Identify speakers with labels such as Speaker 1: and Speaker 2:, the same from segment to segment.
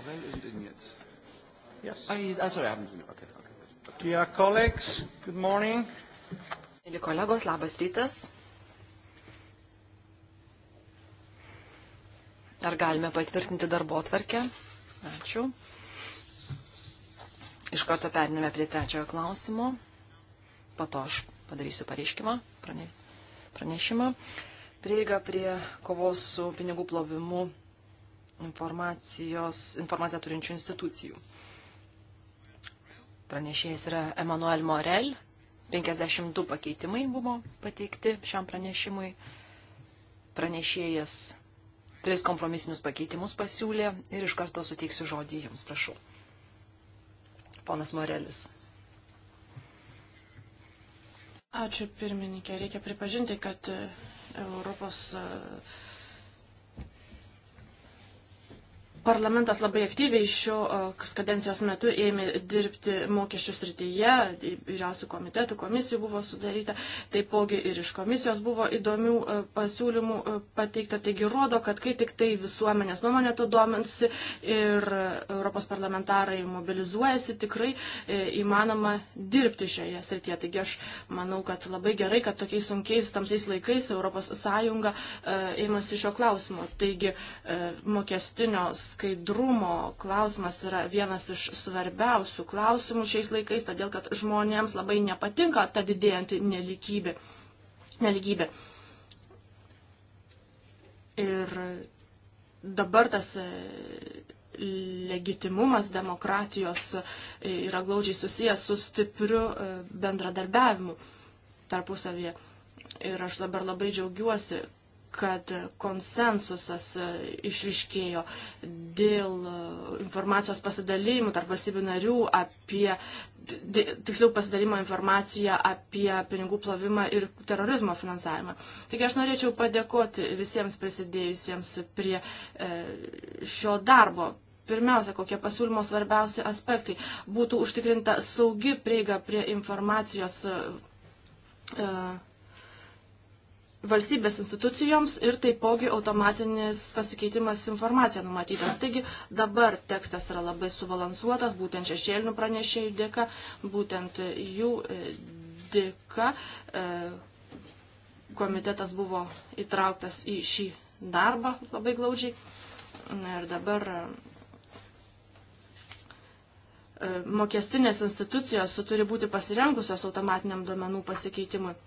Speaker 1: Borrell isn't in yet. Yes. Oh, he's, oh ah, sorry, I haven't seen him. Okay, okay. okay.
Speaker 2: Dear
Speaker 3: colleagues, good morning. Mėly kolegos, labas rytas. Ar galime patvirtinti darbo atvarkę? Ačiū. Iš karto periname prie trečiojo klausimo. Po to aš padarysiu pareiškimą, pranešimą. Prieiga prie kovos su pinigų plovimu informaciją turinčių institucijų. Pranešėjas yra Emanuel Morel. 52 pakeitimai buvo pateikti šiam pranešimui. Pranešėjas tris kompromisinius pakeitimus pasiūlė ir iš karto suteiksiu žodį jums, prašau. Ponas Morelis.
Speaker 1: Ačiū pirmininkė. Reikia pripažinti, kad Europos uh, Parlamentas labai aktyviai šios e, kadencijos metu ėmė dirbti mokesčių srityje, vyriausių komitetų, komisijų buvo sudaryta, taipogi ir iš komisijos buvo įdomių e, pasiūlymų e, pateikta. Taigi rodo, kad kai tik tai visuomenės nuomonė to dominsi ir Europos parlamentarai mobilizuojasi, tikrai įmanoma dirbti šioje srityje. Taigi aš manau, kad labai gerai, kad tokiais sunkiais tamsiais laikais Europos Sąjunga ėmasi šio klausimo. Taigi mokestinio skaidrumo klausimas yra vienas iš svarbiausių klausimų šiais laikais, todėl kad žmonėms labai nepatinka ta didėjanti neligybė. neligybė. Ir dabar tas e, legitimumas demokratijos e, yra glaudžiai susijęs su stipriu e, bendradarbiavimu tarpusavėje. Ir aš dabar labai džiaugiuosi, kad konsensusas e, išriškėjo dėl e, informacijos pasidalymų tarp valstybių narių apie, tiksliau pasidalimo informaciją apie pinigų plovimą ir terorizmo finansavimą. Taigi aš norėčiau padėkoti visiems prisidėjusiems prie e, šio darbo. Pirmiausia, kokie pasiūlymo svarbiausi aspektai būtų užtikrinta saugi prieiga prie informacijos. Uh, valstybės institucijoms ir taipogi automatinis pasikeitimas informacija numatytas. Taigi dabar tekstas yra labai subalansuotas, būtent šešėlinių pranešėjų dėka, būtent jų e, dėka e, komitetas buvo įtrauktas į šį darbą labai glaudžiai. Ir dabar e, mokestinės institucijos turi būti pasirengusios automatiniam duomenų pasikeitimui.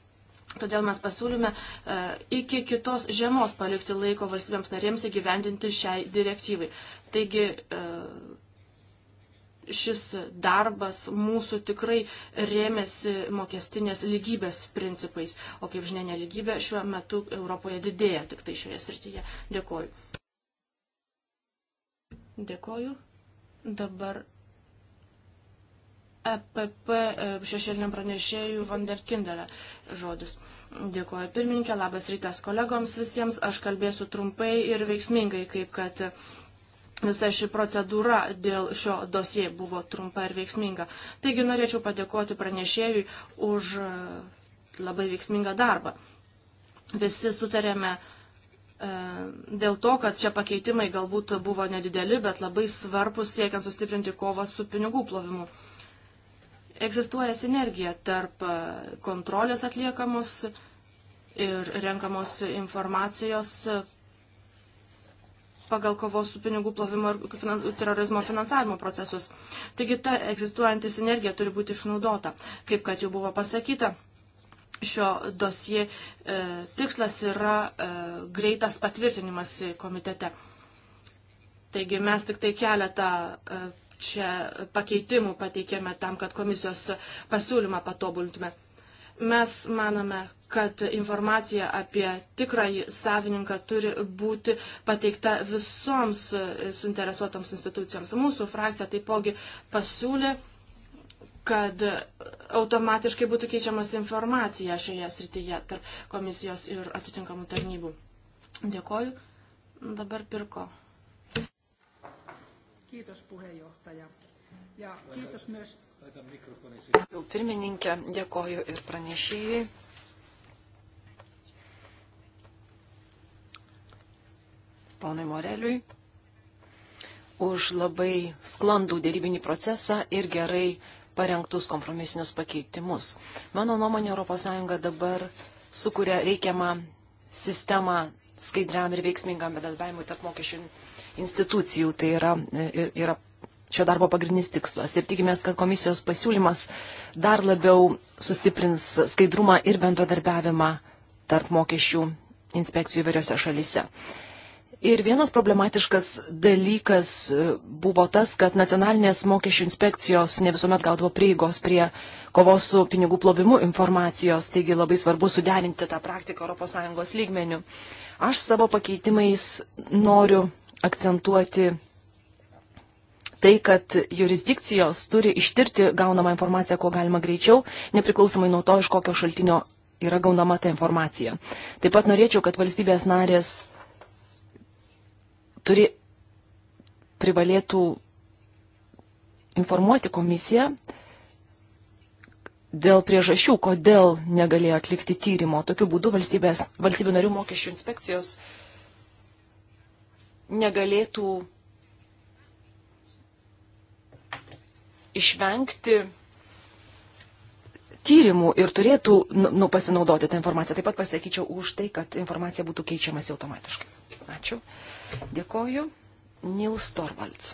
Speaker 1: Todėl mes pasiūlyme e, iki kitos žiemos palikti laiko valstybėms narėms įgyvendinti šiai direktyvai. Taigi e, šis darbas mūsų tikrai rėmėsi mokestinės lygybės principais, o kaip žinia, neligybė šiuo metu Europoje didėja tik tai šioje srityje. Dėkoju. Dėkoju. Dabar EPP e, šešėliniam pranešėjų Vanderkindelė žodis. Dėkuoju pirmininkė, labas rytas kolegoms visiems, aš kalbėsiu trumpai ir veiksmingai, kaip kad visa ši procedūra dėl šio dosie buvo trumpa ir veiksminga. Taigi norėčiau padėkoti pranešėjui už e, labai veiksmingą darbą. Visi sutarėme e, dėl to, kad čia pakeitimai galbūt buvo nedideli, bet labai svarbus siekiant sustiprinti kovą su pinigų plovimu egzistuoja sinergija tarp e, kontrolės atliekamos ir renkamos informacijos e, pagal kovos su pinigų plovimo ir finan, terorizmo finansavimo procesus. Taigi ta egzistuojanti sinergija turi būti išnaudota, kaip kad jau buvo pasakyta šio dosie e, tikslas yra e, greitas patvirtinimas komitete. Taigi mes tik tai keletą e, čia pakeitimų pateikėme tam, kad komisijos pasiūlymą patobulintume. Mes manome, kad informacija apie tikrąjį savininką turi būti pateikta visoms suinteresuotoms institucijoms. Mūsų frakcija taipogi pasiūlė, kad automatiškai būtų keičiamas informacija šioje srityje tarp komisijos ir atitinkamų tarnybų. Dėkoju. Dabar pirko.
Speaker 3: Kiitos puheenjohtaja. Ja kiitos myös. Jau pirmininkė, dėkoju ir pranešėjai. Ponai Moreliui už labai sklandų dėrybinį procesą ir gerai parengtus kompromisinius pakeitimus. Mano nuomonė, ES dabar sukuria reikiamą sistemą skaidriam ir veiksmingam bedarbiavimui tarp mokesčių institucijų. Tai yra, e, yra šio darbo pagrindinis tikslas. Ir tikimės, kad komisijos pasiūlymas dar labiau sustiprins skaidrumą ir bendradarbiavimą tarp mokesčių inspekcijų įvairiose šalise. Ir vienas problematiškas dalykas e, buvo tas, kad nacionalinės mokesčių inspekcijos ne visuomet gaudavo prieigos prie kovos su pinigų plovimu informacijos, taigi labai svarbu suderinti tą praktiką ES lygmenių. Aš savo pakeitimais noriu akcentuoti tai, kad jurisdikcijos turi ištirti gaunamą informaciją, kuo galima greičiau, nepriklausomai nuo to, iš kokio šaltinio yra gaunama ta informacija. Taip pat norėčiau, kad valstybės narės turi privalėtų informuoti komisiją dėl priežasčių, kodėl negalėjo atlikti tyrimo. Tokiu būdu valstybės, valstybių narių mokesčių inspekcijos uh, negalėtų išvengti tyrimų ir turėtų nu, nu, pasinaudoti tą informaciją. Taip pat pasakyčiau už tai, kad informacija būtų keičiamasi automatiškai. Ačiū. Dėkoju. Nils Torvalds.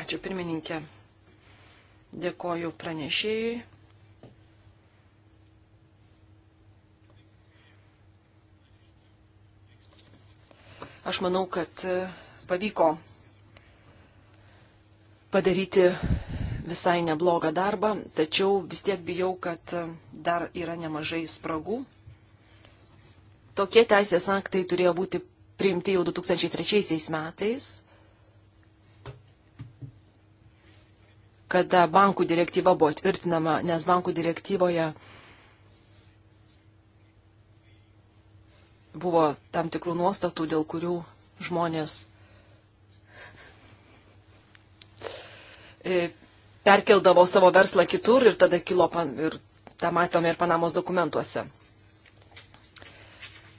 Speaker 3: Ačiū pirmininkė. Dėkoju pranešėjai Aš manau, kad e, pavyko padaryti visai neblogą darbą, tačiau vis tiek bijau, kad e, dar yra nemažai spragų. Tokie teisės aktai turėjo būti priimti jau 2003 metais, kada bankų direktyva buvo tvirtinama, nes bankų direktyvoje buvo tam tikrų nuostatų, dėl kurių žmonės e, perkeldavo savo verslą kitur ir tada kilo, pan, ir tą matome ir Panamos dokumentuose.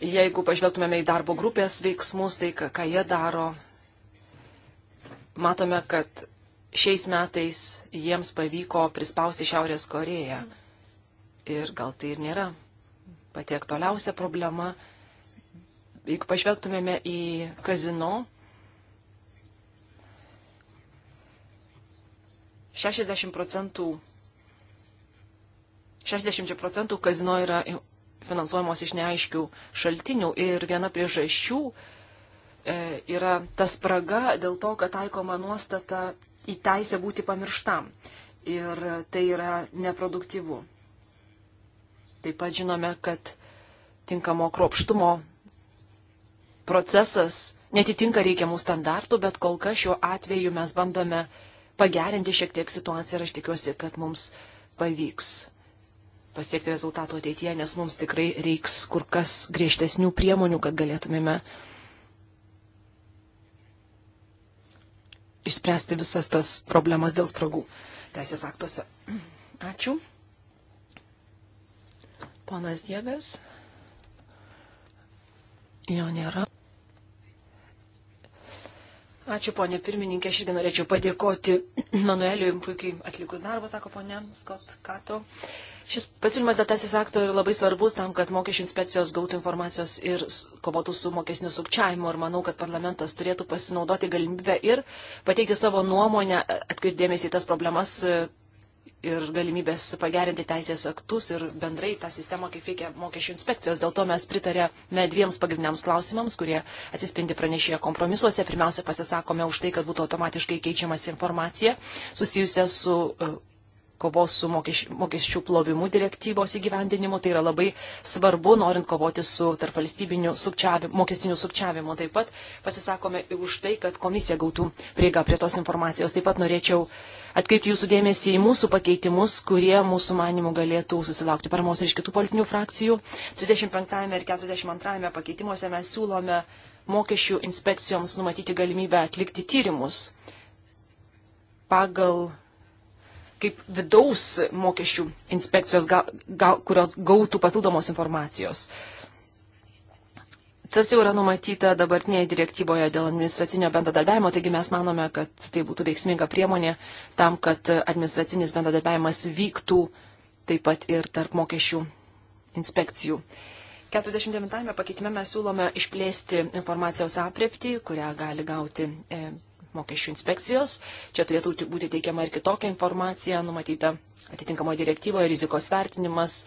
Speaker 3: Jeigu pažvelgtumėme į darbo grupės veiksmus, tai ką, ką jie daro, matome, kad šiais metais jiems pavyko prispausti Šiaurės Koreją. Ir gal tai ir nėra pati aktualiausia problema jeigu pažvelgtumėme į kazino, 60 procentų, 60 procentų kazino yra finansuojamos iš neaiškių šaltinių ir viena priežasčių e, yra ta spraga dėl to, kad taikoma nuostata į teisę būti pamirštam. Ir tai yra neproduktyvu. Taip pat žinome, kad tinkamo kropštumo procesas netitinka reikiamų standartų, bet kol kas šiuo atveju mes bandome pagerinti šiek tiek situaciją ir aš tikiuosi, kad mums pavyks pasiekti rezultato ateityje, nes mums tikrai reiks kur kas griežtesnių priemonių, kad galėtumėme išspręsti visas tas problemas dėl spragų teisės aktuose. Ačiū. Ponas Diegas. Jo nėra. Ačiū, ponė pirmininkė. Aš irgi norėčiau padėkoti Manueliui, puikiai atlikus darbą, sako ponė Scott Kato. Šis pasiūlymas datasis akto yra labai svarbus tam, kad mokesčių inspekcijos gautų informacijos ir kovotų su mokesniu sukčiavimu. Ir manau, kad parlamentas turėtų pasinaudoti galimybę ir pateikti savo nuomonę, atkreipdėmėsi į tas problemas, ir galimybės pagerinti teisės aktus ir bendrai tą sistemą, kaip veikia mokesčių inspekcijos. Dėl to mes pritarėme dviems pagrindiniams klausimams, kurie atsispindi pranešėje kompromisuose. Pirmiausia, pasisakome už tai, kad būtų automatiškai keičiamas informacija susijusia su e, kovos su mokesčių, mokesčių plovimu direktyvos įgyvendinimu. Tai yra labai svarbu, norint kovoti su tarpvalstybiniu sukčiavimu, mokestiniu sukčiavimu. Taip pat pasisakome ir už tai, kad komisija gautų prieigą prie tos informacijos. Taip pat norėčiau uh, atkreipti jūsų dėmesį į mūsų pakeitimus, kurie mūsų manimų galėtų susilaukti paramos ir iš kitų politinių frakcijų. 35 ir 42 pakeitimuose mes siūlome mokesčių inspekcijoms numatyti galimybę atlikti tyrimus pagal kaip vidaus mokesčių inspekcijos, ga, ga, kurios gautų papildomos informacijos. Uh, Tas jau yra numatyta dabartinėje direktyvoje dėl administracinio bendradarbiavimo, taigi mes manome, kad tai būtų veiksminga priemonė tam, kad administracinis bendradarbiavimas vyktų taip pat ir tarp mokesčių inspekcijų. 49 pakeitime mes siūlome išplėsti informacijos apriepti, kurią gali gauti e, mokesčių inspekcijos. Čia turėtų būti teikiama ir kitokia informacija, numatyta atitinkamoje direktyvoje, rizikos vertinimas,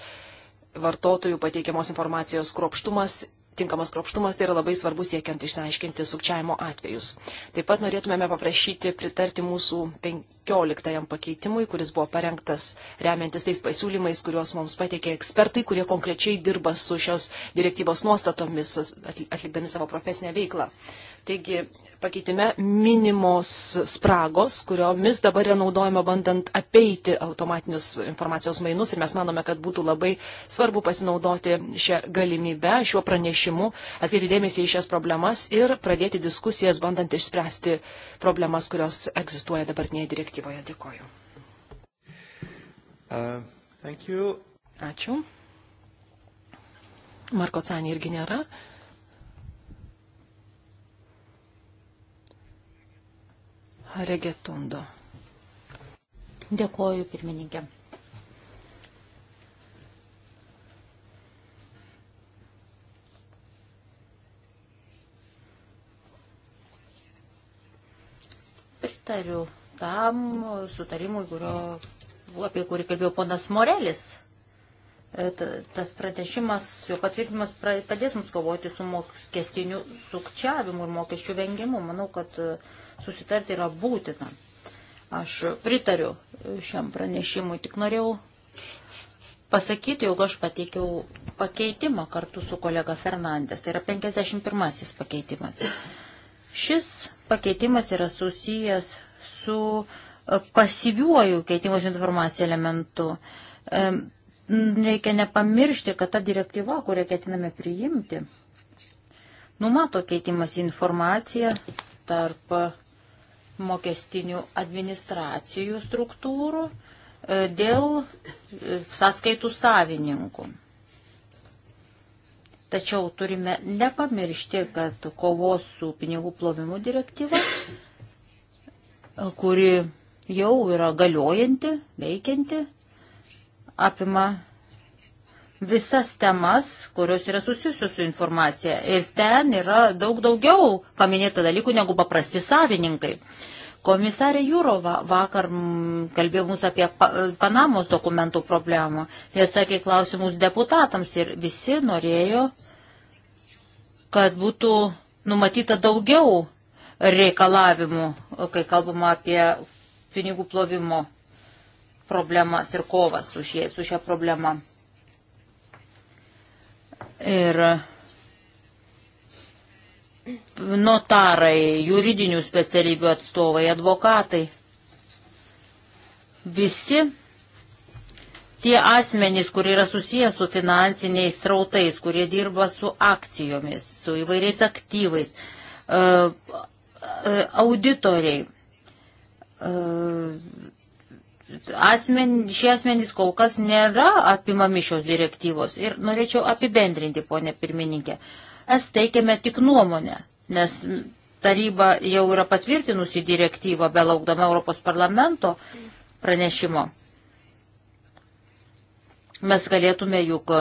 Speaker 3: vartotojų pateikiamos informacijos kruopštumas tinkamas kropštumas tai yra labai svarbu siekiant išsiaiškinti sukčiavimo atvejus. Taip pat norėtumėme paprašyti pritarti mūsų 15 pakeitimui, kuris buvo parengtas remiantis tais pasiūlymais, kuriuos mums pateikė ekspertai, kurie konkrečiai dirba su šios direktyvos nuostatomis, atlikdami savo profesinę veiklą. Taigi pakeitime minimos spragos, kuriomis dabar yra naudojama bandant apeiti automatinius informacijos mainus ir mes manome, kad būtų labai svarbu pasinaudoti šią galimybę, šiuo pranešimu, atkreipti dėmesį į šias problemas ir pradėti diskusijas bandant išspręsti problemas, kurios egzistuoja dabartinėje direktyvoje. Dėkoju. Uh, thank you. Ačiū. Marko Cani irgi nėra.
Speaker 2: Regetundo. Dėkoju, pirmininkė. Pritariu tam sutarimui, kurio, apie kurį kalbėjo ponas Morelis. E, tas pranešimas, jo patvirtinimas padės mums kovoti su mokestiniu sukčiavimu ir mokesčių vengimu. Manau, kad uh, susitarti yra būtina. Aš pritariu šiam pranešimui, tik norėjau pasakyti, jog aš pateikiau pakeitimą kartu su kolega Fernandės. Tai yra 51 pakeitimas. Šis pakeitimas yra susijęs su e, pasyviuoju keitimos informacija elementu. E, reikia nepamiršti, kad ta direktyva, kurią ketiname priimti, numato keitimas informaciją tarp mokestinių administracijų struktūrų e, dėl e, sąskaitų savininkų. Tačiau turime nepamiršti, kad kovos su pinigų plovimu direktyva, e, kuri jau yra galiojanti, veikianti, apima visas temas, kurios yra susijusios su informacija. Ir ten yra daug daugiau paminėta dalykų negu paprasti savininkai. Komisarė Jūrova vakar kalbėjo mums apie Panamos dokumentų problemą. Jie atsakė klausimus deputatams ir visi norėjo, kad būtų numatyta daugiau reikalavimų, kai kalbama apie pinigų plovimo problemas ir kovas su, šie, su šia problema. Ir notarai, juridinių specialybių atstovai, advokatai. Visi tie asmenys, kurie yra susijęs su finansiniais srautais, kurie dirba su akcijomis, su įvairiais aktyvais, e, e, auditoriai, e, asmen, šie asmenys kol kas nėra apimami šios direktyvos. Ir norėčiau apibendrinti, ponė pirmininkė. Es teikiame tik nuomonę, nes taryba jau yra patvirtinusi direktyvą, belaukdama Europos parlamento pranešimo. Mes galėtume juk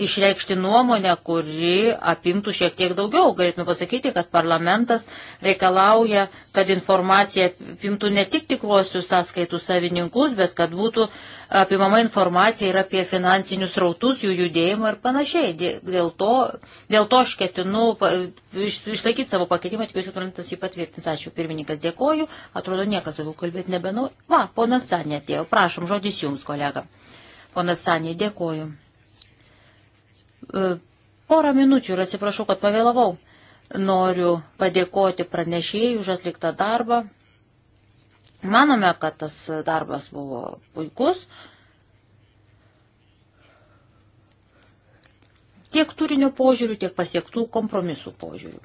Speaker 2: išreikšti nuomonę, kuri apimtų šiek tiek daugiau. Galėtume pasakyti, kad parlamentas reikalauja, kad informacija apimtų ne tik tikruosius sąskaitų savininkus, bet kad būtų apimama informacija ir apie finansinius rautus, jų judėjimą ir panašiai. Dėl to, dėl to aš ketinu išlaikyti savo pakeitimą, tikiuosi, kad parlamentas jį patvirtins. Ačiū, pirmininkas, dėkoju. Atrodo, niekas daugiau kalbėti nebenau. Va, ponas Sanė atėjo. Prašom, žodis jums, kolega. Ponas Sanė, dėkoju. E, porą minučių ir atsiprašau, kad pavėlavau. Noriu padėkoti pranešėjai už atliktą darbą. Manome, kad tas darbas buvo puikus. Tiek turinio požiūrių, tiek pasiektų kompromisų požiūrių.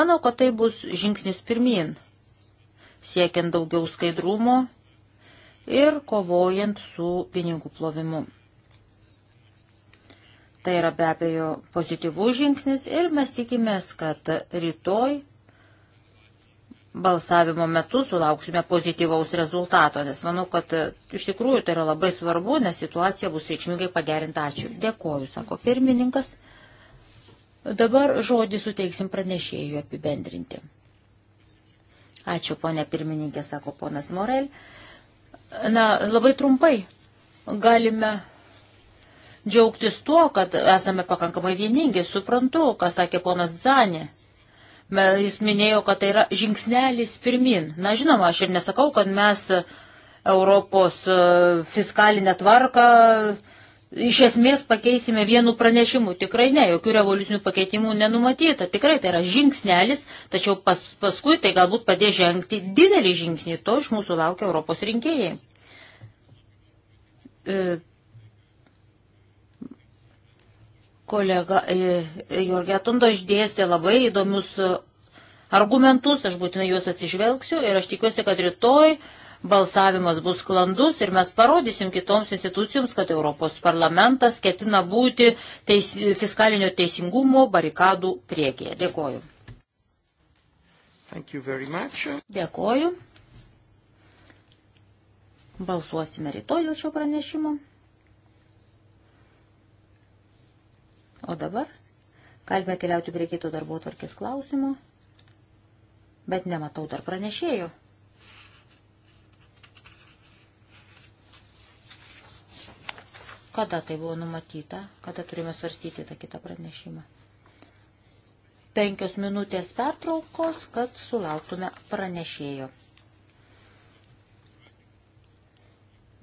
Speaker 2: Manau, kad tai bus žingsnis pirmin, siekiant daugiau skaidrumo ir kovojant su pinigų plovimu. Tai yra be abejo pozityvus žingsnis ir mes tikimės, kad rytoj balsavimo metu sulauksime pozityvaus rezultato, nes manau, kad e, iš tikrųjų tai yra labai svarbu, nes situacija bus reikšmingai pagerinta. Ačiū. Dėkoju, sako pirmininkas. Dabar žodį suteiksim pranešėjui apibendrinti. Ačiū, ponė pirmininkė, sako ponas Morel. Na, labai trumpai galime džiaugtis tuo, kad esame pakankamai vieningi. Suprantu, ką sakė ponas Dzanė. Jis minėjo, kad tai yra žingsnelis pirmin. Na, žinoma, aš ir nesakau, kad mes Europos e, fiskalinę tvarką uh, iš esmės pakeisime vienu pranešimu. Tikrai ne, jokių revoliucinių pakeitimų nenumatyta. Tikrai tai yra žingsnelis, tačiau pas, paskui tai galbūt padės žengti didelį žingsnį. To iš mūsų laukia Europos rinkėjai. E, kolega e, Jorgė Tundo išdėstė labai įdomius argumentus, aš būtinai juos atsižvelgsiu ir aš tikiuosi, kad rytoj uh, balsavimas bus sklandus ir mes parodysim kitoms institucijoms, kad Europos parlamentas ketina būti teis, fiskalinio teisingumo barikadų priekyje. Dėkoju. Dėkoju. Balsuosime rytoj dėl šio pranešimo. O dabar galime keliauti prie kito darbo tvarkės klausimo, bet nematau dar pranešėjų. Kada tai buvo numatyta? Kada turime svarstyti tą kitą pranešimą? Penkios minutės pertraukos, kad sulauktume pranešėjo.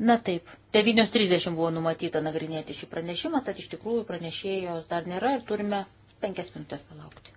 Speaker 2: Na taip, 9.30 buvo numatyta nagrinėti šį pranešimą, tad iš tikrųjų pranešėjos dar nėra ir turime penkias minutės palaukti.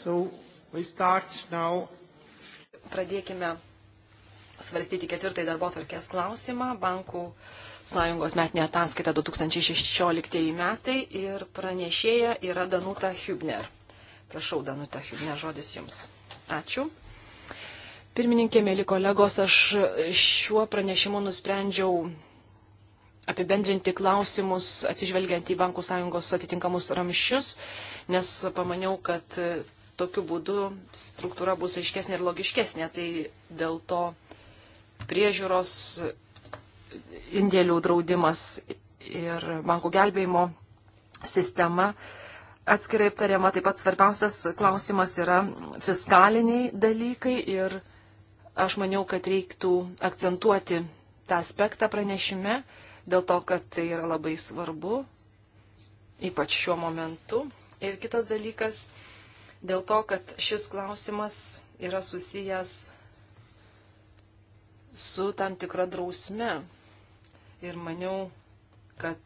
Speaker 3: So we start now. Pradėkime svarstyti ketvirtąjį darbo tvarkės klausimą, bankų sąjungos metinė ataskaita 2016 metai ir pranešėja yra Danuta Hübner. Prašau, Danuta Hübner, žodis jums. Ačiū. Pirmininkė, mėly kolegos, aš šiuo pranešimu nusprendžiau apibendrinti klausimus atsižvelgiant į bankų sąjungos atitinkamus ramščius, nes pamaniau, kad tokiu būdu struktūra bus aiškesnė ir logiškesnė. Tai dėl to priežiūros indėlių draudimas ir bankų gelbėjimo sistema atskirai aptariama. Taip pat svarbiausias klausimas yra fiskaliniai dalykai ir aš maniau, kad reiktų akcentuoti tą aspektą pranešime, dėl to, kad tai yra labai svarbu, ypač šiuo momentu. Ir kitas dalykas dėl to, kad šis klausimas yra susijęs su tam tikra drausme. Ir maniau, kad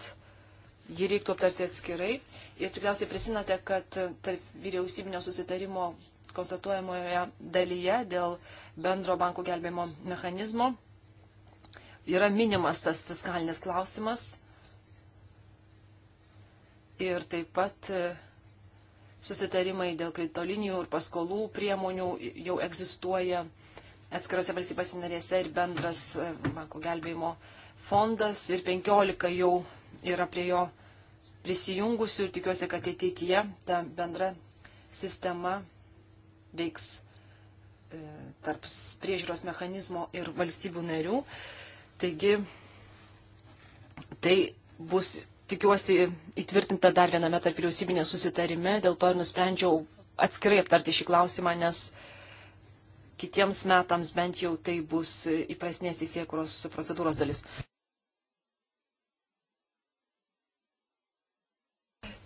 Speaker 3: jį reiktų aptarti atskirai. Ir tikriausiai prisimate, kad tarp vyriausybinio susitarimo konstatuojamoje dalyje dėl bendro bankų gelbėjimo mechanizmo yra minimas tas fiskalinis klausimas. Ir taip pat susitarimai dėl kredito linijų ir paskolų priemonių jau egzistuoja atskirose valstybės narėse ir bendras e, banko gelbėjimo fondas ir 15 jau yra prie jo prisijungusių ir tikiuosi, kad ateityje ta bendra sistema veiks e, tarp priežiūros mechanizmo ir valstybių narių. Taigi tai bus tikiuosi, įtvirtinta dar viename tarp vyriausybinė susitarime, dėl to ir nusprendžiau atskirai aptarti šį klausimą, nes kitiems metams bent jau tai bus įprasnės teisėkuros procedūros dalis.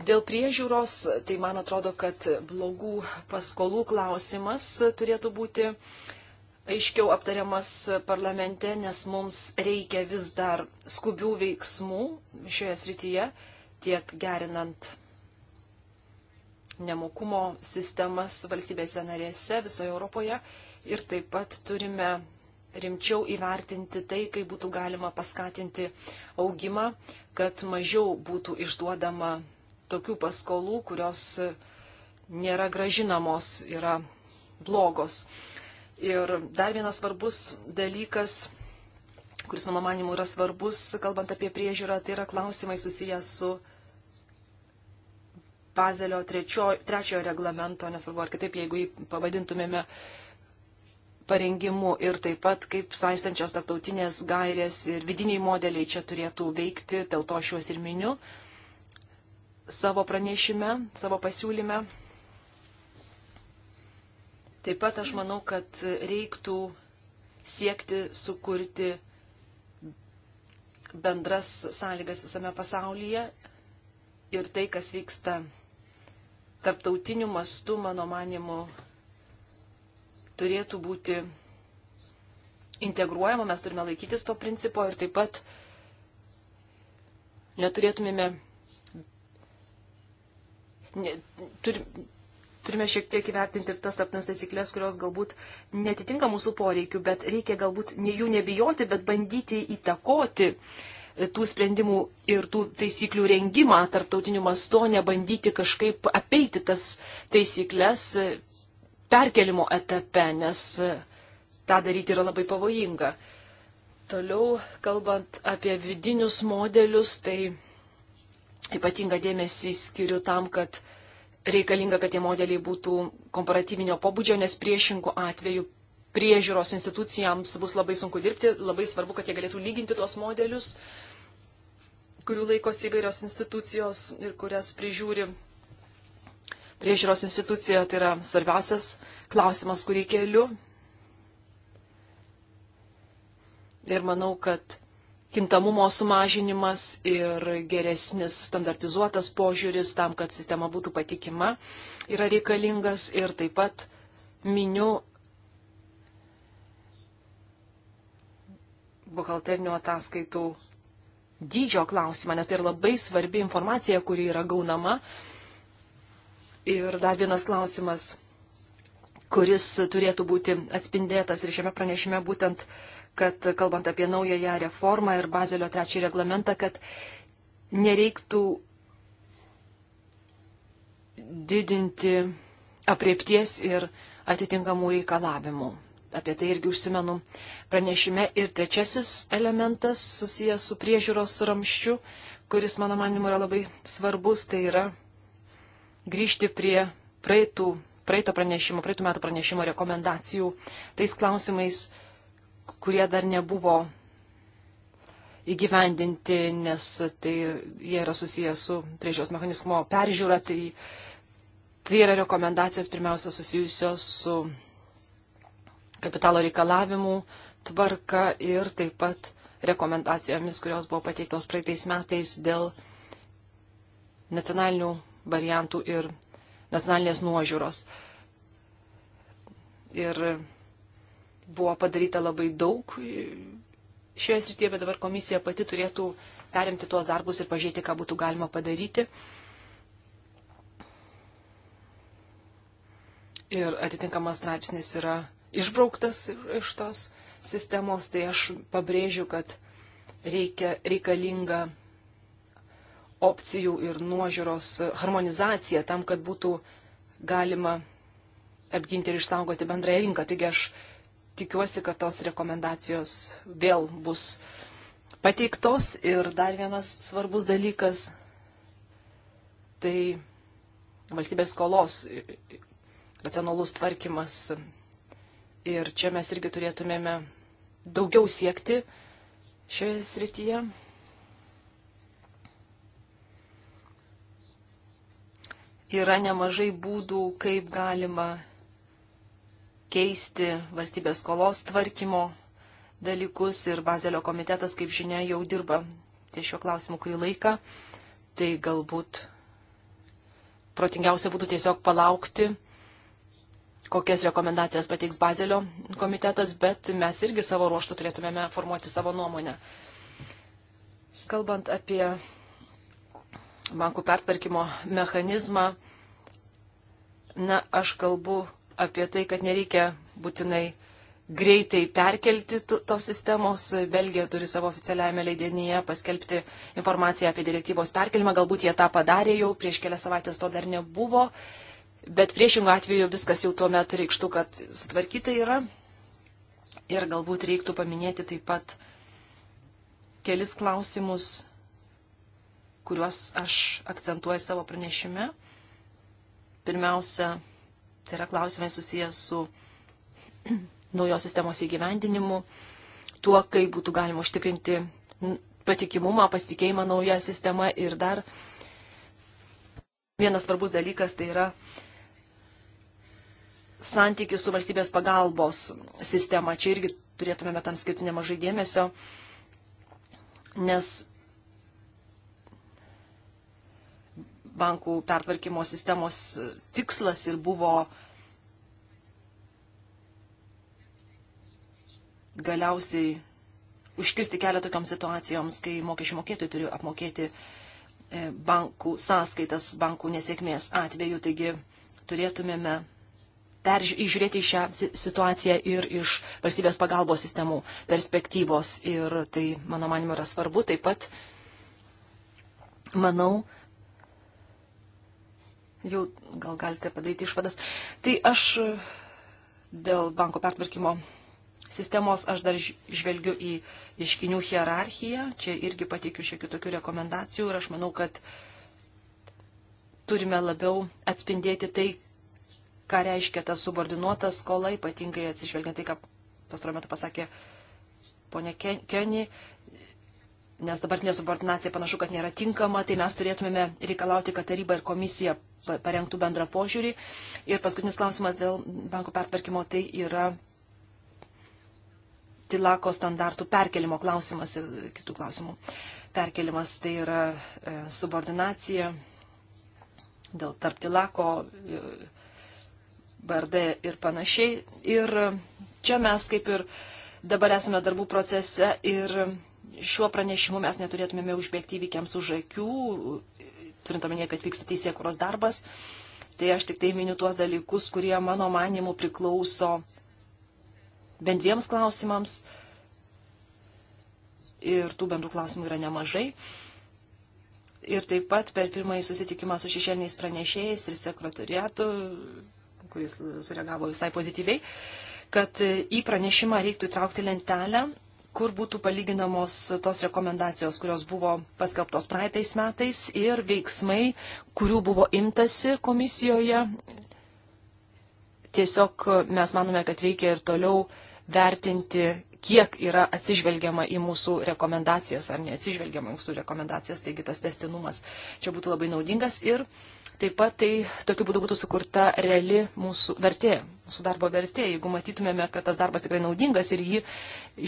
Speaker 3: Dėl priežiūros, tai man atrodo, kad blogų paskolų klausimas turėtų būti uh, aiškiau aptariamas parlamente, nes mums reikia vis dar skubių veiksmų šioje srityje, tiek gerinant nemokumo sistemas valstybėse narėse visoje Europoje ir taip pat turime rimčiau įvertinti tai, kaip būtų galima paskatinti augimą, kad mažiau būtų išduodama tokių paskolų, kurios nėra gražinamos, yra blogos. Ir dar vienas svarbus dalykas, kuris mano manimu yra svarbus, kalbant apie priežiūrą, tai yra klausimai susijęs su Bazelio trečio, trečiojo reglamento, nesvarbu ar kitaip, jeigu jį pavadintumėme parengimu ir taip pat kaip saistančios tarptautinės gairės ir vidiniai modeliai čia turėtų veikti, dėl to aš juos ir miniu savo pranešime, savo pasiūlyme. Taip pat aš manau, kad reiktų siekti sukurti bendras sąlygas visame pasaulyje ir tai, kas vyksta tarptautiniu mastu, mano manimu, turėtų būti integruojama, mes turime laikytis to principo ir taip pat neturėtumėme, ne, tur, turime šiek tiek įvertinti ir tas tapnas taisyklės, kurios galbūt netitinka mūsų poreikių, bet reikia galbūt ne jų nebijoti, bet bandyti įtakoti tų sprendimų ir tų taisyklių rengimą tarptautiniu mastu, nebandyti kažkaip apeiti tas taisyklės perkelimo etape, nes tą daryti yra labai pavojinga. Toliau, kalbant apie vidinius modelius, tai ypatinga dėmesį skiriu tam, kad uh, reikalinga, kad tie modeliai būtų komparatyvinio pobūdžio, nes priešingų atveju priežiūros institucijams bus labai sunku dirbti, labai svarbu, kad jie galėtų lyginti tuos modelius, kurių laikosi įvairios institucijos ir kurias prižiūri priežiūros institucija. Tai yra svarbiausias klausimas, kurį keliu. Ir manau, kad kintamumo sumažinimas ir geresnis standartizuotas požiūris tam, kad sistema būtų patikima, yra reikalingas ir taip pat miniu buhalterinių ataskaitų dydžio klausimą, nes tai yra labai svarbi informacija, kuri yra gaunama. Ir dar vienas klausimas, kuris turėtų būti atspindėtas ir šiame pranešime būtent uh, kad kalbant apie naująją reformą ir Bazelio trečiąjį reglamentą, kad nereiktų didinti apriepties ir atitinkamų reikalavimų. Apie tai irgi užsimenu pranešime. Ir trečiasis elementas susijęs su priežiūros ramščiu, kuris, mano manimu, yra labai svarbus, tai yra grįžti prie praeitų, praeito pranešimo, praeitų metų pranešimo rekomendacijų tais klausimais, kurie dar nebuvo įgyvendinti, nes tai jie yra susijęs su priežiūros mechanizmo peržiūra, tai, tai yra rekomendacijos pirmiausia susijusios su kapitalo reikalavimų tvarka ir taip pat rekomendacijomis, kurios buvo pateiktos praeitais metais dėl nacionalinių variantų ir nacionalinės nuožiūros. Ir Buvo padaryta labai daug šioje srityje, bet dabar komisija pati turėtų perimti tuos darbus ir pažiūrėti, ką būtų galima padaryti. Ir atitinkamas straipsnis yra išbrauktas iš tos sistemos, tai aš pabrėžiu, kad reikia, reikalinga opcijų ir nuožiūros harmonizacija tam, kad būtų galima apginti ir išsaugoti bendrąją rinką. Taigi aš tikiuosi, kad tos rekomendacijos vėl bus pateiktos. Ir dar vienas svarbus dalykas - tai valstybės skolos racionalus tvarkymas. Ir čia mes irgi turėtumėme daugiau siekti šioje srityje. Yra nemažai būdų, kaip galima keisti valstybės skolos tvarkymo dalykus ir Bazelio komitetas, kaip žinia, jau dirba ties šiuo klausimu kurį laiką. Tai galbūt protingiausia būtų tiesiog palaukti, kokias rekomendacijas pateiks Bazelio komitetas, bet mes irgi savo ruoštų turėtumėme formuoti savo nuomonę. Kalbant apie bankų pertvarkymo mechanizmą, na, aš kalbu apie tai, kad nereikia būtinai greitai perkelti tos sistemos. Belgija turi savo oficialiajame leidinyje paskelbti informaciją apie direktyvos perkelimą. Galbūt jie tą padarė jau, prieš kelias savaitės to dar nebuvo, bet priešingų atveju viskas jau tuo metu reikštų, kad sutvarkyta yra. Ir galbūt reiktų paminėti taip pat kelis klausimus, kuriuos aš akcentuoju savo pranešime. Pirmiausia, Tai yra klausimai susijęs su naujos sistemos įgyvendinimu, tuo, kaip būtų galima užtikrinti patikimumą, pasitikėjimą naują sistemą ir dar vienas svarbus dalykas tai yra santykis su valstybės pagalbos sistema. Čia irgi turėtumėme tam skirti nemažai dėmesio, nes bankų pertvarkymo sistemos tikslas ir buvo galiausiai užkirsti kelią tokioms situacijoms, kai mokesčių mokėtojai turi apmokėti e, bankų sąskaitas bankų nesėkmės atveju. Taigi turėtumėme peržiūrėti šią situaciją ir iš valstybės pagalbos sistemų perspektyvos. Ir tai, mano manimo, yra svarbu. Taip pat, manau, Jau gal galite padaryti išvadas. Tai aš dėl banko pertvarkymo sistemos aš dar žvelgiu į iškinių hierarchiją. Čia irgi pateikiu šiek tiek tokių rekomendacijų ir aš manau, kad turime labiau atspindėti tai, ką reiškia ta subordinuota skola, ypatingai atsižvelgiant tai, ką pastaruoju metu pasakė ponia Kenny, nes dabartinė subordinacija panašu, kad nėra tinkama, tai mes turėtumėme reikalauti, kad taryba ir komisija parengtų bendrą požiūrį. Ir paskutinis klausimas dėl bankų pertvarkymo tai yra tilako standartų perkelimo klausimas ir kitų klausimų. Perkelimas tai yra e, subordinacija dėl tarp tilako, e, BRD ir panašiai. Ir čia mes kaip ir dabar esame darbų procese ir šiuo pranešimu mes neturėtumėme užbėgti įvykiams už akių, turint omenyje, kad vyksta teisėkuros darbas. Tai aš tik tai miniu tuos dalykus, kurie mano manimų priklauso bendriems klausimams. Ir tų bendrų klausimų yra nemažai. Ir taip pat per pirmąjį susitikimą su šešėliniais pranešėjais ir sekretoriatu, kuris sureagavo visai pozityviai, kad į pranešimą reiktų įtraukti lentelę kur būtų palyginamos tos rekomendacijos, kurios buvo paskelbtos praeitais metais ir veiksmai, kurių buvo imtasi komisijoje. Tiesiog mes manome, kad reikia ir toliau vertinti, kiek yra atsižvelgiama į mūsų rekomendacijas ar neatsižvelgiama į mūsų rekomendacijas, taigi tas testinumas čia būtų labai naudingas. Ir uh, Taip pat tai tokiu būdu būtų sukurta reali mūsų vertė, mūsų darbo vertė, jeigu matytumėme, kad tas darbas tikrai naudingas ir jį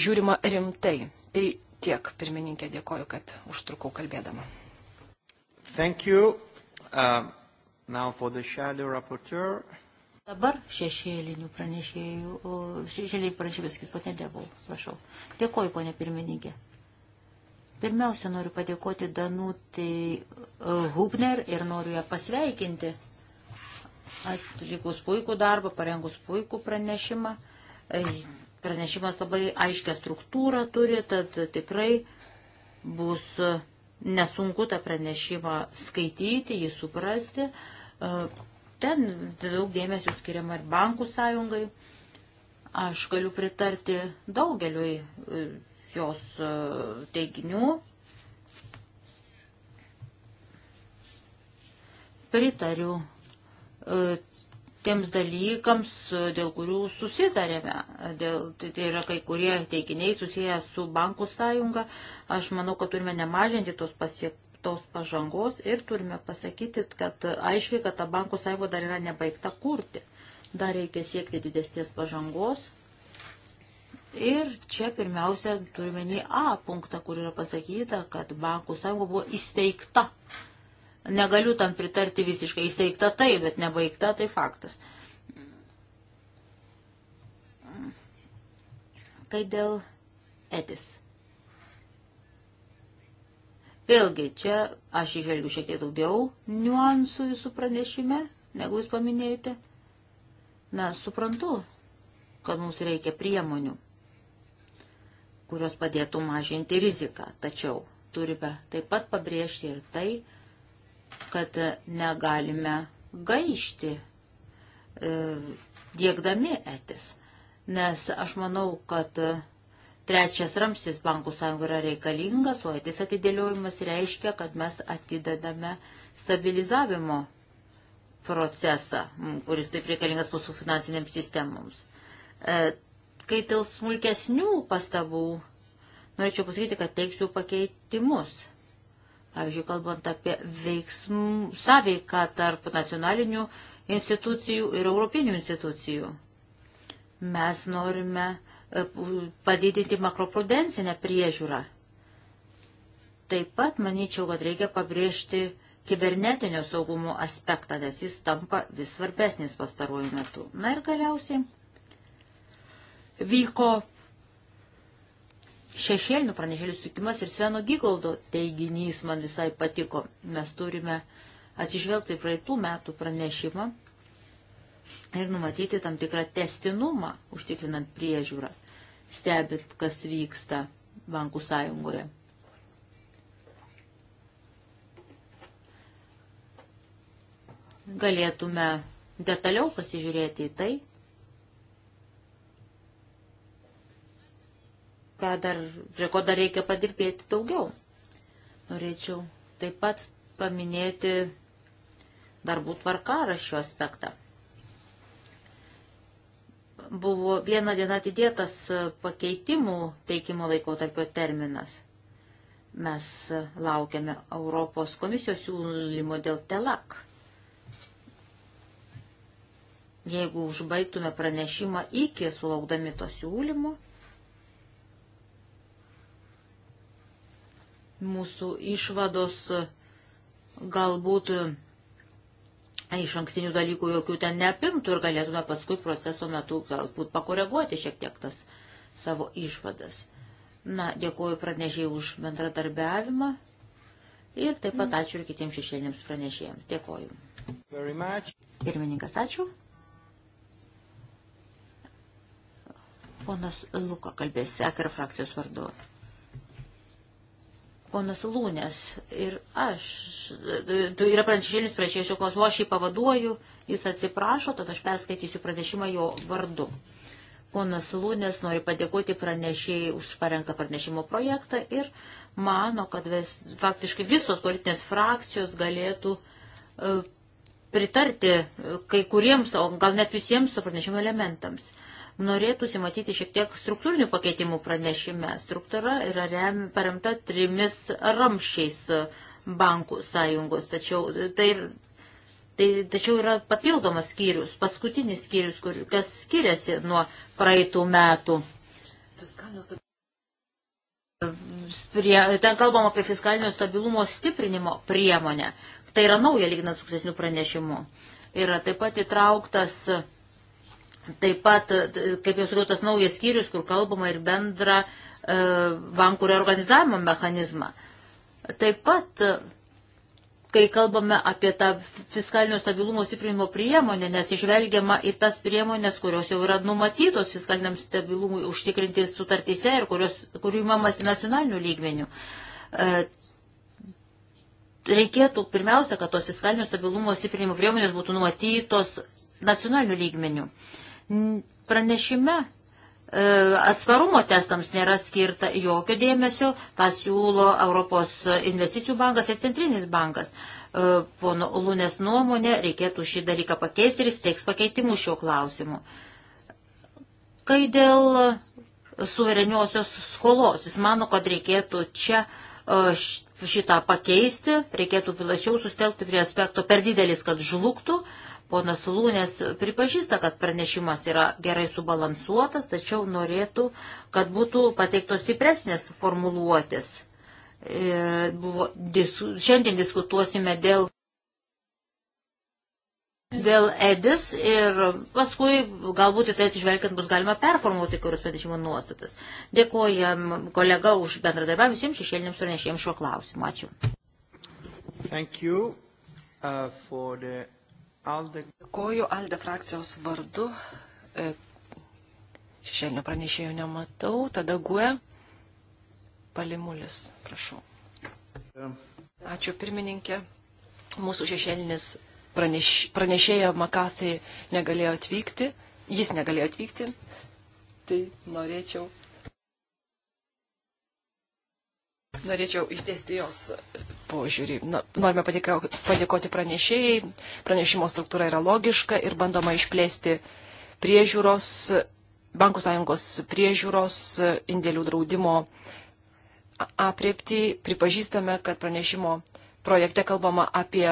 Speaker 3: žiūrima rimtai. Tai tiek, pirmininkė, dėkoju,
Speaker 2: kad užtrukau kalbėdama. Uh, Dabar šešėlinių pranešėjų, šešėlinių pranešėjų sakys, ponė Devau, prašau. Dėkoju, ponė pirmininkė. Pirmiausia, noriu padėkoti Danutai e, Hubner ir noriu ją pasveikinti. Atlikus puikų darbą, parengus puikų pranešimą. E, pranešimas labai aiškia struktūra turi, tad tikrai bus nesunku tą pranešimą skaityti, jį suprasti. E, ten daug dėmesio skiriama ir bankų sąjungai. Aš galiu pritarti daugeliui jos e, teiginių. Pritariu e, tiems dalykams, e, dėl kurių susitarėme. Dėl, tai, tai yra kai kurie teiginiai susiję su bankų sąjunga. Aš manau, kad turime nemažinti tos pasiektos pažangos ir turime pasakyti, kad aiškiai, kad ta bankų sąjunga dar yra nebaigta kurti. Dar reikia siekti didesnės pažangos. Ir čia pirmiausia turime į A punktą, kur yra pasakyta, kad bankų sąjunga buvo įsteigta. Negaliu tam pritarti visiškai. Įsteigta tai, bet nebaigta tai faktas. Kai dėl etis. Vėlgi, čia aš išvelgiu šiek tiek daugiau niuansų jūsų pranešime, negu jūs paminėjote. Na, suprantu, kad mums reikia priemonių kurios padėtų mažinti riziką. Tačiau turime taip pat pabrėžti ir tai, kad negalime gaišti e, dėkdami etis. Nes aš manau, kad trečias ramstis bankų sąjungų yra reikalingas, o etis atidėliojimas reiškia, kad mes atidedame stabilizavimo procesą, kuris taip reikalingas mūsų finansiniams sistemoms. E, Kai dėl smulkesnių pastabų, norėčiau pasakyti, kad teiksiu pakeitimus. Pavyzdžiui, kalbant apie veiksmų sąveiką tarp nacionalinių institucijų ir europinių institucijų. Mes norime e, padidinti makroprudencinę priežiūrą. Taip pat manyčiau, kad reikia pabrėžti kibernetinio saugumo aspektą, nes jis tampa vis svarbesnis pastaruoju metu. Na ir galiausiai vyko šešėlinių pranešėlių sutikimas ir Sveno Gygoldo teiginys man visai patiko. Mes turime atsižvelgti praeitų metų pranešimą ir numatyti tam tikrą testinumą, užtikrinant priežiūrą, stebint, kas vyksta bankų sąjungoje. Galėtume detaliau pasižiūrėti į tai, ką dar, prie ko dar reikia padirbėti daugiau. Norėčiau taip pat paminėti darbų tvarkaraščio aspektą. Buvo viena diena atidėtas pakeitimų teikimo laikotarpio terminas. Mes laukiame Europos komisijos siūlymo dėl telak. Jeigu užbaigtume pranešimą iki sulaukdami to siūlymo, Mūsų išvados galbūt iš ankstinių dalykų jokių ten neapimtų ir galėtume paskui proceso metu galbūt pakoreguoti šiek tiek tas savo išvadas. Na, dėkuoju pranešėjai už bendradarbiavimą ir taip pat ačiū ir kitiems šešėlėms pranešėjams. Dėkuoju. Pirmininkas, ačiū. Ponas Luka kalbės, sekar frakcijos vardu ponas Lūnės ir aš. Tu yra pranešėlis prieš šio klausimo, aš jį pavaduoju, jis atsiprašo, tad aš perskaitysiu pranešimą jo vardu. Ponas Lūnės nori padėkoti pranešėjai už parengtą pranešimo projektą ir mano, kad vis, faktiškai visos politinės frakcijos galėtų e, pritarti kai kuriems, o gal net visiems su pranešimo elementams norėtųsi matyti šiek tiek struktūrinių pakeitimų pranešime. Struktūra yra rem, paremta trimis ramščiais bankų sąjungos, tačiau tai, tai tačiau yra papildomas skyrius, paskutinis skyrius, kur, kas skiriasi nuo praeitų metų. Prie, ten kalbam apie fiskalinio stabilumo stiprinimo priemonę. Tai yra nauja lyginant su ankstesniu pranešimu. Yra taip pat įtrauktas uh, Taip pat, kaip jau sakiau, tas naujas skyrius, kur kalbama ir bendra e, bankų reorganizavimo mechanizmą. Taip pat, kai kalbame apie tą fiskalinio stabilumo stiprinimo priemonę, nes išvelgiama į tas priemonės, kurios jau yra numatytos fiskaliniam stabilumui užtikrinti sutartyse ir kurios, kurių įmamasi nacionalinių lygmenių. E, reikėtų pirmiausia, kad tos fiskalinio stabilumo stiprinimo priemonės būtų numatytos nacionalinių lygmenių. Uh, Pranešime e, atsparumo testams nėra skirta jokio dėmesio, tą siūlo Europos investicijų bankas ir Centrinis bankas. E, pono Lūnės nuomonė reikėtų šį dalyką pakeisti ir jis teiks pakeitimų šiuo klausimu. Kai dėl suvereniosios skolos, jis mano, kad reikėtų čia e, šitą pakeisti, reikėtų plačiau sustelkti prie aspekto per didelis, kad žlugtų. Uh, Ponas Lūnės pripažįsta, kad pranešimas yra gerai subalansuotas, tačiau norėtų, kad būtų pateiktos stipresnės formuluotės. Ir buvo, disku, šiandien diskutuosime dėl, dėl EDIS ir paskui galbūt į tai atsižvelgiant bus galima performuoti kurios pranešimo nuostatas. Dėkojam kolega už bendradarbiavimą visiems šešėliniams pranešėjams šiuo klausimu. Ačiū.
Speaker 1: Thank you, uh, for the
Speaker 3: Alde. Dėkoju Alde frakcijos vardu. E, šešėlinio pranešėjo nematau. Tada Gue. Palimulis, prašau. Ačiū pirmininkė. Mūsų šešėlinis praneš, pranešėja Makathy negalėjo atvykti. Jis negalėjo atvykti. Tai norėčiau Norėčiau išdėsti jos požiūrį. Na, norime padėkoti pranešėjai. Pranešimo struktūra yra logiška ir bandoma išplėsti priežiūros, bankų sąjungos priežiūros, indėlių draudimo apriepti. Pripažįstame, kad pranešimo projekte kalbama apie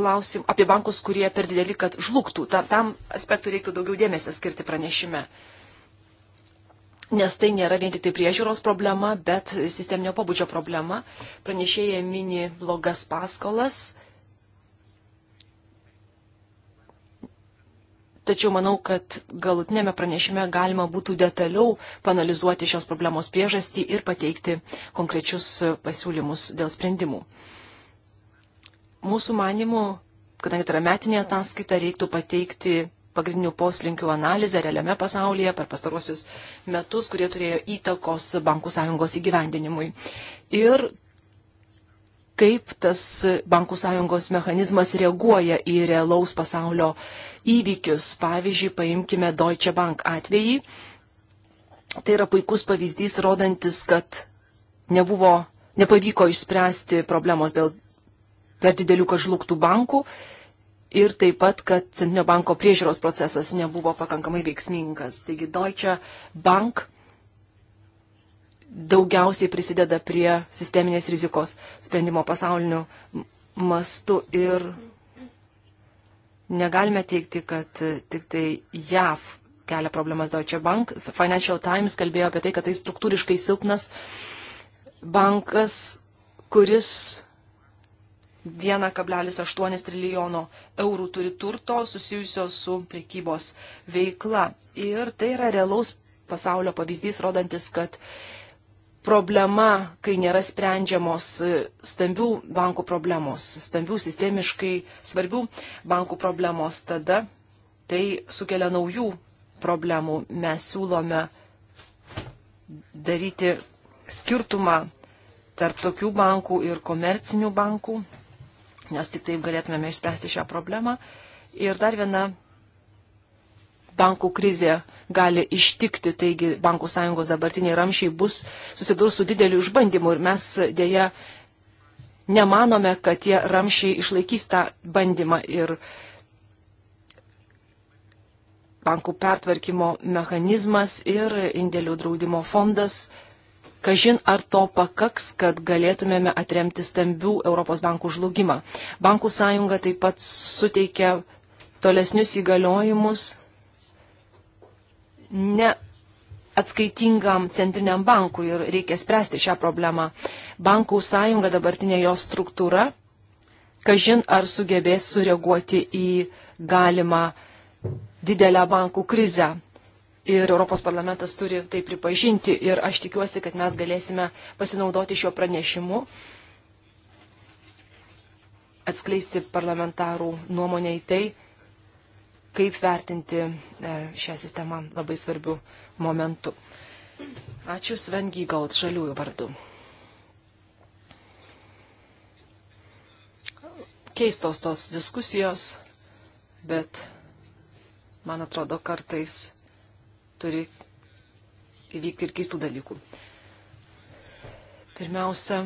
Speaker 3: klausim, apie bankus, kurie per dideli, kad žlugtų. Ta, tam aspektui reiktų daugiau dėmesio skirti pranešime nes tai nėra vien tik tai priežiūros problema, bet sisteminio pobūdžio problema. Pranešėja mini blogas paskolas. Tačiau manau, kad galutinėme pranešime galima būtų detaliau panalizuoti šios problemos priežastį ir pateikti konkrečius pasiūlymus dėl sprendimų. Mūsų manimų, kadangi tai yra metinė ataskaita, reiktų pateikti pagrindinių poslinkių analizę realiame pasaulyje per pastaruosius metus, kurie turėjo įtakos bankų sąjungos įgyvendinimui. Ir kaip tas bankų sąjungos mechanizmas reaguoja į realaus pasaulio įvykius. Pavyzdžiui, paimkime Deutsche Bank atvejį. Tai yra puikus pavyzdys, rodantis, kad nebuvo, nepavyko išspręsti problemos dėl per didelių kažlugtų bankų ir taip pat, kad Centrinio banko priežiūros procesas nebuvo pakankamai veiksmingas. Taigi Deutsche Bank daugiausiai prisideda prie sisteminės rizikos sprendimo pasauliniu mastu ir negalime teikti, kad tik tai JAV kelia problemas Deutsche Bank. Financial Times kalbėjo apie tai, kad tai struktūriškai silpnas bankas, kuris 1,8 trilijono eurų turi turto susijusios su prekybos veikla. Ir tai yra realaus pasaulio pavyzdys, rodantis, kad problema, kai nėra sprendžiamos stambių bankų problemos, stambių sistemiškai svarbių bankų problemos, tada tai sukelia naujų problemų. Mes siūlome daryti skirtumą tarp tokių bankų ir komercinių bankų nes tik taip galėtumėme išspręsti šią problemą. Ir dar viena bankų krizė gali ištikti, taigi bankų sąjungos dabartiniai ramšiai bus susidurs su dideliu išbandymu ir mes dėja nemanome, kad tie ramšiai išlaikys tą bandymą ir bankų pertvarkymo mechanizmas ir indėlių draudimo fondas Kažin ar to pakaks, kad galėtumėme atremti stambių Europos bankų žlugimą. Bankų sąjunga taip pat suteikia tolesnius įgaliojimus ne atskaitingam centriniam bankui ir reikia spręsti šią problemą. Bankų sąjunga dabartinė jos struktūra, kažin ar sugebės sureaguoti į galimą didelę bankų krizę ir Europos parlamentas turi tai pripažinti ir aš tikiuosi, kad mes galėsime pasinaudoti šiuo pranešimu, atskleisti parlamentarų nuomonę į tai, kaip vertinti e, šią sistemą labai svarbių momentų. Ačiū Sven Gygaut, žaliųjų vardu. Keistos tos diskusijos, bet man atrodo kartais turi įvykti ir keistų dalykų. Pirmiausia,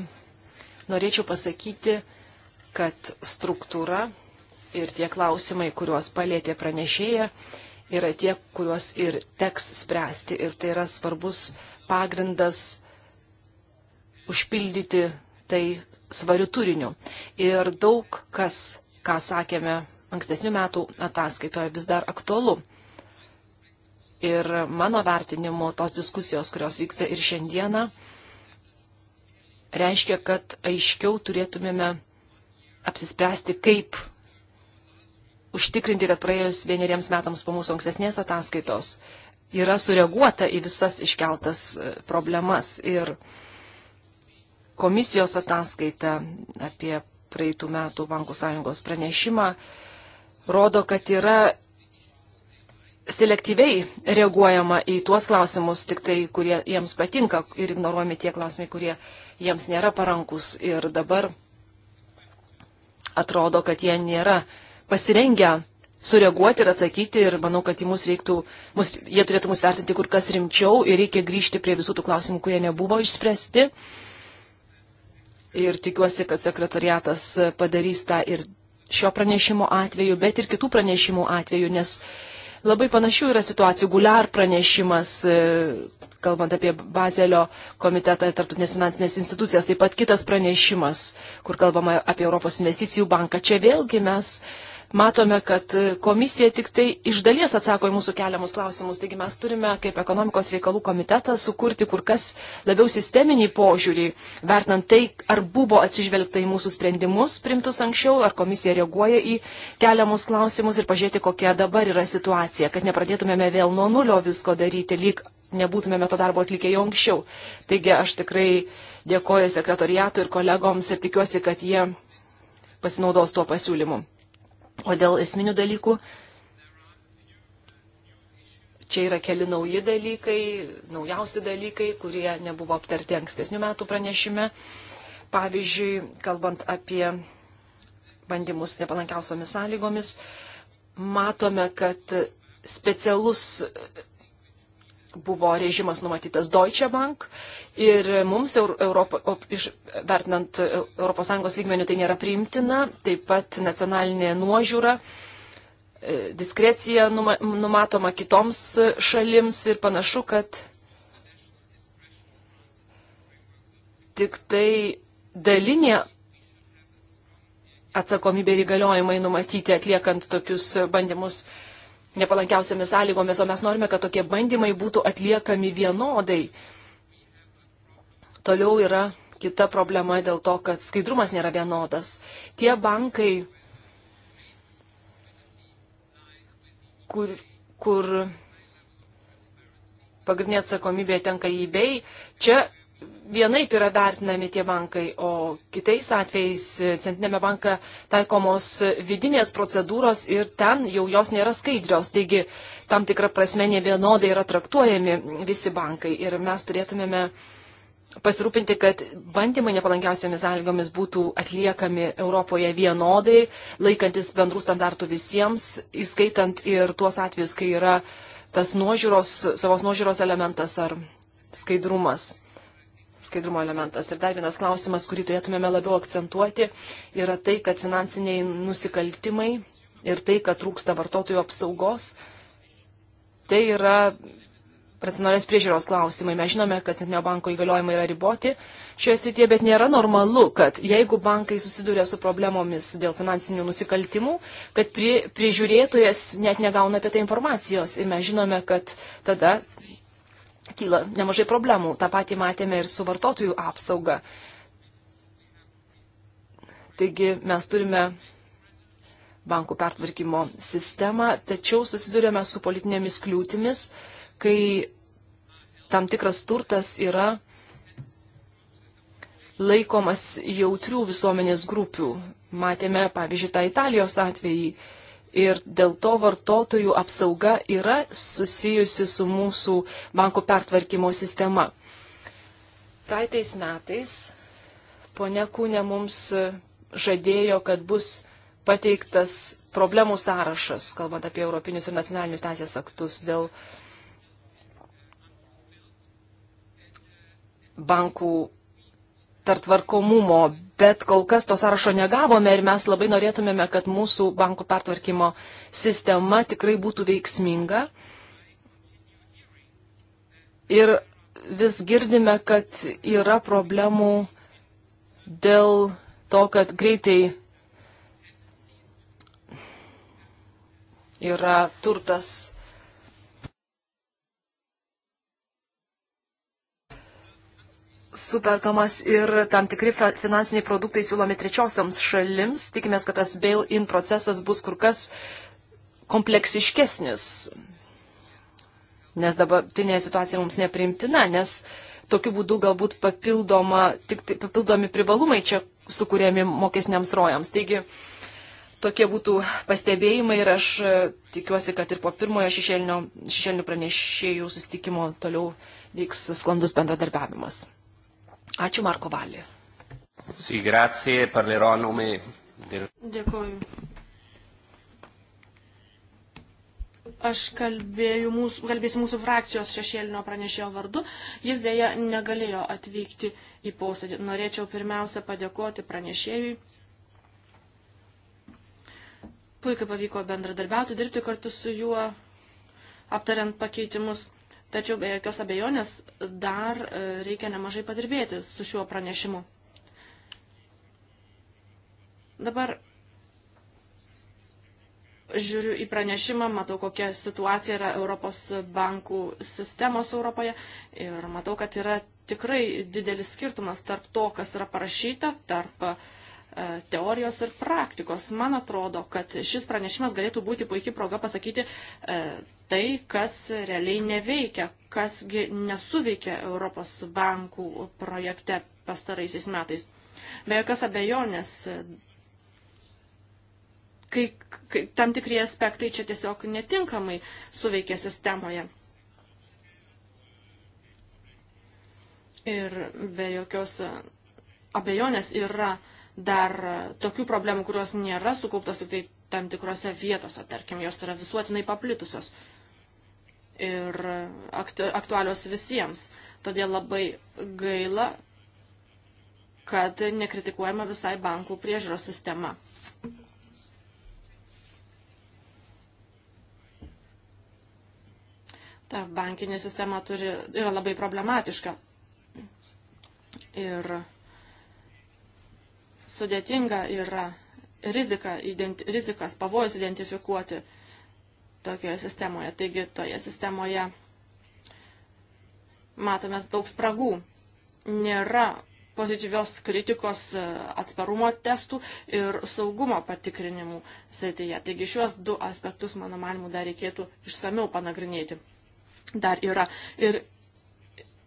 Speaker 3: norėčiau pasakyti, kad struktūra ir tie klausimai, kuriuos palėtė pranešėja, yra tie, kuriuos ir teks spręsti. Ir tai yra svarbus pagrindas užpildyti tai svariu turiniu. Ir daug kas, ką sakėme ankstesnių metų ataskaitoje, vis dar aktualu. Ir mano vertinimu tos diskusijos, kurios vyksta ir šiandieną, reiškia, kad aiškiau turėtumėme apsispręsti, kaip užtikrinti, kad praėjus vieneriems metams po mūsų ankstesnės ataskaitos yra sureaguota į visas iškeltas e, problemas. Ir komisijos ataskaita apie praeitų metų Bankų sąjungos pranešimą rodo, kad yra selektyviai reaguojama į tuos klausimus, tik tai, kurie jiems patinka ir ignoruojami tie klausimai, kurie jiems nėra parankus. Ir dabar atrodo, kad jie nėra pasirengę sureaguoti ir atsakyti ir manau, kad mus reiktų, mus, jie turėtų mus vertinti kur kas rimčiau ir reikia grįžti prie visų tų klausimų, kurie nebuvo išspręsti. Ir tikiuosi, kad sekretariatas padarys tą ir šio pranešimo atveju, bet ir kitų pranešimų atveju, nes Labai panašių yra situacijų. Guliar pranešimas, e, kalbant apie Bazelio komitetą ir tarptautinės finansinės institucijas, taip pat kitas pranešimas, kur kalbama apie Europos investicijų banką. Čia vėlgi mes uh, matome, kad komisija tik tai iš dalies atsako į mūsų keliamus klausimus. Taigi mes turime, kaip ekonomikos reikalų komitetas, sukurti kur kas labiau sisteminį požiūrį, vertinant tai, ar buvo atsižvelgta į mūsų sprendimus primtus anksčiau, ar komisija reaguoja į keliamus klausimus ir pažiūrėti, kokia dabar yra situacija, kad nepradėtumėme vėl nuo nulio visko daryti, lyg nebūtumėme to darbo atlikę jau anksčiau. Taigi aš tikrai dėkoju sekretoriatui ir kolegoms ir tikiuosi, kad jie pasinaudos tuo pasiūlymu. O dėl esminių dalykų, čia yra keli nauji dalykai, naujausi dalykai, kurie nebuvo aptarti ankstesnių metų pranešime. Pavyzdžiui, kalbant apie bandymus nepalankiausiamis sąlygomis, matome, kad specialus buvo režimas numatytas Deutsche Bank ir mums Europo, iš, vertinant ES lygmenių tai nėra priimtina, taip pat nacionalinė nuožiūra, e, diskrecija numatoma kitoms šalims ir panašu, kad tik tai dalinė atsakomybė ir įgaliojimai numatyti atliekant tokius bandymus uh, nepalankiausiamis sąlygomis, o mes norime, kad tokie bandymai būtų atliekami vienodai. Toliau yra kita problema dėl to, kad skaidrumas nėra vienodas. Tie bankai, kur, kur pagrindinė atsakomybė tenka į bei, čia vienaip yra vertinami tie bankai, o kitais atvejais centrinėme banka taikomos vidinės procedūros ir ten jau jos nėra skaidrios. Taigi tam tikrą prasme ne vienodai yra traktuojami visi bankai ir mes turėtumėme pasirūpinti, kad bandymai nepalankiausiamis sąlygomis būtų atliekami Europoje vienodai, laikantis bendrų standartų visiems, įskaitant ir tuos atvejus, kai yra tas nuožiūros, savos nuožiūros elementas ar skaidrumas skaidrumo elementas. Ir dar vienas klausimas, kurį turėtumėme labiau akcentuoti, yra tai, kad finansiniai nusikaltimai ir tai, kad trūksta vartotojų apsaugos, tai yra racionalės priežiūros klausimai. Mes žinome, kad Centrinio banko įgaliojimai yra riboti šioje srityje, bet nėra normalu, kad jeigu bankai susiduria su problemomis dėl finansinių nusikaltimų, kad pri, prižiūrėtojas net negauna apie tai informacijos. Ir mes žinome, kad tada kyla nemažai problemų. Ta patį matėme ir su vartotojų apsauga. Taigi mes turime bankų pertvarkymo sistemą, tačiau susidurėme su politinėmis kliūtimis, kai tam tikras turtas yra laikomas jautrių visuomenės grupių. Matėme, pavyzdžiui, tą Italijos atvejį, ir dėl to vartotojų apsauga yra susijusi su mūsų bankų pertvarkymo sistema. Praeitais metais ponia Kūnė mums žadėjo, kad bus pateiktas problemų sąrašas, kalbant apie europinius ir nacionalinius teisės aktus dėl bankų tartvarkomumo bet kol kas to sąrašo negavome ir mes labai norėtumėme, kad mūsų bankų pertvarkymo sistema tikrai būtų veiksminga. Ir vis girdime, kad yra problemų dėl to, kad greitai yra turtas superkamas ir tam tikri finansiniai produktai siūlomi trečiosioms šalims. Tikimės, kad tas bail-in procesas bus kur kas kompleksiškesnis, nes dabartinė situacija mums nepriimtina, nes tokiu būdu galbūt papildoma, tik tai, papildomi privalumai čia sukūrėmi mokesniams rojams. Taigi, tokie būtų pastebėjimai ir aš e, tikiuosi, kad ir po pirmojo šešėlinio, šešėlinio pranešėjų susitikimo toliau vyks sklandus bendradarbiavimas. Ačiū Marko Valį.
Speaker 1: Sì, grazie, parlerò a nome del... Dėkuoju. Aš kalbėjau mūsų, kalbėsiu mūsų frakcijos šešėlinio pranešėjo vardu. Jis dėja negalėjo atvykti į posėdį. Norėčiau pirmiausia padėkoti pranešėjui. Puikiai pavyko bendradarbiauti, dirbti kartu su juo, aptariant pakeitimus. Tačiau be jokios abejonės dar e, reikia nemažai padirbėti su šiuo pranešimu. Dabar žiūriu į pranešimą, matau, kokia situacija yra Europos bankų sistemos Europoje ir matau, kad yra tikrai didelis skirtumas tarp to, kas yra parašyta, tarp uh, E, teorijos ir praktikos. Man atrodo, kad šis pranešimas galėtų būti puikiai proga pasakyti e, tai, kas realiai neveikia, kasgi nesuveikia Europos bankų projekte pastaraisiais metais. Be jokios abejonės, kai, kai tam tikrie aspektai čia tiesiog netinkamai suveikia sistemoje. Ir be jokios abejonės yra dar tokių problemų, kurios nėra sukauptos tik tai tam tikrose vietose, tarkim, jos yra visuotinai paplitusios ir aktualios visiems. Todėl labai gaila, kad nekritikuojama visai bankų priežiūros sistema. Ta bankinė sistema turi, yra labai problematiška. Ir sudėtinga yra rizika, identi, rizikas, pavojus identifikuoti tokioje sistemoje. Taigi toje sistemoje matome daug spragų. Nėra pozityvios kritikos e, atsparumo testų ir saugumo patikrinimų srityje. Taigi šiuos du aspektus, mano manimu, dar reikėtų išsameu panagrinėti. Dar yra ir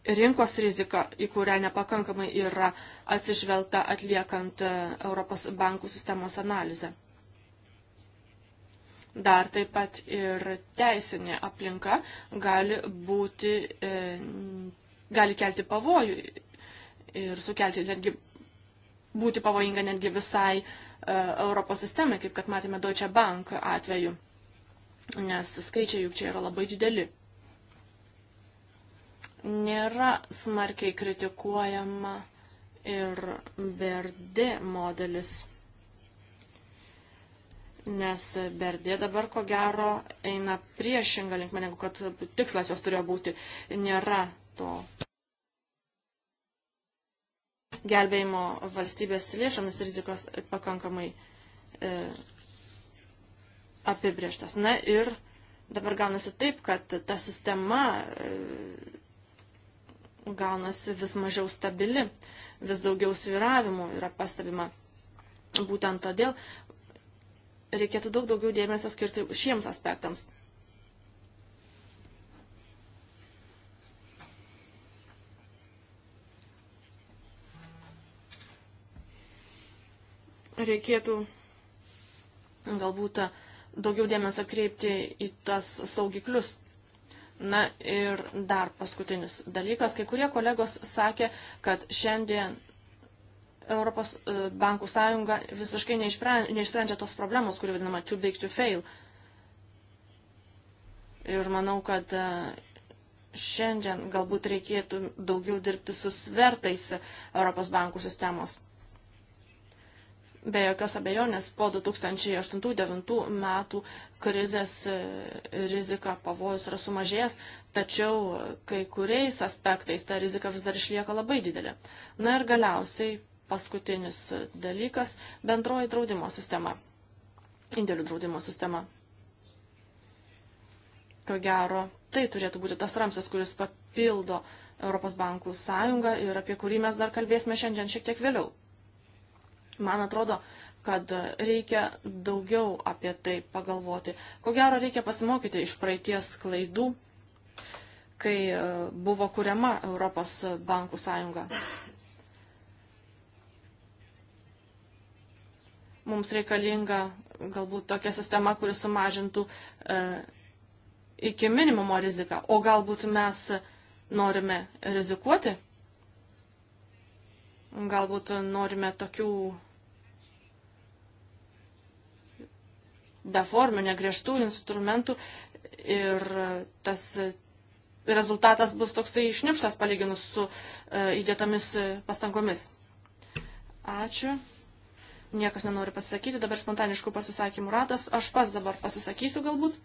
Speaker 1: rinkos rizika, į kurią nepakankamai yra atsižvelgta atliekant e, Europos bankų sistemos analizę. Dar taip pat ir teisinė aplinka gali būti, e, gali kelti pavojų ir sukelti netgi, būti pavojinga netgi visai e, Europos sistemai, kaip kad matėme Deutsche Bank atveju, nes skaičiai juk čia yra labai dideli nėra smarkiai kritikuojama ir Berdi modelis. Nes Berdė dabar, ko gero, eina priešingą linkmę, negu kad tikslas jos turėjo būti. Nėra to gelbėjimo valstybės lėšomis rizikos pakankamai e, apibrieštas. Na ir dabar gaunasi taip, kad ta sistema e, gaunasi vis mažiau stabili, vis daugiau sviravimų yra pastebima. Būtent todėl reikėtų daug daugiau dėmesio skirti šiems aspektams. Reikėtų galbūt daugiau dėmesio kreipti į tas saugiklius Na ir dar paskutinis dalykas. Kai kurie kolegos sakė, kad šiandien Europos e, bankų sąjunga visiškai neišsprendžia tos problemos, kuri vadinama too big to fail. Ir manau, kad e, šiandien galbūt reikėtų daugiau dirbti su svertais Europos bankų sistemos. Be jokios abejonės po 2008-2009 metų krizės e, rizika pavojus yra sumažėjęs, tačiau kai kuriais aspektais ta rizika vis dar išlieka labai didelė. Na ir galiausiai paskutinis dalykas - bendroji draudimo sistema, indėlių draudimo sistema. Ko gero, tai turėtų būti tas ramsis, kuris papildo Europos bankų sąjungą ir apie kurį mes dar kalbėsime šiandien šiek tiek vėliau. Man atrodo, kad reikia daugiau apie tai pagalvoti. Ko gero reikia pasimokyti iš praeities klaidų, kai e, buvo kuriama Europos bankų sąjunga. Mums reikalinga galbūt tokia sistema, kuri sumažintų e, iki minimumo riziką, o galbūt mes norime rizikuoti Galbūt norime tokių beformių, negriežtų instrumentų ir tas rezultatas bus toksai išnipštas palyginus su e, įdėtomis pastangomis. Ačiū. Niekas nenori pasisakyti. Dabar spontaniškų pasisakymų ratas. Aš pas dabar pasisakysiu galbūt.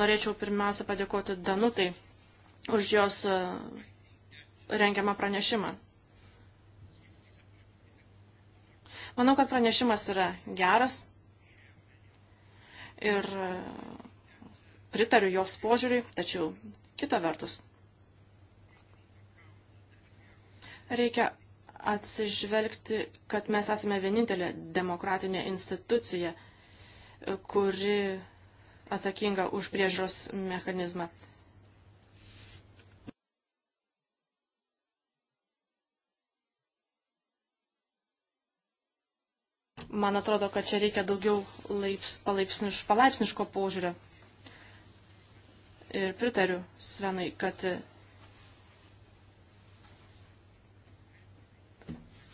Speaker 1: Norėčiau pirmiausia padėkoti Danutai už jos e, rengiamą pranešimą. Manau, kad pranešimas yra geras ir pritariu jos požiūriui, tačiau kita vertus. Reikia atsižvelgti, kad mes esame vienintelė demokratinė institucija, kuri atsakinga už priežiūros mechanizmą. Man atrodo, kad čia reikia daugiau laips, palaipsniš, palaipsniško požiūrio. Ir pritariu Svenai, kad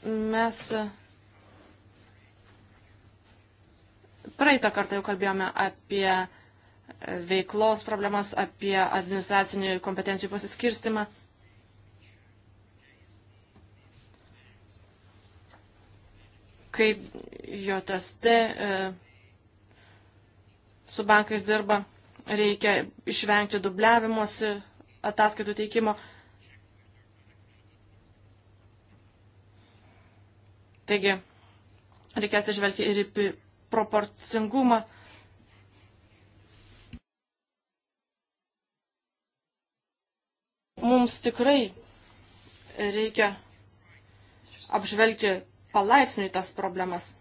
Speaker 1: mes praeitą kartą jau kalbėjome apie veiklos problemas, apie administracinį kompetencijų pasiskirstimą. Kaip JST e, su bankais dirba, reikia išvengti dubliavimuose ataskaitų teikimo. Taigi, reikia atsižvelgti ir į proporcingumą. Mums tikrai reikia apžvelgti palaipsniui tas problemas.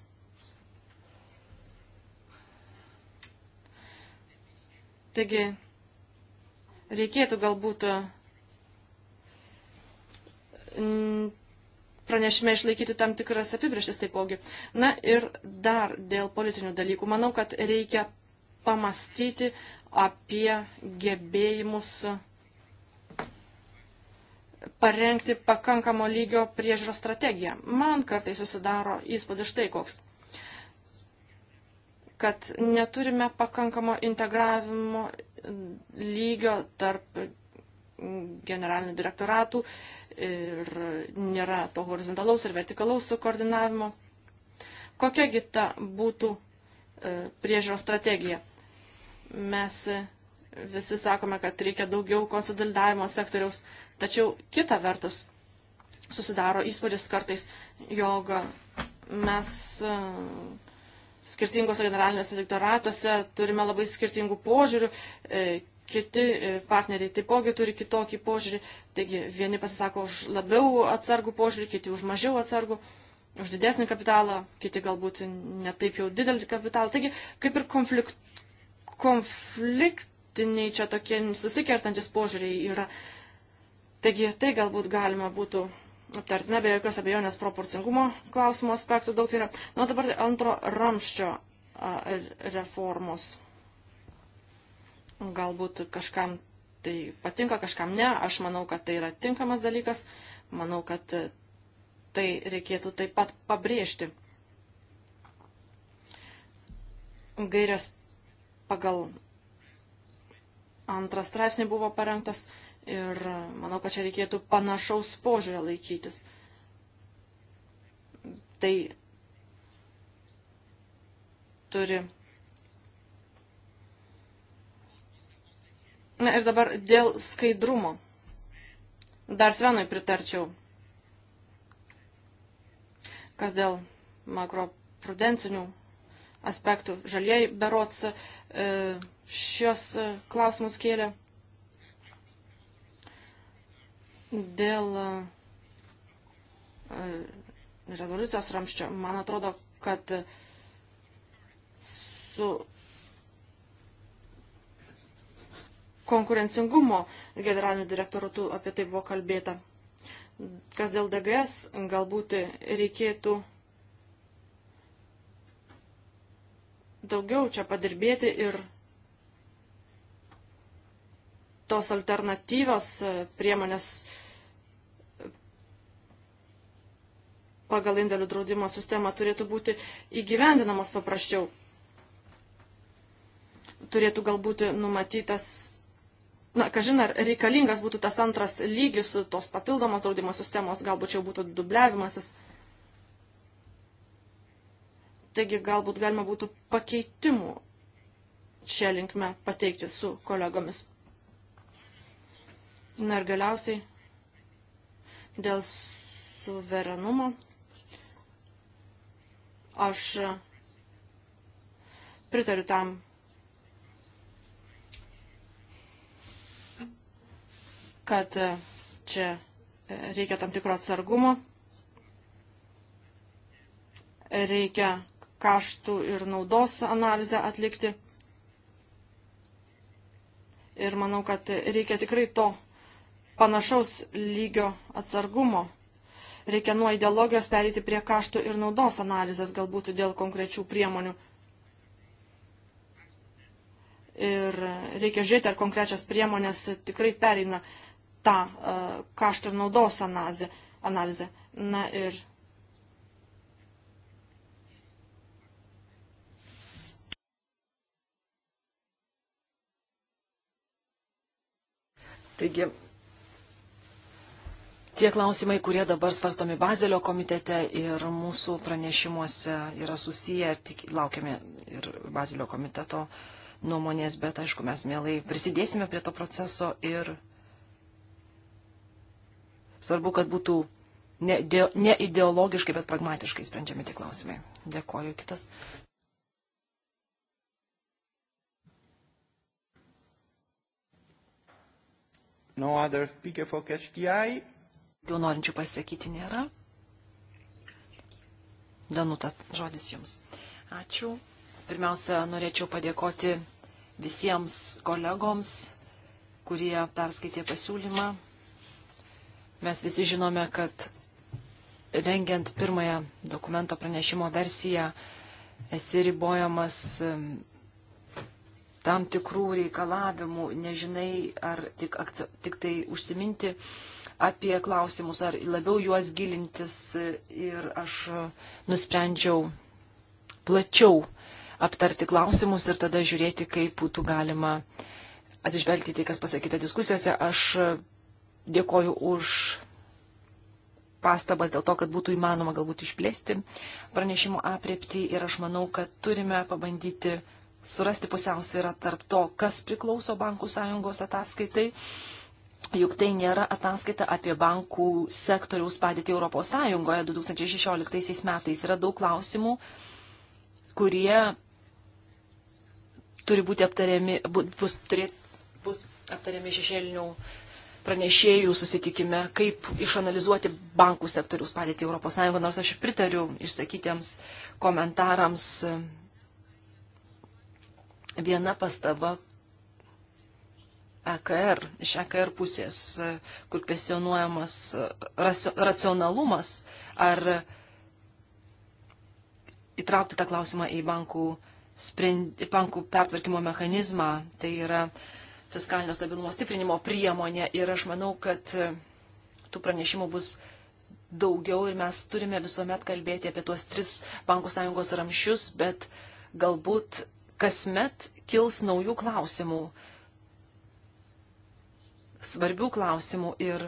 Speaker 1: Taigi reikėtų galbūt e, pranešime išlaikyti tam tikras apibrieštis taipogi. Na ir dar dėl politinių dalykų. Manau, kad reikia pamastyti apie gebėjimus parengti pakankamo lygio priežiūros strategiją. Man kartai susidaro įspūdis štai koks kad neturime pakankamo integravimo lygio tarp generalinių direktoratų ir nėra to horizontalaus ir vertikalaus koordinavimo. Kokiagi ta būtų e, priežiūros strategija? Mes e, visi sakome, kad reikia daugiau konsolidavimo sektoriaus, tačiau kita vertus susidaro įspūdis kartais, jog mes e, skirtingose generalinėse elektoratuose turime labai skirtingų požiūrių, e, kiti e, partneriai taipogi turi kitokį požiūrį, taigi vieni pasisako už labiau atsargų požiūrį, kiti už mažiau atsargų, už didesnį kapitalą, kiti galbūt netaip jau didelį kapitalą. Taigi kaip ir konflikt, konfliktiniai čia tokie susikertantis požiūriai yra. Taigi tai galbūt galima būtų aptartina, be jokios abejonės proporcingumo klausimo aspektų daug yra. Na, dabar antro ramščio reformos. Galbūt kažkam tai patinka, kažkam ne. Aš manau, kad tai yra tinkamas dalykas. Manau, kad e, tai reikėtų taip pat pabrėžti. Gairios pagal antrą straipsnį buvo parengtas. Uh, Ir manau, kad čia reikėtų panašaus požiūrio laikytis. Tai turi. Na ir dabar dėl skaidrumo. Dar Svenui pritarčiau. Kas dėl makroprudencinių aspektų. Žalieji berots e, šios e, klausimus kėlė. Dėl e, rezoliucijos ramščio, man atrodo, kad su konkurencingumo generaliniu direktoratu apie tai buvo kalbėta. Kas dėl DGS, galbūt reikėtų daugiau čia padirbėti ir tos alternatyvios e, priemonės e, pagal indėlių draudimo sistemą turėtų būti įgyvendinamos paprasčiau. Turėtų galbūt numatytas, na, kažin ar reikalingas būtų tas antras lygis tos papildomos draudimo sistemos, galbūt čia būtų dubliavimasis. Taigi galbūt galima būtų pakeitimų šią linkmę pateikti su kolegomis. Na ir galiausiai dėl suverenumo aš pritariu tam. kad čia reikia tam tikro atsargumo, reikia kaštų ir naudos analizę atlikti. Ir manau, kad reikia tikrai to panašaus lygio atsargumo. Reikia nuo ideologijos perėti prie kaštų ir naudos analizės, galbūt dėl konkrečių priemonių. Ir reikia žiūrėti, ar konkrečias priemonės tikrai pereina tą uh, kaštų ir naudos analizę. analizę. Na ir
Speaker 3: Taigi tie klausimai, kurie dabar svarstomi Bazelio komitete ir mūsų pranešimuose yra susiję, tik laukiame ir Bazelio komiteto nuomonės, bet aišku, mes mielai prisidėsime prie to proceso ir svarbu, kad būtų ne, de, ne ideologiškai, bet pragmatiškai sprendžiami tie klausimai. Dėkoju kitas.
Speaker 1: No other speaker for catch the eye.
Speaker 3: Jau norinčių pasakyti nėra. Danuta, žodis jums. Ačiū. Pirmiausia, norėčiau padėkoti visiems kolegoms, kurie perskaitė pasiūlymą. Mes visi žinome, kad rengiant pirmąją dokumento pranešimo versiją esi ribojamas tam tikrų reikalavimų, nežinai, ar tik, tik tai užsiminti apie klausimus, ar labiau juos gilintis ir aš nusprendžiau plačiau aptarti klausimus ir tada žiūrėti, kaip būtų galima atsižvelgti tai, kas pasakyta diskusijose. Aš dėkoju už pastabas dėl to, kad būtų įmanoma galbūt išplėsti pranešimų apriepti ir aš manau, kad turime pabandyti surasti pusiausvyrą tarp to, kas priklauso Bankų sąjungos ataskaitai Juk tai nėra ataskaita apie bankų sektoriaus padėtį Europos Sąjungoje 2016 metais. Yra daug klausimų, kurie turi būti aptariami, bus, turėt, bus aptariami šešėlinių pranešėjų susitikime, kaip išanalizuoti bankų sektoriaus padėtį Europos Sąjungoje, nors aš pritariu išsakytiems komentarams. Viena pastaba, EKR, iš EKR pusės, e, kur kvesionuojamas e, racionalumas, ar įtraukti tą klausimą į bankų, sprend, bankų pertvarkymo mechanizmą, tai yra fiskalinio stabilumo stiprinimo priemonė ir aš manau, kad e, tų pranešimų bus daugiau ir mes turime visuomet kalbėti apie tuos tris bankų sąjungos ramšius, bet galbūt kasmet kils naujų klausimų svarbių klausimų ir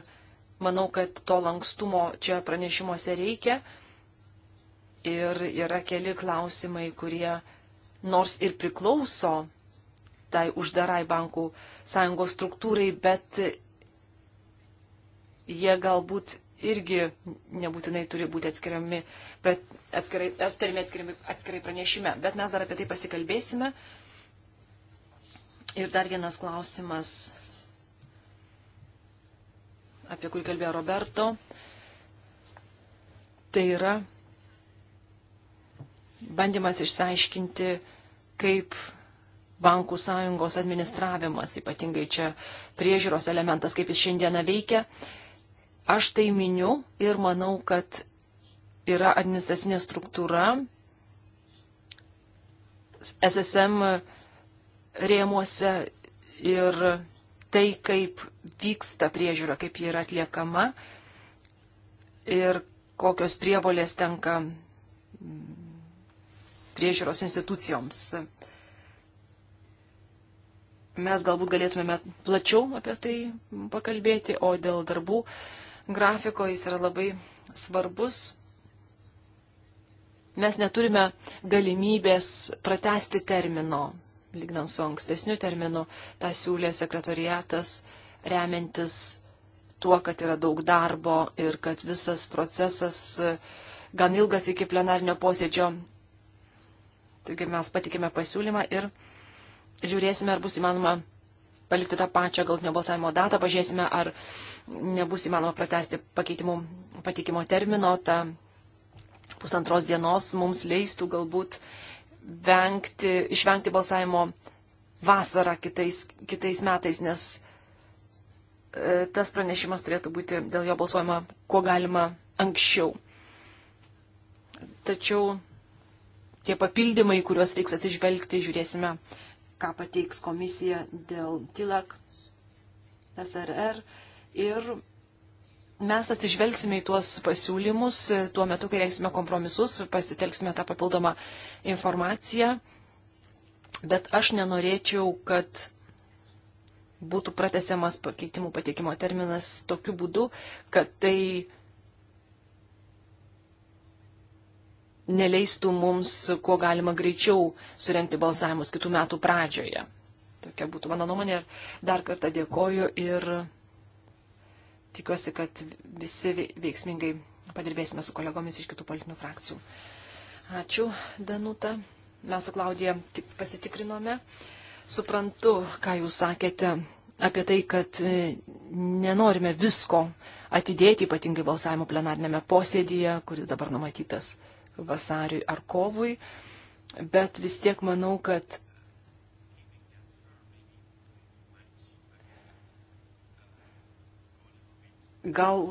Speaker 3: manau, kad to lankstumo čia pranešimuose reikia. Ir yra keli klausimai, kurie nors ir priklauso tai uždarai bankų sąjungos struktūrai, bet jie galbūt irgi nebūtinai turi būti atskiriami, bet atskirai, aptarimi atskiriami, atskirai pranešime. Bet mes dar apie tai pasikalbėsime. Ir dar vienas klausimas apie kurį kalbėjo Roberto, tai yra bandymas išsiaiškinti, kaip bankų sąjungos administravimas, ypatingai čia priežiūros elementas, kaip jis šiandieną veikia. Aš tai miniu ir manau, kad yra administracinė struktūra SSM rėmuose ir tai, kaip vyksta priežiūra, kaip ji yra atliekama ir kokios prievolės tenka priežiūros institucijoms. Mes galbūt galėtumėme plačiau apie tai pakalbėti, o dėl darbų grafiko jis yra labai svarbus. Mes neturime galimybės pratesti termino, lygnant su ankstesniu terminu, tą siūlė sekretoriatas remiantis tuo, kad yra daug darbo ir kad visas procesas e, gan ilgas iki plenarnio posėdžio. Taigi mes patikime pasiūlymą ir žiūrėsime, ar bus įmanoma palikti tą pačią galtinio balsavimo datą, pažiūrėsime, ar nebus įmanoma pratesti pakeitimų patikimo termino, ta pusantros dienos mums leistų galbūt vengti, išvengti balsavimo vasarą kitais, kitais metais, nes tas pranešimas turėtų būti dėl jo balsuojama kuo galima anksčiau. Tačiau tie papildymai, kuriuos reiks atsižvelgti, žiūrėsime, ką pateiks komisija dėl TILAK, SRR. Ir mes atsižvelgsime į tuos pasiūlymus tuo metu, kai reiksime kompromisus, pasitelksime tą papildomą informaciją. Bet aš nenorėčiau, kad būtų pratesiamas pakeitimų pateikimo terminas tokiu būdu, kad tai neleistų mums kuo galima greičiau surenkti balsavimus kitų metų pradžioje. Tokia būtų mano nuomonė. Dar kartą dėkoju ir tikiuosi, kad visi veiksmingai padirbėsime su kolegomis iš kitų politinių frakcijų. Ačiū, Danuta. Mes su Klaudija pasitikrinome suprantu, ką jūs sakėte apie tai, kad e, nenorime visko atidėti, ypatingai balsavimo plenarnėme posėdėje, kuris dabar numatytas vasariui ar kovui, bet vis tiek manau, kad gal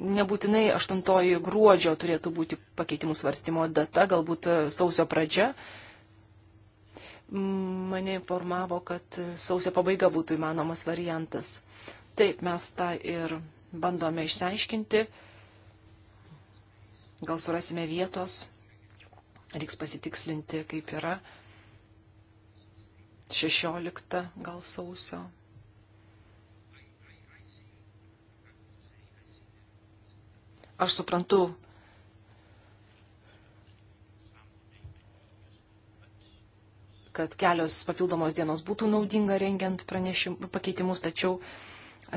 Speaker 3: nebūtinai 8 gruodžio turėtų būti pakeitimų svarstymo data, galbūt e, sausio pradžia. Mane informavo, kad sausio pabaiga būtų įmanomas variantas. Taip, mes tą ir bandome išsiaiškinti. Gal surasime vietos, reiks pasitikslinti, kaip yra. 16 gal sausio Aš suprantu, kad kelios papildomos dienos būtų naudinga rengiant pranešim, pakeitimus, tačiau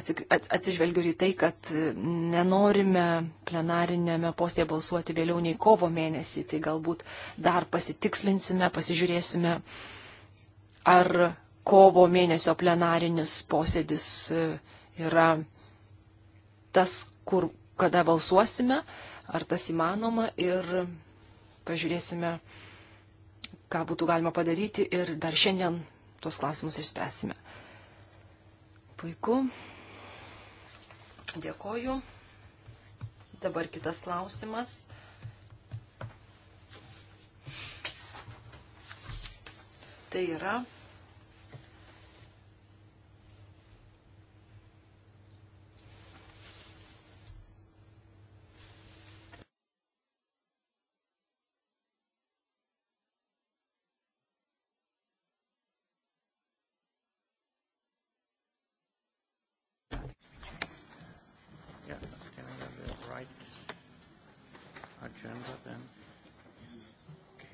Speaker 3: atsižvelgiu į tai, kad nenorime plenarinėme postėje balsuoti vėliau nei kovo mėnesį, tai galbūt dar pasitikslinsime, pasižiūrėsime, ar kovo mėnesio plenarinis posėdis e, yra tas, kur kada balsuosime, ar tas įmanoma ir pažiūrėsime, ką būtų galima padaryti ir dar šiandien tuos klausimus išspręsime. Puiku. Dėkoju. Dabar kitas klausimas. Tai yra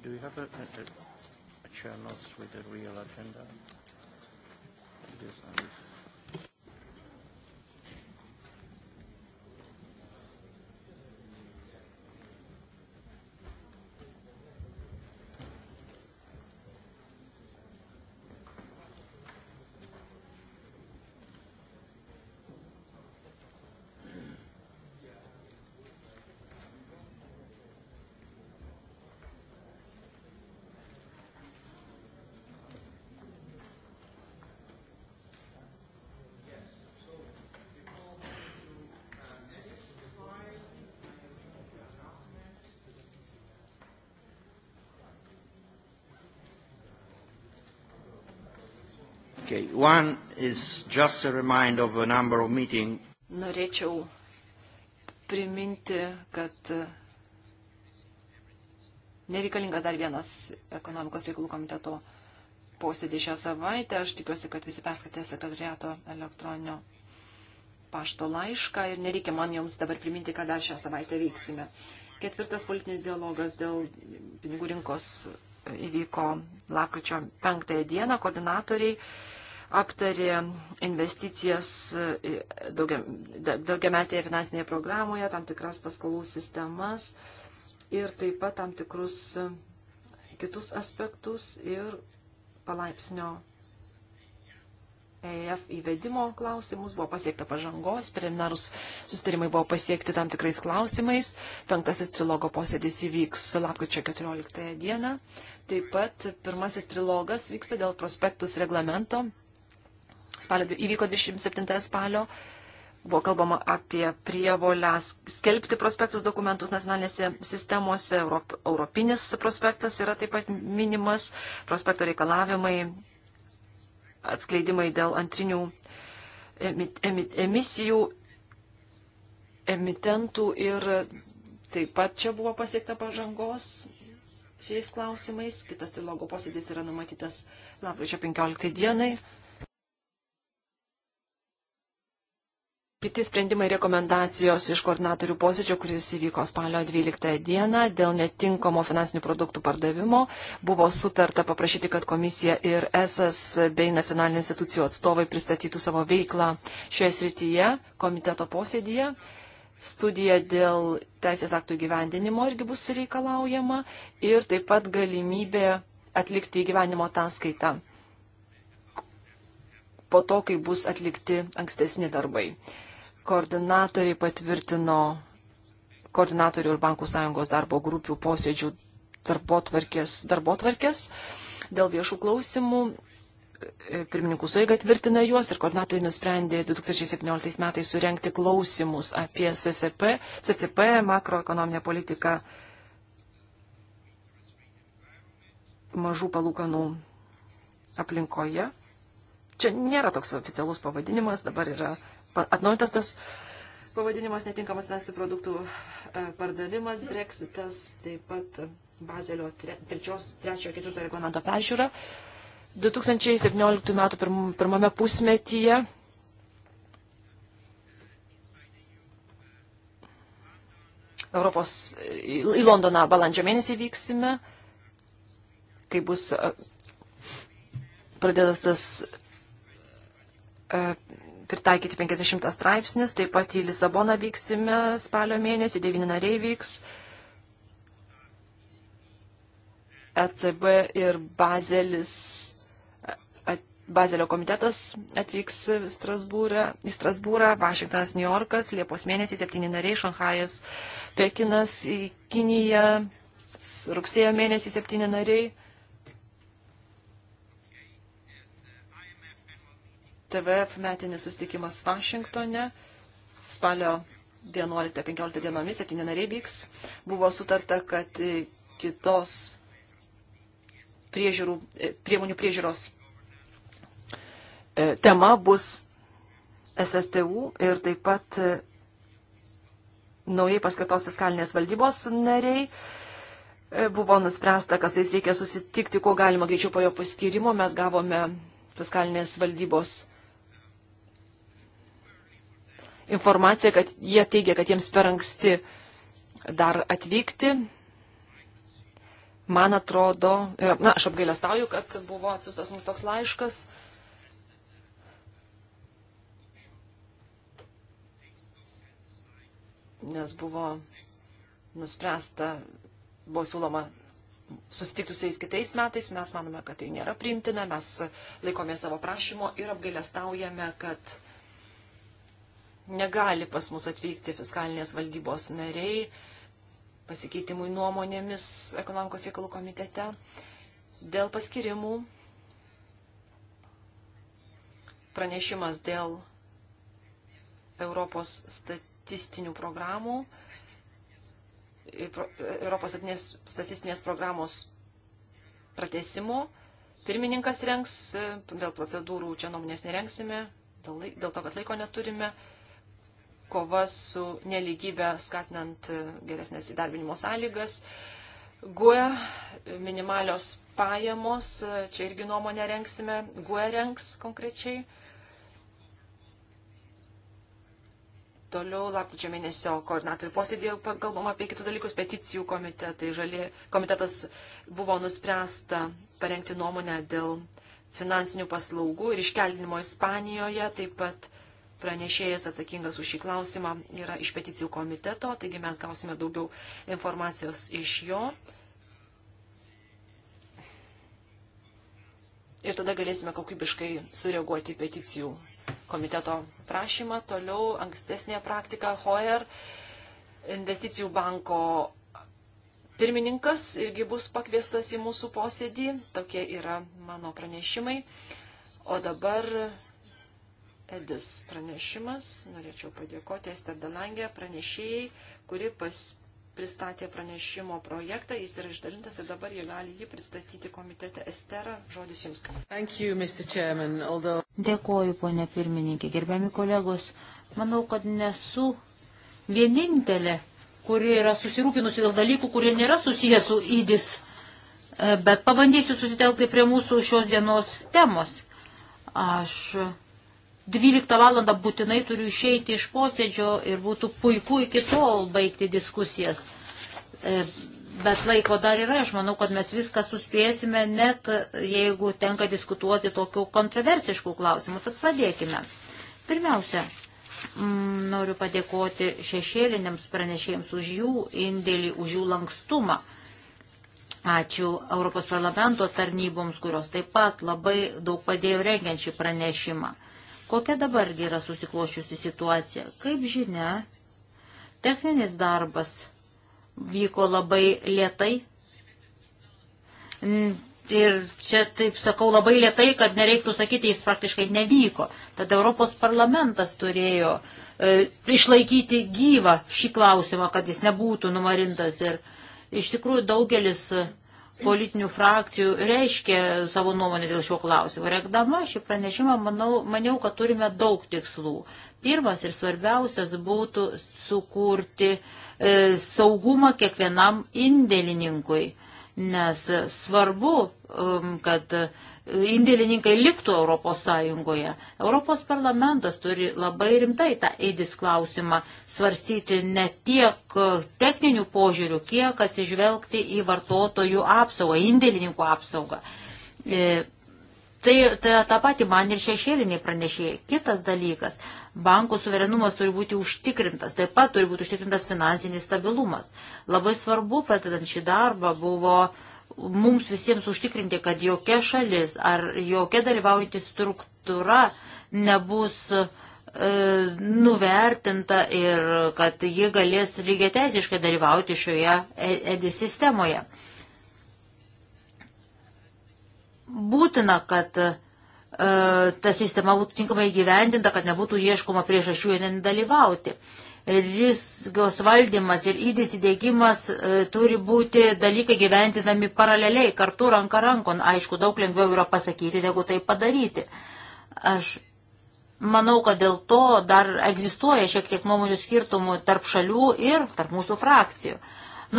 Speaker 1: Do we have a, a, a chair notes with a real agenda? It is on this. Okay, one is just a reminder of a number of meeting.
Speaker 3: Norėčiau priminti, kad nereikalingas dar vienas ekonomikos reikalų komiteto posėdį šią savaitę. Aš tikiuosi, kad visi perskaitė sekretariato elektroninio pašto laišką ir nereikia man jums dabar priminti, kad dar šią savaitę vyksime. Ketvirtas politinis dialogas dėl pinigų rinkos įvyko lapkričio penktąją dieną. Koordinatoriai aptarė investicijas e, daugiametėje finansinėje programoje, tam tikras paskolų sistemas ir taip pat tam tikrus e, kitus aspektus ir palaipsnio EF įvedimo klausimus, buvo pasiekta pažangos, preliminarus sustarimai buvo pasiekti tam tikrais klausimais. Penktasis trilogo posėdis įvyks lapkričio 14 dieną. Taip pat pirmasis trilogas vyksta dėl prospektus reglamento spalio, įvyko 27 spalio, buvo kalbama apie prievolę skelbti prospektus dokumentus nacionalinėse sistemose, Europ, europinis prospektas yra taip pat minimas, prospekto reikalavimai, atskleidimai dėl antrinių emisijų, emitentų ir taip pat čia buvo pasiekta pažangos šiais klausimais. Kitas trilogo posėdis yra numatytas lapkričio 15 dienai. Kiti sprendimai rekomendacijos iš koordinatorių posėdžio, kuris įvyko spalio 12 dieną dėl netinkamo finansinių produktų pardavimo, buvo sutarta paprašyti, kad komisija ir SS bei nacionalinių institucijų atstovai pristatytų savo veiklą šioje srityje komiteto posėdėje. Studija dėl teisės aktų gyvendinimo irgi bus reikalaujama ir taip pat galimybė atlikti gyvenimo ataskaitą po to, kai bus atlikti ankstesni darbai. Koordinatoriai patvirtino koordinatorių ir bankų sąjungos darbo grupių posėdžių darbotvarkės, darbotvarkės dėl viešų klausimų. E, pirmininkų suėga tvirtina juos ir koordinatoriai nusprendė 2017 metais surenkti klausimus apie CCP, CCP makroekonominę politiką mažų palūkanų aplinkoje. Čia nėra toks oficialus pavadinimas, dabar yra atnaujintas tas pavadinimas netinkamas finansinių produktų e, pardavimas, breksitas, taip pat Bazelio 3-4 reglamento peržiūra. 2017 m. pirmame pusmetyje Europos į Londoną balandžio mėnesį vyksime, kai bus e, pradėtas tas e, pritaikyti 50 straipsnis, taip pat į Lisaboną vyksime spalio mėnesį, devyni nariai vyks. ECB ir Bazelis, Bazelio komitetas atvyks į Strasbūrą, į Strasbūrą Vašingtonas, New Yorkas, Liepos mėnesį septyni nariai, Šanhajas, Pekinas, Kinija, rugsėjo mėnesį septyni nariai. TVF metinis susitikimas Vašingtone spalio 11-15 dienomis, septyni nariai vyks. Buvo sutarta, kad kitos priežiūrų, priemonių priežiūros e, tema bus SSTU ir taip pat e, naujai paskatos fiskalinės valdybos nariai. E, buvo nuspręsta, kad su jais reikia susitikti, kuo galima greičiau po jo paskirimo. Mes gavome fiskalinės valdybos informaciją, kad jie teigia, kad jiems per anksti dar atvykti. Man atrodo, e, na, aš apgailestauju, kad buvo atsiustas mums toks laiškas. Nes buvo nuspręsta, buvo siūloma susitikti su jais kitais metais, mes manome, kad tai nėra priimtina, mes laikomės savo prašymo ir apgailestaujame, kad negali pas mus atvykti fiskalinės valdybos nariai pasikeitimui nuomonėmis ekonomikos reikalų komitete dėl paskirimų pranešimas dėl Europos statistinių programų, Europos statistinės programos pratesimo. Pirmininkas rengs, dėl procedūrų čia nuomonės nerengsime, dėl, dėl to, kad laiko neturime kova su neligybė, skatinant geresnės įdarbinimo sąlygas. GUE, minimalios pajamos, čia irgi nuomonę renksime, GUE renks konkrečiai. Toliau lapkričio mėnesio koordinatorių posėdėje kalbam apie kitus dalykus, peticijų komitetai, žali, komitetas buvo nuspręsta parengti nuomonę dėl finansinių paslaugų ir iškeldinimo Ispanijoje, taip pat pranešėjas atsakingas už šį klausimą yra iš peticijų komiteto, taigi mes gausime daugiau informacijos iš jo. Ir tada galėsime kokybiškai sureaguoti į peticijų komiteto prašymą. Toliau ankstesnė praktika Hoyer investicijų banko pirmininkas irgi bus pakviestas į mūsų posėdį. Tokie yra mano pranešimai. O dabar Edis pranešimas. Norėčiau padėkoti Ester Delangė pranešėjai, kuri pas, pristatė pranešimo projektą. Jis yra išdalintas ir dabar jie gali jį pristatyti komitete. Estera, žodis jums. Thank
Speaker 2: you, Chairman, although... Dėkoju, ponė pirmininkė. Gerbiami kolegos, manau, kad nesu vienintelė, kuri yra susirūpinusi dėl dalykų, kurie nėra susijęs su įdis. E, bet pabandysiu susitelkti prie mūsų šios dienos temos. Aš 12 valandą būtinai turiu išeiti iš posėdžio ir būtų puiku iki tol baigti diskusijas. E, bet laiko dar yra, aš manau, kad mes viską suspėsime, net jeigu tenka diskutuoti tokių kontroversiškų klausimų. Tad pradėkime. Pirmiausia, noriu padėkoti šešėliniams pranešėjams už jų indėlį, už jų lankstumą. Ačiū Europos parlamento tarnyboms, kurios taip pat labai daug padėjo rengiant šį pranešimą. Kokia dabargi yra susiklošiusi situacija? Kaip žinia, techninis darbas vyko labai lietai. Ir čia taip sakau labai lietai, kad nereiktų sakyti, jis praktiškai nevyko. Tad Europos parlamentas turėjo e, išlaikyti gyvą šį klausimą, kad jis nebūtų numarintas. Ir iš tikrųjų daugelis politinių frakcijų reiškia savo nuomonę dėl šio klausimo. Rekdama šį pranešimą, manau, maniau, kad turime daug tikslų. Pirmas ir svarbiausias būtų sukurti e, saugumą kiekvienam indėlininkui, nes svarbu, um, kad e, indėlininkai liktų Europos Sąjungoje. Europos parlamentas turi labai rimtai tą eidis klausimą svarstyti ne tiek techninių požiūrių, kiek atsižvelgti į vartotojų apsaugą, indėlininkų apsaugą. E, tai, tai tą patį man ir šešėliniai pranešėjai. Kitas dalykas bankų suverenumas turi būti užtikrintas, taip pat turi būti užtikrintas finansinis stabilumas. Labai svarbu, pradedant šį darbą, buvo mums visiems užtikrinti, kad jokia šalis ar jokia dalyvaujanti struktūra nebus e, nuvertinta ir kad ji galės lygiai teisiškai dalyvauti šioje e, EDI sistemoje. Būtina, kad e, ta sistema būtų tinkamai gyvendinta, kad nebūtų ieškoma priežasčių nedalyvauti. dalyvauti riskos valdymas ir įdys įdėgymas e, turi būti dalykai gyventinami paraleliai, kartu ranka rankon. Aišku, daug lengviau yra pasakyti, negu tai padaryti. Aš manau, kad dėl to dar egzistuoja šiek tiek nuomonių skirtumų tarp šalių ir tarp mūsų frakcijų.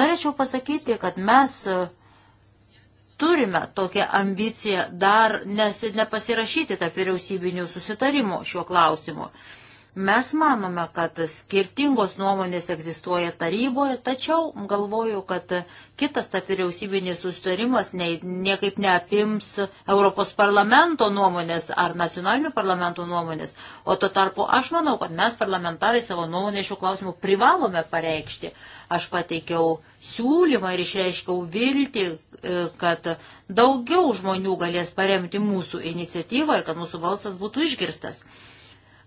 Speaker 2: Norėčiau pasakyti, kad mes e, turime tokią ambiciją dar nes, nepasirašyti tarp vyriausybinių susitarimų šiuo klausimu. Mes manome, kad skirtingos nuomonės egzistuoja taryboje, tačiau galvoju, kad kitas ta vyriausybinis sustarimas ne, niekaip neapims Europos parlamento nuomonės ar nacionalinių parlamentų nuomonės. O to tarpu aš manau, kad mes parlamentarai savo nuomonę šių klausimų privalome pareikšti. Aš pateikiau siūlymą ir išreiškiau viltį, e, kad daugiau žmonių galės paremti mūsų iniciatyvą ir kad mūsų balsas būtų išgirstas.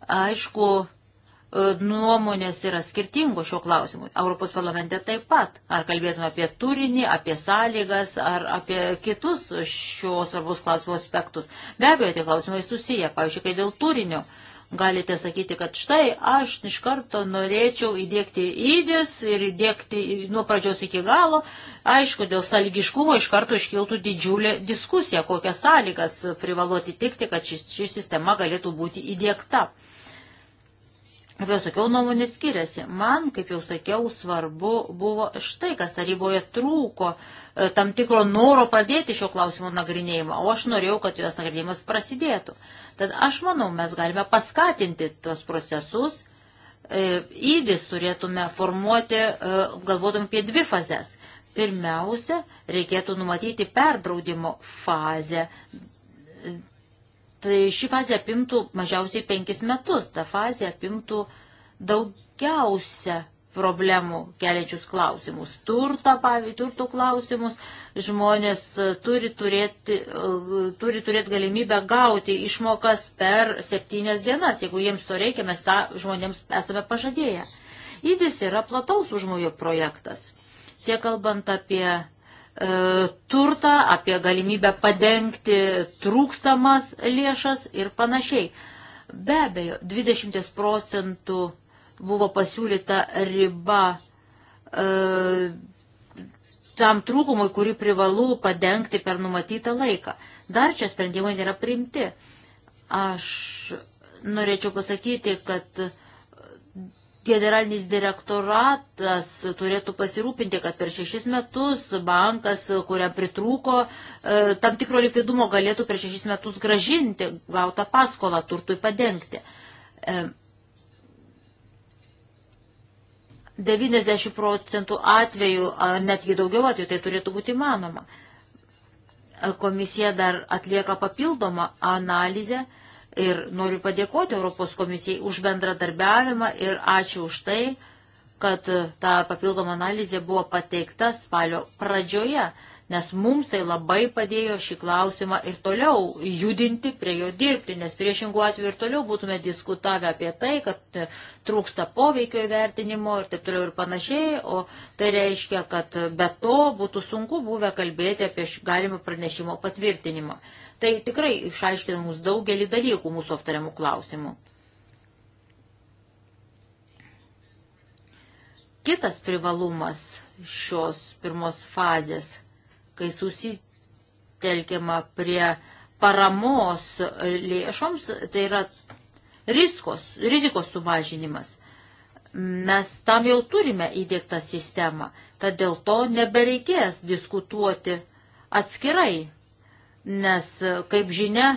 Speaker 2: Aišku, e, nuomonės yra skirtingos šiuo klausimu. Europos parlamente taip pat. Ar kalbėtume apie turinį, apie sąlygas, ar apie kitus šios svarbus klausimų aspektus. Be abejo, tie klausimai susiję. Pavyzdžiui, kai dėl turinio galite sakyti, kad štai aš iš karto norėčiau įdėkti įdės ir įdėkti nuo pradžios iki galo. Aišku, dėl sąlygiškumo iš karto iškiltų didžiulė diskusija, kokias sąlygas privalu atitikti, kad ši, ši sistema galėtų būti įdėkta. Kaip jau sakiau, nuomonės skiriasi. Man, kaip jau sakiau, svarbu buvo štai, kas taryboje trūko e, tam tikro noro padėti šio klausimo nagrinėjimą, o aš norėjau, kad jos nagrinėjimas prasidėtų. Tad aš manau, mes galime paskatinti tuos procesus, e, įdis turėtume formuoti, e, galvodam apie dvi fazes. Pirmiausia, reikėtų numatyti perdraudimo fazę tai ši fazė apimtų mažiausiai penkis metus, ta fazė apimtų daugiausia problemų keliančius klausimus. Turto, pavyzdžiui, turto klausimus žmonės turi turėti, turi turėti galimybę gauti išmokas per septynias dienas, jeigu jiems to reikia, mes tą žmonėms esame pažadėję. Įdis yra plataus užmojo projektas. Tiek kalbant apie E, turtą, apie galimybę padengti trūkstamas lėšas ir panašiai. Be abejo, 20 procentų buvo pasiūlyta riba e, tam trūkumui, kurį privalu padengti per numatytą laiką. Dar čia sprendimai nėra priimti. Aš norėčiau pasakyti, kad generalinis direktoratas turėtų pasirūpinti, kad per šešis metus bankas, kuriam pritrūko e, tam tikro likvidumo, galėtų per šešis metus gražinti gautą paskolą turtui padengti. 90 e, procentų atvejų, netgi daugiau atvejų, tai turėtų būti įmanoma. E, komisija dar atlieka papildomą analizę Ir noriu padėkoti Europos komisijai už bendradarbiavimą ir ačiū už tai, kad e, ta papildoma analizė buvo pateikta spalio pradžioje, nes mums tai labai padėjo šį klausimą ir toliau judinti, prie jo dirbti, nes priešingų atveju ir toliau būtume diskutavę apie tai, kad e, trūksta poveikio įvertinimo ir taip toliau ir panašiai, o tai reiškia, kad e, be to būtų sunku buvę kalbėti apie galimą pranešimo patvirtinimą. Tai tikrai išaiškina mums daugelį dalykų mūsų aptariamų klausimų. Kitas privalumas šios pirmos fazės, kai susitelkiama prie paramos lėšoms, tai yra riskos, rizikos sumažinimas. Mes tam jau turime įdėktą sistemą, tad dėl to nebereikės diskutuoti atskirai nes, kaip žinia,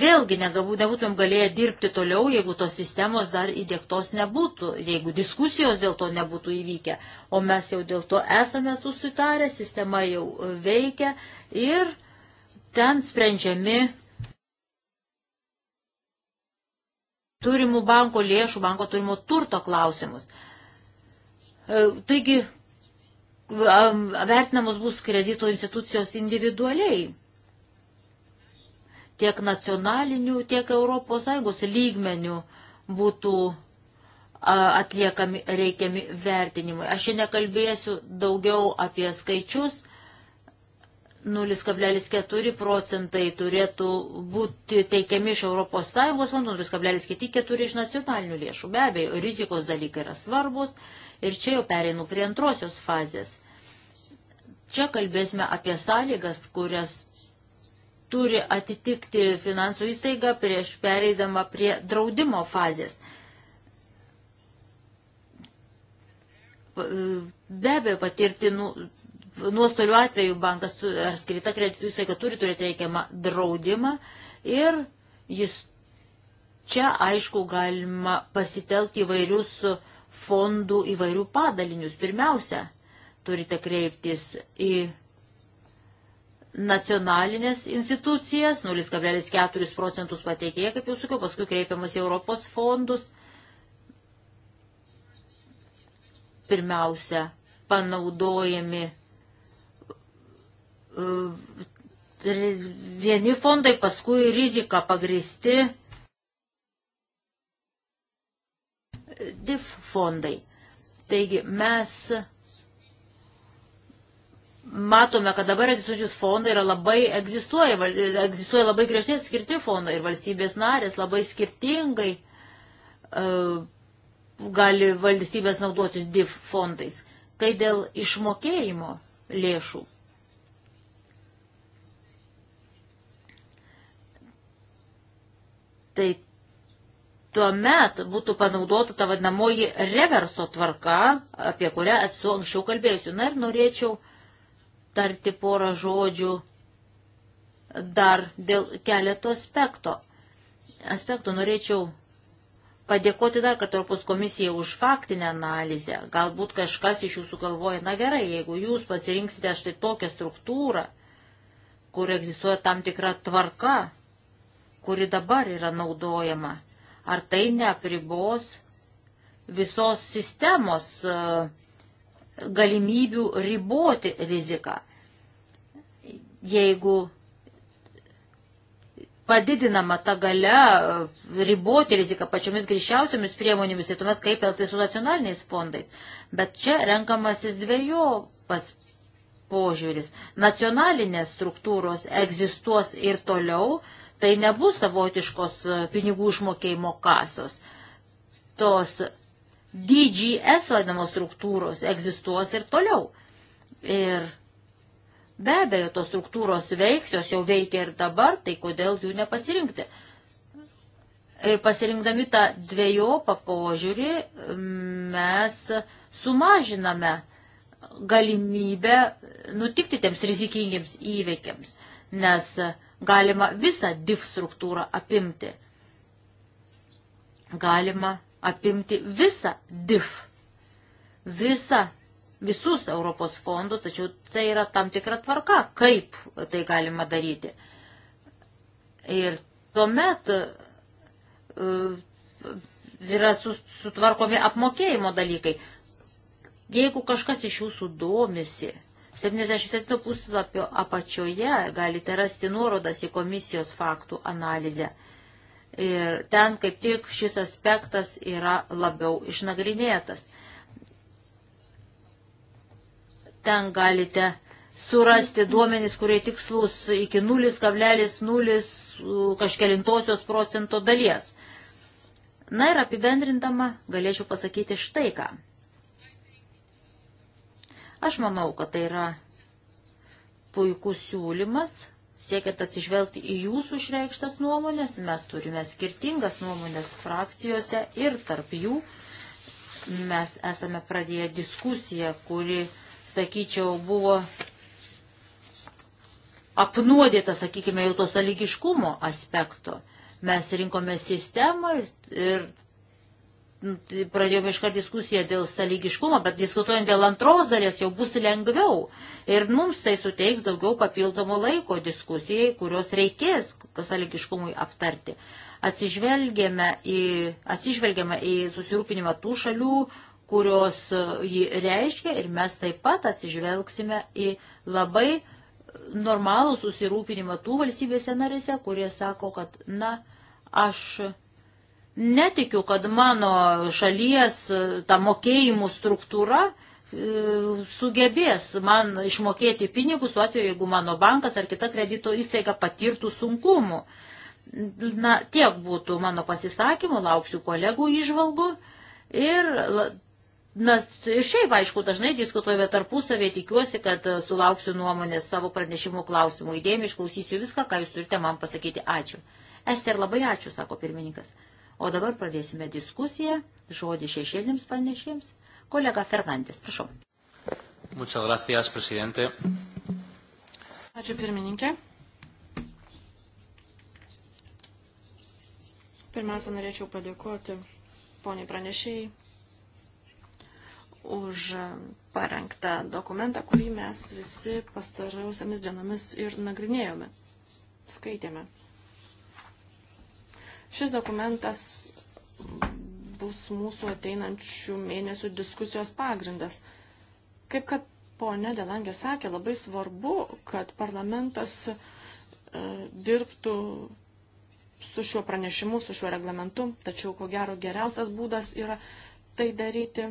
Speaker 2: vėlgi negabų, nebūtum galėję dirbti toliau, jeigu tos sistemos dar įdėktos nebūtų, jeigu diskusijos dėl to nebūtų įvykę, o mes jau dėl to esame susitarę, sistema jau veikia ir ten sprendžiami turimų banko lėšų, banko turimo turto klausimus. E, taigi, vertinamos bus kredito institucijos individualiai tiek nacionalinių, tiek ES lygmenių būtų atliekami reikiami vertinimai. Aš čia nekalbėsiu daugiau apie skaičius. 0,4 procentai turėtų būti teikiami iš ES fondų, 0,4 iš nacionalinių lėšų. Be abejo, rizikos dalykai yra svarbus ir čia jau pereinu prie antrosios fazės. Čia kalbėsime apie sąlygas, kurias turi atitikti finansų įstaigą prieš pereidama prie draudimo fazės. Be abejo, patirti nu, nuostolių atveju bankas ar skirta kreditų įstaiga turi turėti reikiamą draudimą ir jis čia, aišku, galima pasitelkti įvairius fondų įvairių padalinius. Pirmiausia, turite kreiptis į nacionalinės institucijas, 0,4 procentus pateikėja, kaip jau sakiau, paskui kreipiamas į Europos fondus. Pirmiausia, panaudojami e, vieni fondai, paskui rizika pagristi DIF fondai. Taigi mes matome, kad dabar egzistuojantys fondai yra labai egzistuoja, egzistuoja labai griežtai atskirti fondai ir valstybės narės labai skirtingai uh, gali valstybės naudotis DIF fondais. Kai dėl išmokėjimo lėšų. Tai tuomet būtų panaudota ta vadinamoji reverso tvarka, apie kurią esu anksčiau kalbėjusi. Na ir norėčiau uh, tarti porą žodžių dar dėl keletų aspekto. Aspektų norėčiau padėkoti dar kartą Europos komisijai už faktinę analizę. Galbūt kažkas iš jūsų galvoja, na gerai, jeigu jūs pasirinksite štai tokią struktūrą, kur egzistuoja tam tikra tvarka, kuri dabar yra naudojama, ar tai neapribos visos sistemos uh, galimybių riboti riziką. Jeigu padidinama ta gale riboti riziką pačiomis grįžčiausiomis priemonėmis, tai tuomet kaip elgtis su nacionaliniais fondais. Bet čia renkamasis dviejopas požiūris. Nacionalinės struktūros egzistuos ir toliau, tai nebus savotiškos pinigų išmokėjimo kasos. Tos DGS vadinamos struktūros egzistuos ir toliau. Ir be abejo, tos struktūros veiks, jos jau veikia ir dabar, tai kodėl jų nepasirinkti. Ir pasirinkdami tą dviejopą požiūrį mes sumažiname galimybę nutikti tiems rizikingiams įveikiams, nes galima visą DIF struktūrą apimti. Galima apimti visą DIF, visą, visus Europos fondus, tačiau tai yra tam tikra tvarka, kaip tai galima daryti. Ir tuomet e, yra sutvarkomi apmokėjimo dalykai. Jeigu kažkas iš jūsų domisi, 77 puslapio apačioje galite rasti nuorodas į komisijos faktų analizę. Ir ten kaip tik šis aspektas yra labiau išnagrinėtas. Ten galite surasti duomenys, kurie tikslus iki 0,0 kažkelintosios procento dalies. Na ir apibendrindama galėčiau pasakyti štai ką. Aš manau, kad tai yra puikus siūlymas siekiant atsižvelgti į jūsų išreikštas nuomonės, mes turime skirtingas nuomonės frakcijose ir tarp jų mes esame pradėję diskusiją, kuri, sakyčiau, buvo apnuodėta, sakykime, jau to sąlygiškumo aspekto. Mes rinkome sistemą ir pradėjome iškart diskusiją dėl sąlygiškumo, bet diskutuojant dėl antros dalies jau bus lengviau. Ir mums tai suteiks daugiau papildomų laiko diskusijai, kurios reikės sąlygiškumui aptarti. Atsižvelgiame į, atsižvelgiame į susirūpinimą tų šalių, kurios e, jį reiškia ir mes taip pat atsižvelgsime į labai normalų susirūpinimą tų valstybėse narėse, kurie sako, kad, na, aš Netikiu, kad mano šalies e, ta mokėjimų struktūra e, sugebės man išmokėti pinigus, tuo atveju, jeigu mano bankas ar kita kredito įstaiga patirtų sunkumų. Na, tiek būtų mano pasisakymų, lauksiu kolegų išvalgų ir, na, ir šiaip, aišku, dažnai diskutuojame tarpusavėje, tikiuosi, kad e, sulauksiu nuomonės savo pranešimų klausimų, įdėmiai išklausysiu viską, ką jūs turite man pasakyti. Ačiū. Ester, labai ačiū, sako pirmininkas. O dabar pradėsime diskusiją. Žodį šešėlėms pranešėjams. Kolega Fernandės, prašau.
Speaker 1: Muchas gracias, presidente.
Speaker 2: Ačiū pirmininkė.
Speaker 1: Pirmiausia, norėčiau padėkoti poniai pranešėjai už parengtą dokumentą, kurį mes visi pastarausiamis dienomis ir nagrinėjome, skaitėme. Šis dokumentas bus mūsų ateinančių mėnesių diskusijos pagrindas. Kaip kad ponė Delangė sakė, labai svarbu, kad parlamentas e, dirbtų su šiuo pranešimu, su šiuo reglamentu, tačiau ko gero geriausias būdas yra tai daryti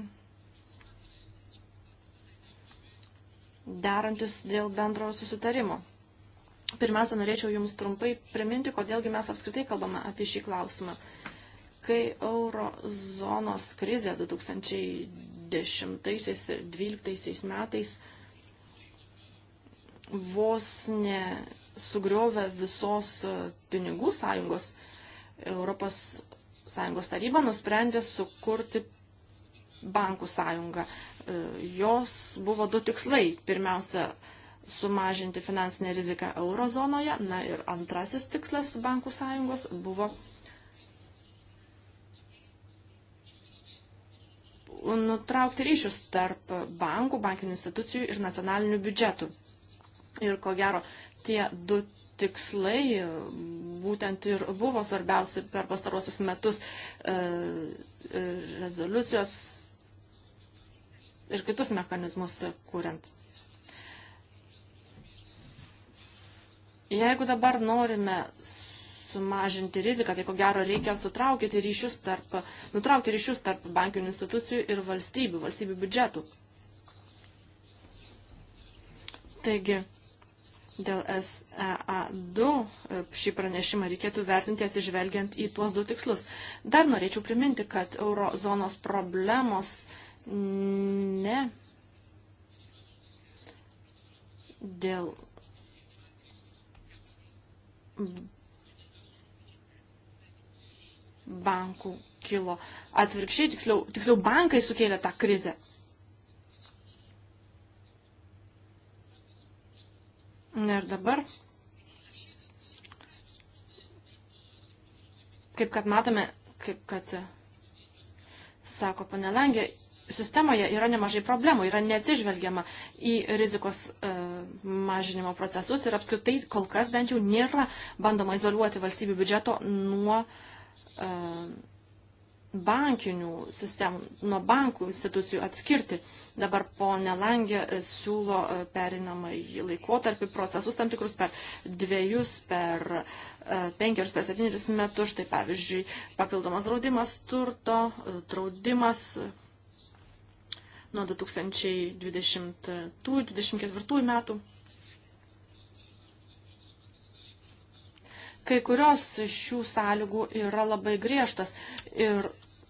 Speaker 1: derantis dėl bendrojo susitarimo. Pirmiausia, norėčiau Jums trumpai priminti, kodėlgi mes apskritai kalbame apie šį klausimą. Kai eurozonos krizė 2010 ir 2012 metais vos ne sugriovė visos pinigų sąjungos, Europos sąjungos taryba nusprendė sukurti bankų sąjungą. Jos buvo du tikslai. Pirmiausia, sumažinti finansinę riziką eurozonoje. Na ir antrasis tikslas bankų sąjungos buvo nutraukti ryšius tarp bankų, bankinių institucijų ir nacionalinių biudžetų. Ir ko gero, tie du tikslai būtent ir buvo svarbiausi per pastarosius metus e, e rezoliucijos ir kitus mechanizmus, kuriant Jeigu dabar norime sumažinti riziką, tai ko gero reikia sutraukti ryšius tarp, nutraukti ryšius tarp bankinių institucijų ir valstybių, valstybių biudžetų. Taigi, dėl SEA2 e, šį pranešimą reikėtų vertinti atsižvelgiant į tuos du tikslus. Dar norėčiau priminti, kad eurozonos problemos ne dėl bankų kilo. Atvirkščiai, tiksliau, tiksliau bankai sukėlė tą krizę. Na ir dabar, kaip kad matome, kaip kad sako panelangė, sistemoje yra nemažai problemų, yra neatsižvelgiama į rizikos e, mažinimo procesus ir apskritai kol kas bent jau nėra bandoma izoliuoti valstybių biudžeto nuo e, bankinių sistemų, nuo bankų institucijų atskirti. Dabar po nelangė e, siūlo e, perinamą į laikotarpį procesus tam tikrus per dviejus, per e, penkerius, per septynerius metus. Štai pavyzdžiui, papildomas draudimas turto, draudimas nuo 2020-2024 metų. Kai kurios iš šių sąlygų yra labai griežtas ir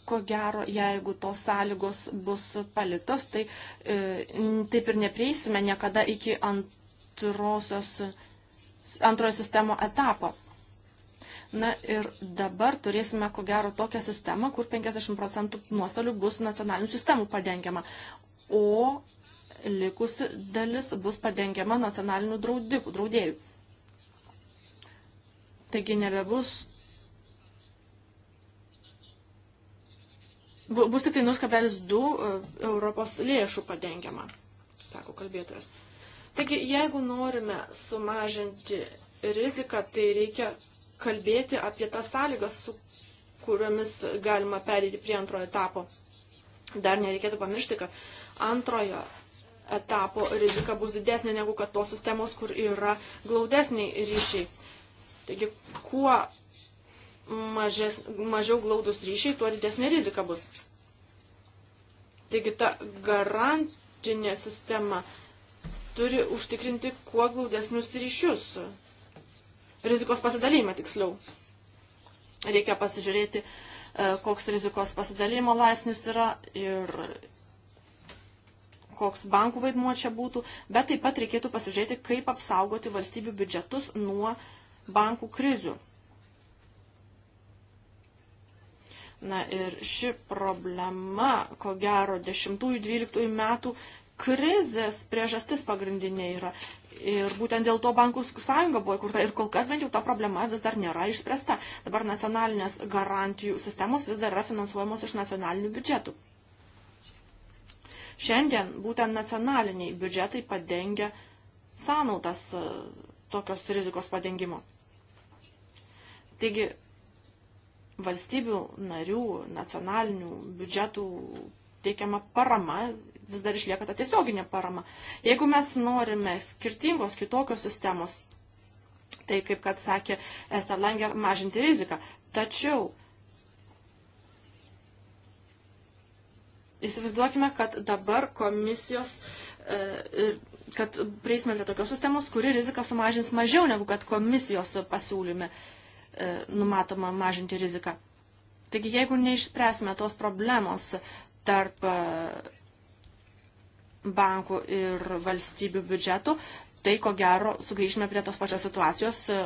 Speaker 1: ko gero, jeigu tos sąlygos bus paliktos, tai e, taip ir neprieisime niekada iki antrosios, antrojo sistemo etapo. Na ir dabar turėsime, ko gero, tokią sistemą, kur 50 procentų nuostolių bus nacionalinių sistemų padengiama, o likusi dalis bus padengiama nacionalinių draudikų, draudėjų. Taigi nebebus bus tik tai 0,2 e, Europos lėšų padengiama, sako kalbėtojas. Taigi, jeigu norime sumažinti riziką, tai reikia kalbėti apie tas sąlygas, su kuriomis galima perėti prie antrojo etapo. Dar nereikėtų pamiršti, kad antrojo etapo rizika bus didesnė negu kad tos sistemos, kur yra glaudesniai ryšiai. Taigi, kuo mažes, mažiau glaudus ryšiai, tuo didesnė rizika bus. Taigi, ta garantinė sistema turi užtikrinti kuo glaudesnius ryšius rizikos pasidalymą tiksliau. Reikia pasižiūrėti, e, koks rizikos pasidalymo laipsnis yra ir koks bankų vaidmuo čia būtų, bet taip pat reikėtų pasižiūrėti, kaip apsaugoti valstybių biudžetus nuo bankų krizių. Na ir ši problema, ko gero, 10-12 metų krizės priežastis pagrindinė yra. Ir būtent dėl to bankų sąjunga buvo įkurta ir kol kas bent jau ta problema vis dar nėra išspręsta. Dabar nacionalinės garantijų sistemos vis dar yra finansuojamos iš nacionalinių biudžetų. Šiandien būtent nacionaliniai biudžetai padengia sąnautas e, tokios rizikos padengimo. Taigi valstybių narių nacionalinių biudžetų teikiama parama vis dar išlieka ta tiesioginė parama. Jeigu mes norime skirtingos, kitokios sistemos, tai kaip kad sakė Ester Langer, mažinti riziką. Tačiau įsivaizduokime, kad dabar komisijos e, e, kad prieisime prie tokios sistemos, kuri riziką sumažins mažiau negu kad komisijos pasiūlyme e, numatoma mažinti riziką. Taigi, jeigu neišspręsime tos problemos tarp bankų ir valstybių biudžetų, tai ko gero sugrįžime prie tos pačios situacijos e,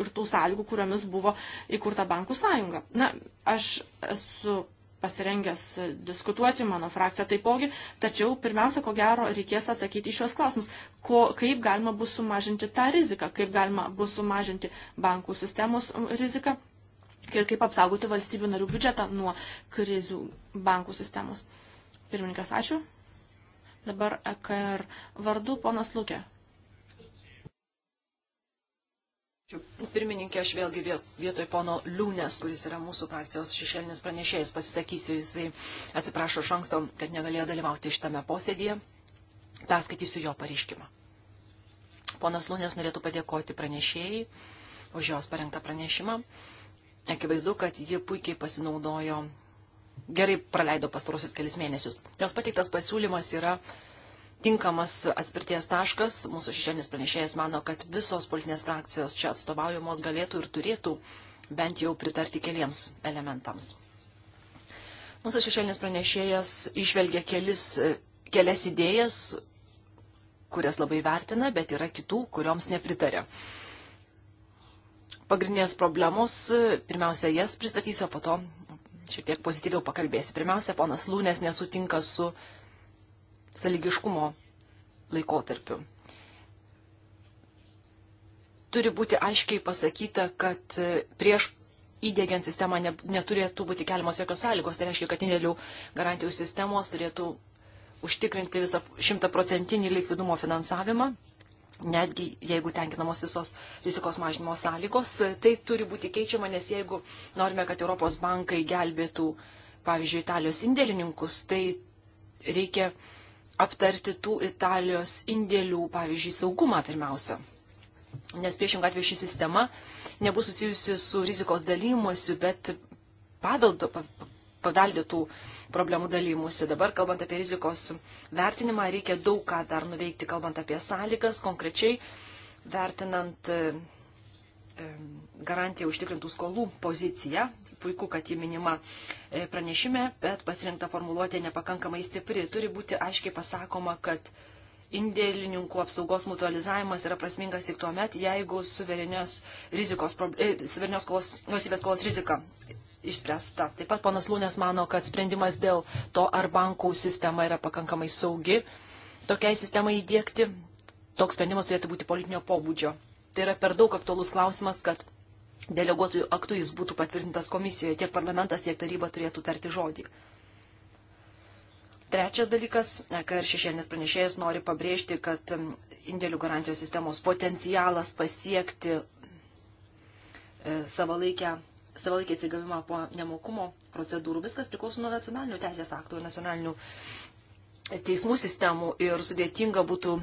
Speaker 1: ir tų sąlygų, kuriomis buvo įkurta bankų sąjunga. Na, aš esu pasirengęs diskutuoti, mano frakcija taipogi, tačiau pirmiausia, ko gero, reikės atsakyti į šios klausimus, ko, kaip galima bus sumažinti tą riziką, kaip galima bus sumažinti bankų sistemos riziką ir kaip apsaugoti valstybių narių biudžetą nuo krizių bankų sistemos. Pirmininkas, ačiū. Dabar EKR vardu ponas Lūkė.
Speaker 3: Pirmininkė, aš vėlgi vietoj pono Liūnės, kuris yra mūsų frakcijos šešėlinis pranešėjas, pasisakysiu, jisai atsiprašo šanksto, kad negalėjo dalyvauti šitame posėdėje. Perskaitysiu jo pareiškimą. Ponas Lūnės norėtų padėkoti pranešėjai už jos parengtą pranešimą. Akivaizdu, kad ji puikiai pasinaudojo gerai praleido pastarosius kelis mėnesius. Jos pateiktas pasiūlymas yra tinkamas atspirties taškas. Mūsų šešėlis pranešėjas mano, kad visos politinės frakcijos čia atstovaujamos galėtų ir turėtų bent jau pritarti keliems elementams. Mūsų šešėlinis pranešėjas išvelgia kelis, kelias idėjas, kurias labai vertina, bet yra kitų, kurioms nepritarė. Pagrindinės problemos, pirmiausia, jas pristatysiu, o po to šiek tiek pozityviau pakalbėsiu. Pirmiausia, ponas Lūnės nesutinka su saligiškumo laikotarpiu. Turi būti aiškiai pasakyta, kad prieš įdėgiant sistemą ne, neturėtų būti keliamos jokios sąlygos. Tai reiškia, kad indėlių garantijų sistemos turėtų užtikrinti visą šimtaprocentinį likvidumo finansavimą netgi jeigu tenkinamos visos rizikos mažinimo sąlygos, tai turi būti keičiama, nes jeigu norime, kad Europos bankai gelbėtų, pavyzdžiui, Italijos indėlininkus, tai reikia aptarti tų Italijos indėlių, pavyzdžiui, saugumą pirmiausia. Nes priešingą atveju ši sistema nebus susijusi su rizikos dalymuosiu, bet paveldo, paveldėtų pa, problemų dalymusi. Dabar, kalbant apie rizikos vertinimą, reikia daug ką dar nuveikti, kalbant apie sąlygas, konkrečiai vertinant e, e, garantiją užtikrintų skolų poziciją. Puiku, kad ji minima e, pranešime, bet pasirinkta formuluotė nepakankamai stipri. Turi būti aiškiai pasakoma, kad indėlininkų apsaugos mutualizavimas yra prasmingas tik tuo met, jeigu suverenios, rizikos, suverenios kolos, valstybės kolos rizika išspręsta. Taip pat ponas Lūnės mano, kad sprendimas dėl to, ar bankų sistema yra pakankamai saugi tokiai sistemai įdėkti, toks sprendimas turėtų būti politinio pobūdžio. Tai yra per daug aktualus klausimas, kad deleguotojų aktų jis būtų patvirtintas komisijoje, tiek parlamentas, tiek taryba turėtų tarti žodį. Trečias dalykas, ką ir šešėlinis pranešėjas nori pabrėžti, kad indėlių garantijos sistemos potencialas pasiekti e, savalaikę savalaikį atsigavimą po nemokumo procedūrų. Viskas priklauso nuo nacionalinių teisės aktų ir nacionalinių teismų sistemų ir sudėtinga būtų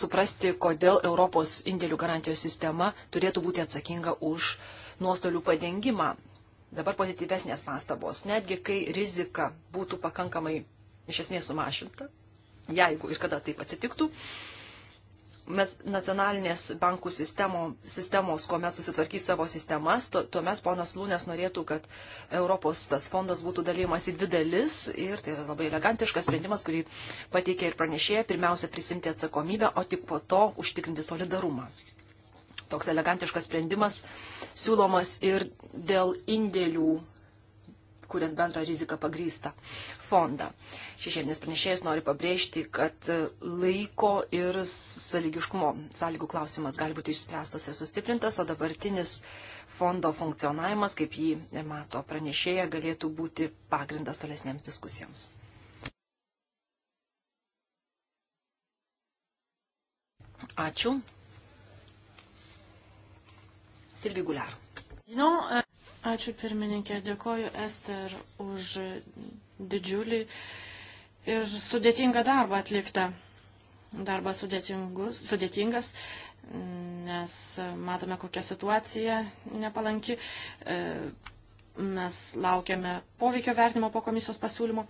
Speaker 3: suprasti, kodėl Europos indėlių garantijos sistema turėtų būti atsakinga už nuostolių padengimą. Dabar pozityvesnės pastabos. Netgi kai rizika būtų pakankamai iš esmės sumažinta, jeigu ir kada taip atsitiktų, nacionalinės bankų sistemo, sistemos, kuomet susitvarkys savo sistemas, tu, tuomet ponas Lūnės norėtų, kad Europos tas fondas būtų dalymas į dvi dalis ir tai yra labai elegantiškas sprendimas, kurį pateikė ir pranešėja, pirmiausia prisimti atsakomybę, o tik po to užtikrinti solidarumą. Toks elegantiškas sprendimas siūlomas ir dėl indėlių kuriant bendrą riziką pagrystą fondą. Šešėlinis pranešėjas nori pabrėžti, kad laiko ir sąlygiškumo sąlygų klausimas gali būti išspręstas ir sustiprintas, o dabartinis fondo funkcionavimas, kaip jį mato pranešėja, galėtų būti pagrindas tolesnėms diskusijoms. Ačiū. Silvi Gular.
Speaker 1: Ačiū pirmininkė, dėkoju Ester už didžiulį ir sudėtingą darbą atliktą. Darbas sudėtingas, nes matome, kokia situacija nepalanki. E, mes laukiame poveikio vertimo po komisijos pasiūlymo.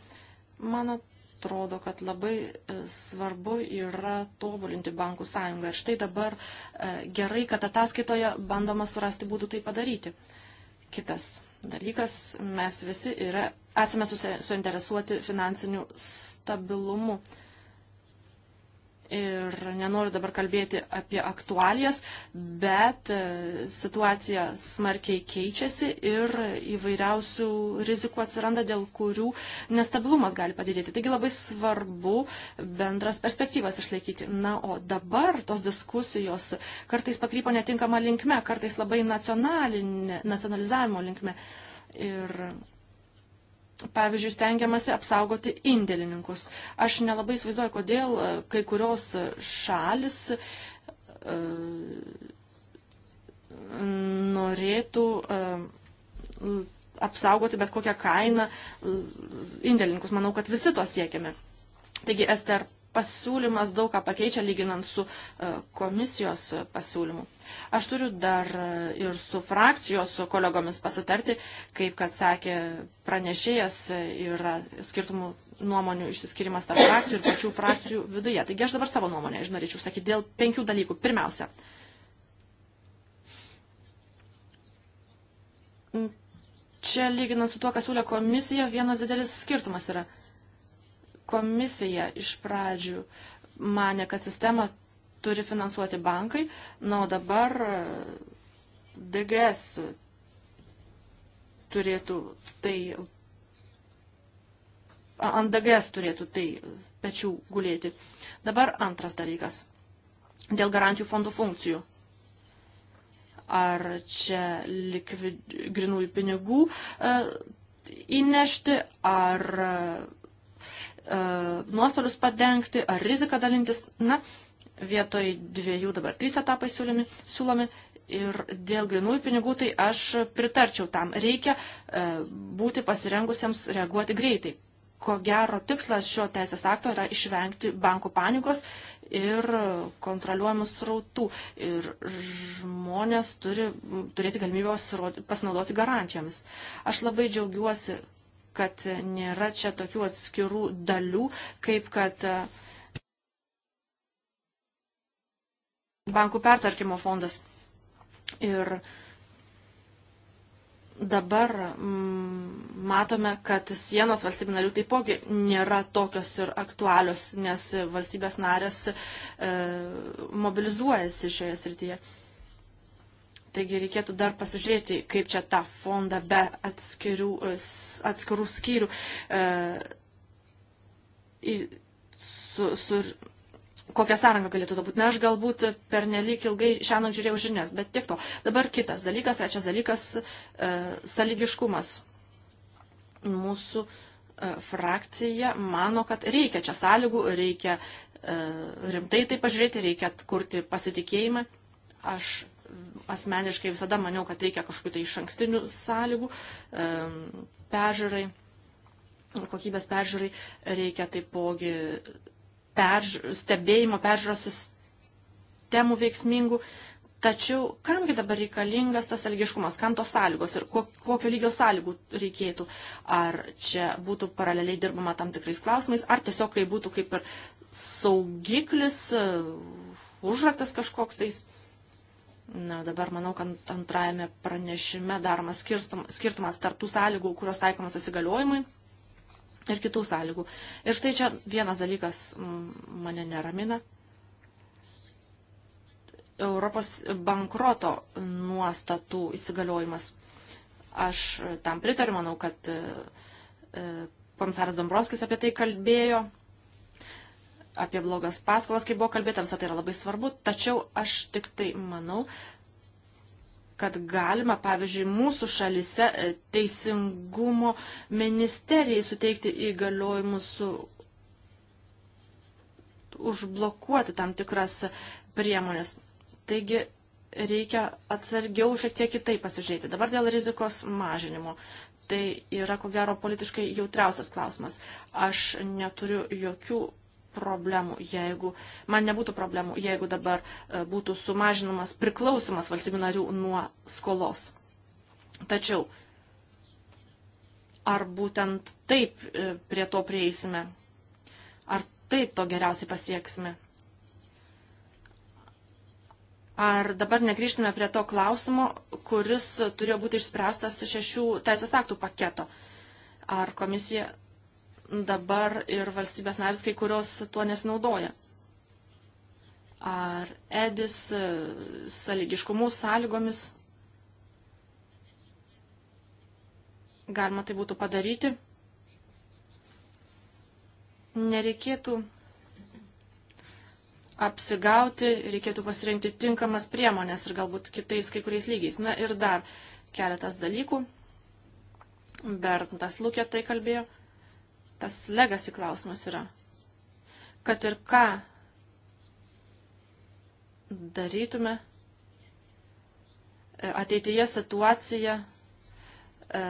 Speaker 1: Man atrodo, kad labai e, svarbu yra tobulinti bankų sąjungą. Ir štai dabar e, gerai, kad ataskaitoje bandoma surasti būdų tai padaryti. Kitas dalykas, mes visi yra, esame suinteresuoti finansiniu stabilumu ir nenoriu dabar kalbėti apie aktualijas, bet e, situacija smarkiai keičiasi ir įvairiausių rizikų atsiranda, dėl kurių nestabilumas gali padidėti. Taigi labai svarbu bendras perspektyvas išlaikyti. Na, o dabar tos diskusijos kartais pakrypo netinkama linkme, kartais labai nacionalizavimo linkme. Ir pavyzdžiui, stengiamasi apsaugoti indėlininkus. Aš nelabai įsivaizduoju, kodėl e, kai kurios e, šalis e, norėtų e, apsaugoti bet kokią kainą e, indėlininkus. Manau, kad visi to siekiame. Taigi, Ester pasiūlymas daug ką pakeičia lyginant su e, komisijos pasiūlymu. Aš turiu dar e, ir su frakcijos su kolegomis pasitarti, kaip kad sakė pranešėjas, e, yra skirtumų nuomonių išsiskirimas tarp frakcijų ir pačių frakcijų viduje. Taigi aš dabar savo nuomonę norėčiau sakyti dėl penkių dalykų. Pirmiausia, čia lyginant su tuo, kas siūlė komisija, vienas didelis skirtumas yra – Komisija iš pradžių mane, kad sistemą turi finansuoti bankai, na, o dabar e, DGS turėtų tai, ant DGS turėtų tai pečių gulėti. Dabar antras dalykas. Dėl garantijų fondų funkcijų. Ar čia likvid, grinųjų pinigų e, įnešti, ar E, nuostolius padengti, ar riziką dalintis. Na, vietoj dviejų dabar trys etapai siūlomi. siūlomi. Ir dėl grinųjų pinigų tai aš pritarčiau tam. Reikia e, būti pasirengusiems reaguoti greitai. Ko gero tikslas šio teisės akto yra išvengti bankų panikos ir kontroliuojamų srautų. Ir žmonės turi turėti galimybę pasinaudoti garantijomis. Aš labai džiaugiuosi, kad nėra čia tokių atskirų dalių, kaip kad e, bankų pertarkimo fondas. Ir dabar mm, matome, kad sienos valstybių narių taipogi nėra tokios ir aktualios, nes valstybės narės e, mobilizuojasi šioje srityje. E, Taigi reikėtų dar pasižiūrėti, kaip čia tą fondą be atskirių, atskirų skyrių e, su, su, kokią sąrangą galėtų to būti. Na, aš galbūt per nelik ilgai šiandien žiūrėjau žinias, bet tik to. Dabar kitas dalykas, trečias dalykas e, - saligiškumas. Mūsų e, frakcija mano, kad reikia čia sąlygų, reikia e, rimtai tai pažiūrėti, reikia atkurti pasitikėjimą. Aš asmeniškai visada maniau, kad reikia kažkokių tai iš ankstinių sąlygų, peržiūrai, kokybės peržiūrai, reikia taipogi perž... stebėjimo peržiūros sistemų veiksmingų. Tačiau kamgi dabar reikalingas tas elgiškumas, kam tos sąlygos ir kokio lygio sąlygų reikėtų? Ar čia būtų paraleliai dirbama tam tikrais klausimais, ar tiesiog tai būtų kaip ir saugiklis, užraktas kažkoks tais? Na, dabar manau, kad antrajame pranešime daromas skirtumas tarptų sąlygų, kurios taikomas įsigaliojimui ir kitų sąlygų. Ir štai čia vienas dalykas mm, mane neramina. Europos bankroto nuostatų įsigaliojimas. Aš tam pritariu, manau, kad e, e, komisaras Dombrovskis apie tai kalbėjo, apie blogas paskolas, kai buvo kalbėta, visą tai yra labai svarbu, tačiau aš tik tai manau, kad galima, pavyzdžiui, mūsų šalise e, teisingumo ministerijai suteikti įgaliojimus su užblokuoti tam tikras priemonės. Taigi reikia atsargiau šiek tiek kitaip pasižiūrėti. Dabar dėl rizikos mažinimo. Tai yra, ko gero, politiškai jautriausias klausimas. Aš neturiu jokių problemų, jeigu, man nebūtų problemų, jeigu dabar e, būtų sumažinamas priklausimas valstybių narių nuo skolos. Tačiau, ar būtent taip e, prie to prieisime? Ar taip to geriausiai pasieksime? Ar dabar negrįžtume prie to klausimo, kuris turėjo būti išspręstas šešių teisės aktų paketo? Ar komisija dabar ir valstybės narės kai kurios tuo nesinaudoja. Ar edis e, sąlygiškumų sąlygomis galima tai būtų padaryti. Nereikėtų apsigauti, reikėtų pasirinkti tinkamas priemonės ir galbūt kitais kai kuriais lygiais. Na ir dar keletas dalykų. Berntas Lukė tai kalbėjo tas legasi klausimas yra, kad ir ką darytume, e, ateityje situacija e,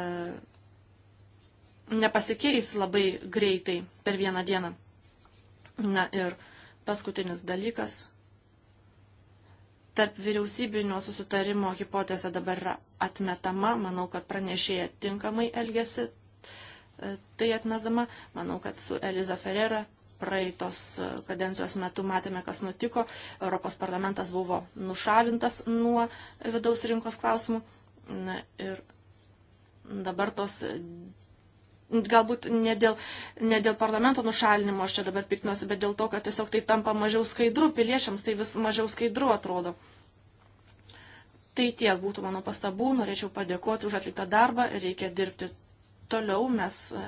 Speaker 1: nepasikeis labai greitai per vieną dieną. Na ir paskutinis dalykas. Tarp vyriausybinio susitarimo hipotezė dabar yra atmetama. Manau, kad pranešėja tinkamai elgesi tai atmesdama. Manau, kad su Eliza Ferrera praeitos e, kadencijos metu matėme, kas nutiko. Europos parlamentas buvo nušalintas nuo vidaus rinkos klausimų. Na, ir dabar tos. Galbūt ne dėl, ne dėl parlamento nušalinimo aš čia dabar piktinuosi, bet dėl to, kad tiesiog tai tampa mažiau skaidru, piliečiams tai vis mažiau skaidru atrodo. Tai tiek būtų mano pastabų, norėčiau padėkoti už atliktą darbą, reikia dirbti toliau mes e,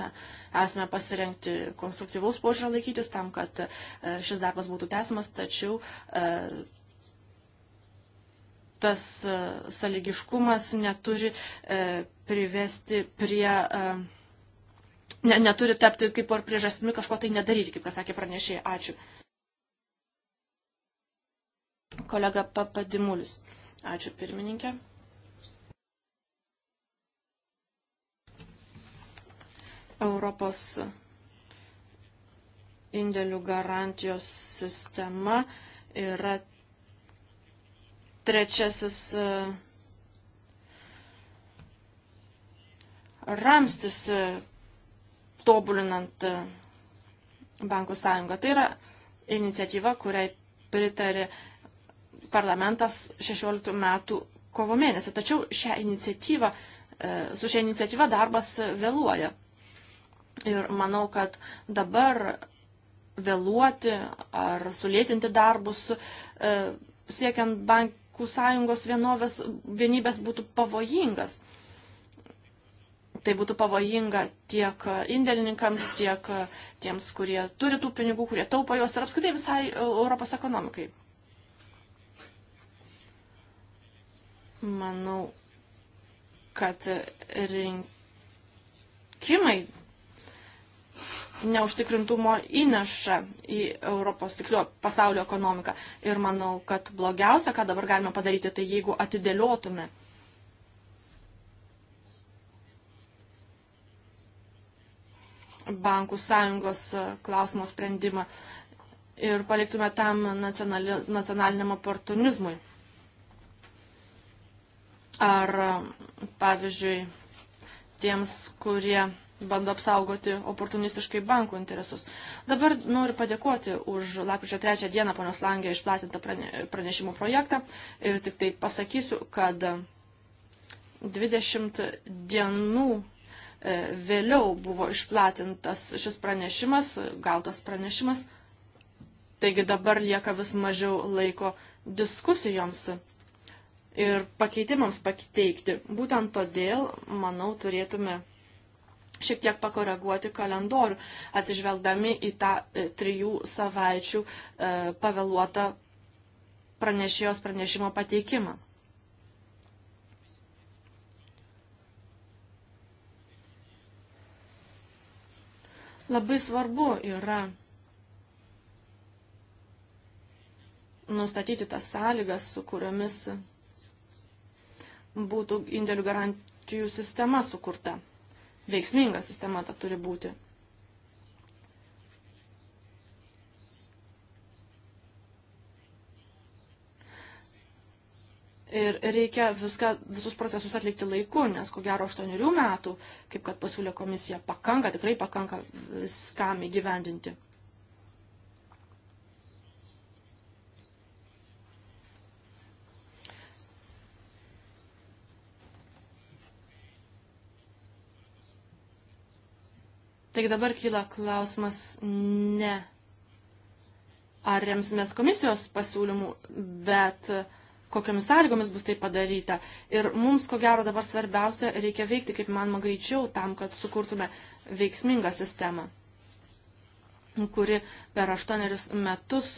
Speaker 1: esame pasirengti konstruktyvaus požiūrio laikytis tam, kad e, šis darbas būtų tęsimas, tačiau e, tas saligiškumas neturi privesti prie. Ne, neturi tapti kaip ir priežastimi kažko tai nedaryti, kaip sakė pranešėjai. Ačiū. Kolega Papadimulis. Ačiū pirmininkė. Europos indėlių garantijos sistema yra trečiasis e, ramstis e, tobulinant e, bankų sąjungą. Tai yra iniciatyva, kuriai pritarė parlamentas 16 metų kovo mėnesį. Tačiau šią iniciatyvą, su šią iniciatyvą darbas vėluoja. Ir manau, kad dabar vėluoti ar sulėtinti darbus e, siekiant bankų sąjungos vienovės, vienybės būtų pavojingas. Tai būtų pavojinga tiek indėlininkams, tiek tiems, kurie turi tų pinigų, kurie taupo juos ir apskritai visai Europos ekonomikai. Manau, kad rinkimai neužtikrintumo įneša į Europos, tiksliau, pasaulio ekonomiką. Ir manau, kad blogiausia, ką dabar galime padaryti, tai jeigu atidėliotume. bankų sąjungos klausimo sprendimą ir paliktume tam nacionaliniam oportunizmui. Ar, pavyzdžiui, tiems, kurie bando apsaugoti oportunistiškai bankų interesus. Dabar noriu padėkoti už lapkričio trečią dieną ponios Langė išplatintą pranešimo projektą ir tik tai pasakysiu, kad 20 dienų e, vėliau buvo išplatintas šis pranešimas, gautas pranešimas, taigi dabar lieka vis mažiau laiko diskusijoms ir pakeitimams pateikti. Būtent todėl, manau, turėtume šiek tiek pakoreguoti kalendorių, atsižvelgdami į tą e, trijų savaičių e, pavėluotą pranešėjos pranešimo pateikimą. Labai svarbu yra nustatyti tas sąlygas, su kuriomis būtų indėlių garantijų sistema sukurta veiksminga sistema ta turi būti. Ir reikia viską, visus procesus atlikti laiku, nes ko gero 8 metų, kaip kad pasiūlė komisija, pakanka, tikrai pakanka viskam įgyvendinti. Taigi dabar kyla klausimas ne ar remsimės komisijos pasiūlymų, bet kokiamis sąlygomis bus tai padaryta. Ir mums, ko gero, dabar svarbiausia reikia veikti kaip manoma greičiau tam, kad sukurtume veiksmingą sistemą, kuri per aštuonerius metus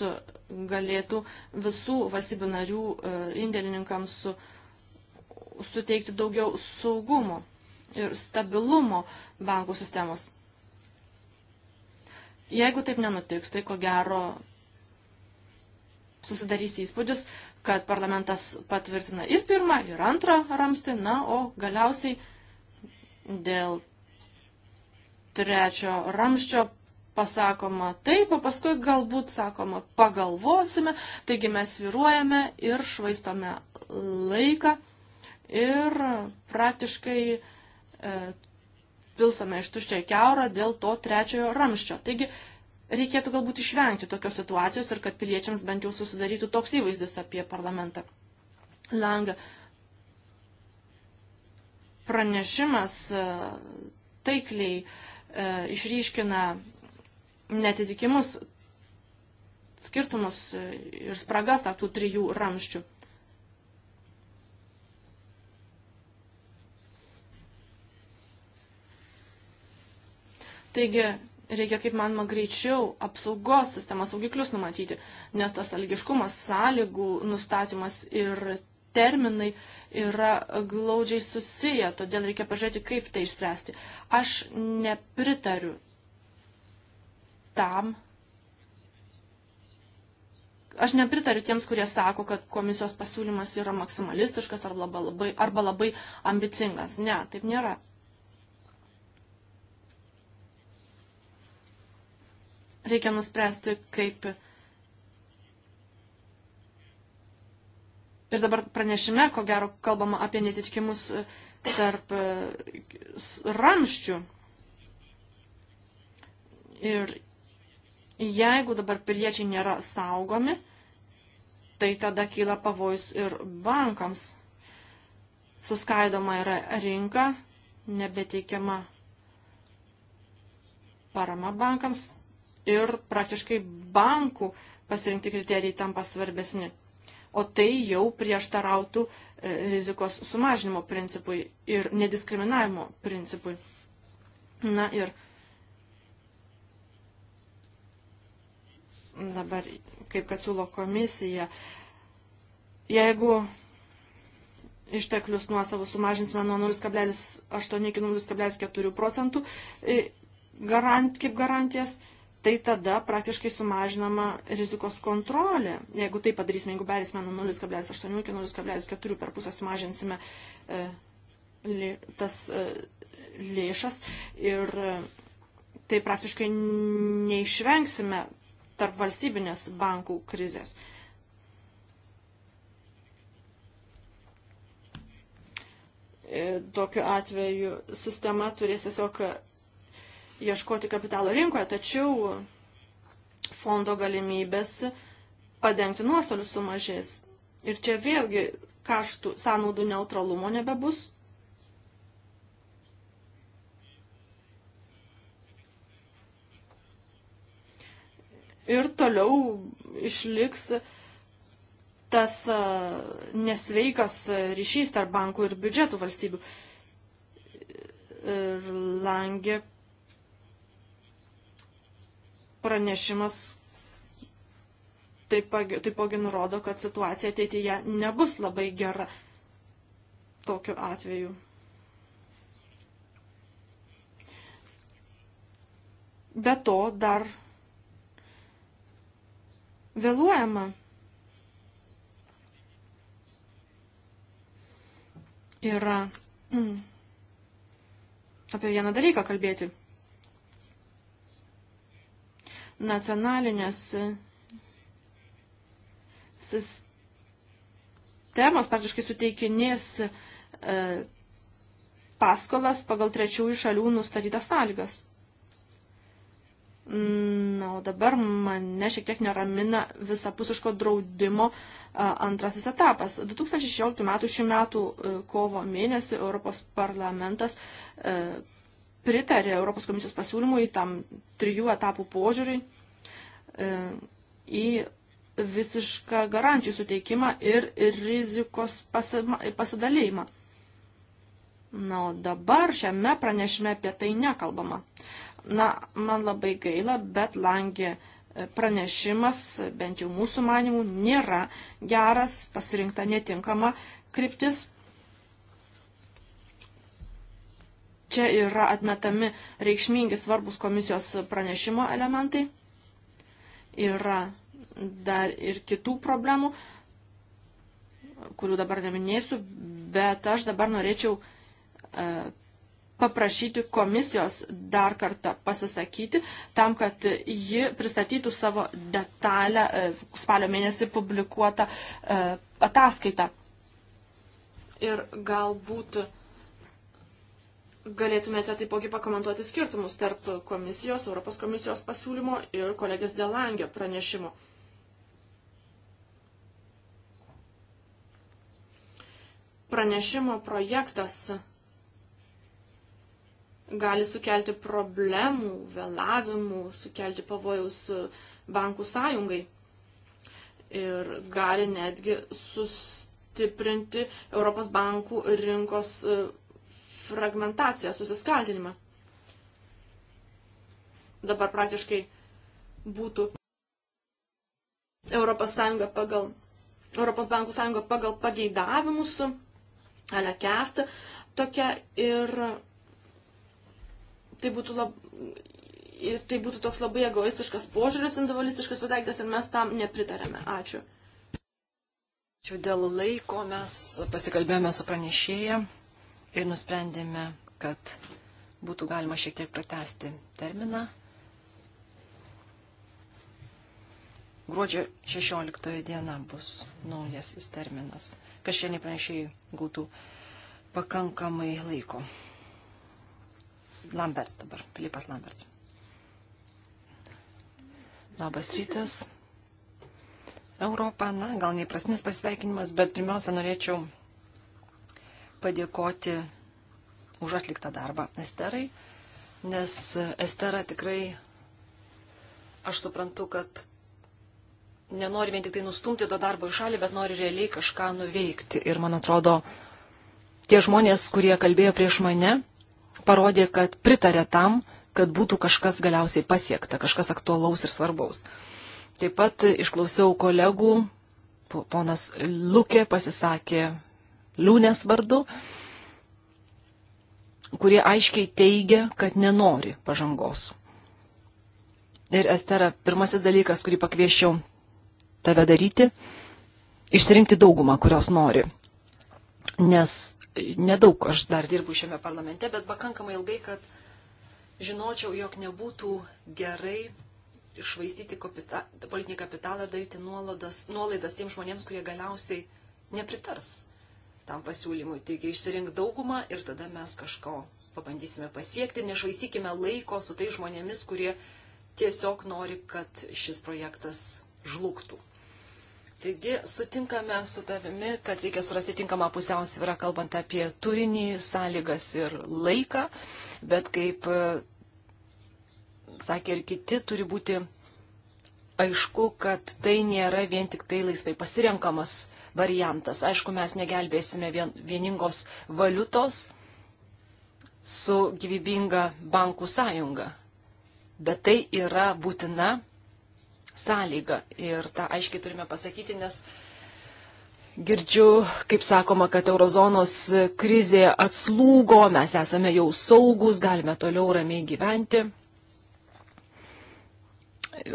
Speaker 1: galėtų visų valstybių narių e, indėlininkams su, suteikti daugiau saugumo ir stabilumo bankų sistemos. Jeigu taip nenutiks, tai ko gero susidarys įspūdis, kad parlamentas patvirtina ir pirmą, ir antrą ramstį, na, o galiausiai dėl trečio ramščio pasakoma taip, o paskui galbūt sakoma pagalvosime, taigi mes viruojame ir švaistome laiką ir praktiškai e, pilsame iš tuščio į keurą dėl to trečiojo ramščio. Taigi reikėtų galbūt išvengti tokios situacijos ir kad piliečiams bent jau susidarytų toks įvaizdis apie parlamentą. Langa. Pranešimas e, taikliai e, išryškina netitikimus skirtumus e, ir spragas tarp tų trijų ramščių. Taigi reikia, kaip manoma, greičiau apsaugos sistemos saugiklius numatyti, nes tas algiškumas, sąlygų nustatymas ir terminai yra glaudžiai susiję, todėl reikia pažiūrėti, kaip tai išspręsti. Aš nepritariu tam. Aš nepritariu tiems, kurie sako, kad komisijos pasiūlymas yra maksimalistiškas arba labai, arba labai ambicingas. Ne, taip nėra. reikia nuspręsti, kaip. Ir dabar pranešime, ko gero, kalbama apie netitikimus tarp e, ramščių. Ir jeigu dabar piliečiai nėra saugomi, tai tada kyla pavojus ir bankams. Suskaidoma yra rinka, nebeteikiama parama bankams, ir praktiškai bankų pasirinkti kriterijai tampa svarbesni. O tai jau prieštarautų e, rizikos sumažinimo principui ir nediskriminavimo principui. Na ir dabar, kaip kad siūlo komisija, jeigu išteklius nuosavus sumažinsime nuo 0,8 iki 0,4 procentų e, garant, kaip garantijas, tai tada praktiškai sumažinama rizikos kontrolė. Jeigu tai padarysime, jeigu perėsime nuo 0,8 iki 0,4 per pusę sumažinsime e, li, tas e, lėšas ir e, tai praktiškai neišvengsime tarp valstybinės bankų krizės. E, tokiu atveju sistema turės tiesiog ieškoti kapitalo rinkoje, tačiau fondo galimybės padengti nuostolius sumažės. Ir čia vėlgi kaštų sąnaudų neutralumo nebebus. Ir toliau išliks tas nesveikas ryšys tarp bankų ir biudžetų valstybių. Ir Langė pranešimas taipogi nurodo, kad situacija ateityje nebus labai gera tokiu atveju. Be to dar vėluojama. Yra mm, apie vieną dalyką kalbėti nacionalinės sistemos praktiškai suteikinės e, paskolas pagal trečiųjų šalių nustatytas sąlygas. Na, o dabar mane šiek tiek neramina visapusiško draudimo e, antrasis etapas. 2016 m. šių metų e, kovo mėnesį Europos parlamentas pritarė Europos komisijos pasiūlymui tam trijų etapų požiūriui e, į visišką garantijų suteikimą ir rizikos pasidalėjimą. Na, o dabar šiame pranešime apie tai nekalbama. Na, man labai gaila, bet langė e, pranešimas, bent jau mūsų manimų, nėra geras, pasirinkta netinkama kryptis. čia yra atmetami reikšmingi svarbus komisijos pranešimo elementai. Yra dar ir kitų problemų, kurių dabar neminėsiu, bet aš dabar norėčiau e, paprašyti komisijos dar kartą pasisakyti, tam, kad ji pristatytų savo detalę e, spalio mėnesį publikuotą e, ataskaitą. Ir galbūt uh, galėtumėte taipogi pakomentuoti skirtumus tarp komisijos, Europos komisijos pasiūlymo ir kolegės Delangio pranešimo. Pranešimo projektas gali sukelti problemų, vėlavimų, sukelti pavojus bankų sąjungai ir gali netgi sustiprinti Europos bankų rinkos fragmentaciją, susiskaldinimą. Dabar praktiškai būtų Europos, Sąjunga pagal, Europos bankų sąjunga pagal pageidavimus, ale kertą, tokia ir tai būtų, lab, ir tai būtų toks labai egoistiškas požiūris, individualistiškas pateiktas ir mes tam nepritarėme. Ačiū. Ačiū dėl laiko, mes
Speaker 3: pasikalbėjome su pranešėja ir nusprendėme, kad būtų galima šiek tiek pratesti terminą. Gruodžio 16 diena bus naujasis terminas. Kas šiandien pranešėjai gautų pakankamai laiko. Lambert dabar, Filipas Lambert. Labas rytas. Europą, na, gal neįprasnis pasveikinimas, bet pirmiausia norėčiau padėkoti už atliktą darbą Esterai, nes Estera tikrai, aš suprantu, kad nenori vien tik tai nustumti to darbo į šalį, bet nori realiai kažką nuveikti. Ir man atrodo, tie žmonės, kurie kalbėjo prieš mane, parodė, kad pritarė tam, kad būtų kažkas galiausiai pasiekta, kažkas aktualaus ir svarbaus. Taip pat išklausiau kolegų, ponas Lukė pasisakė Liūnės vardu, kurie aiškiai teigia, kad nenori pažangos. Ir Estera, pirmasis dalykas, kurį pakvieščiau tave daryti, išsirinkti daugumą, kurios nori. Nes nedaug aš dar dirbu šiame parlamente, bet pakankamai ilgai, kad žinočiau, jog nebūtų gerai išvaistyti kapita, politinį kapitalą ir daryti nuolaidas, nuolaidas tiems žmonėms, kurie galiausiai nepritars tam pasiūlymui. Taigi išsirink daugumą ir tada mes kažko pabandysime pasiekti. Nešvaistykime laiko su tai žmonėmis, kurie tiesiog nori, kad šis projektas žlugtų. Taigi sutinkame su tavimi, kad reikia surasti tinkamą pusiausvyrą, kalbant apie turinį, sąlygas ir laiką, bet kaip e, sakė ir kiti, turi būti aišku, kad tai nėra vien tik tai laisvai pasirenkamas variantas. Aišku, mes negelbėsime vien, vieningos valiutos su gyvybinga bankų sąjunga, bet tai yra būtina sąlyga ir tą aiškiai turime pasakyti, nes girdžiu, kaip sakoma, kad eurozonos krizė atslūgo, mes esame jau saugus, galime toliau ramiai gyventi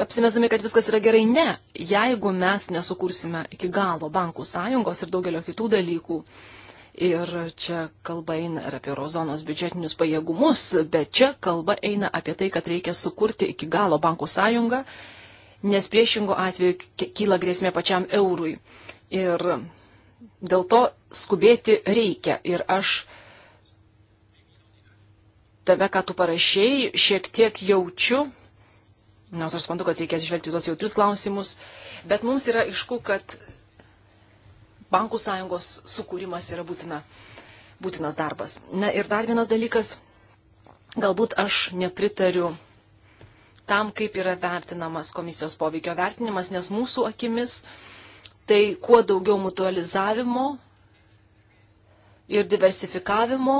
Speaker 3: apsimesdami, kad viskas yra gerai. Ne, jeigu mes nesukursime iki galo bankų sąjungos ir daugelio kitų dalykų, ir čia kalba eina ir apie eurozonos biudžetinius pajėgumus, bet čia kalba eina apie tai, kad reikia sukurti iki galo bankų sąjungą, nes priešingo atveju kyla grėsmė pačiam eurui. Ir dėl to skubėti reikia. Ir aš tave, ką tu parašiai, šiek tiek jaučiu Nors aš suprantu, kad reikės žvelgti tuos jautrius klausimus, bet mums yra išku, kad bankų sąjungos sukūrimas yra būtina, būtinas darbas. Na ir dar vienas dalykas, galbūt aš nepritariu tam, kaip yra vertinamas komisijos poveikio vertinimas, nes mūsų akimis tai kuo daugiau mutualizavimo ir diversifikavimo,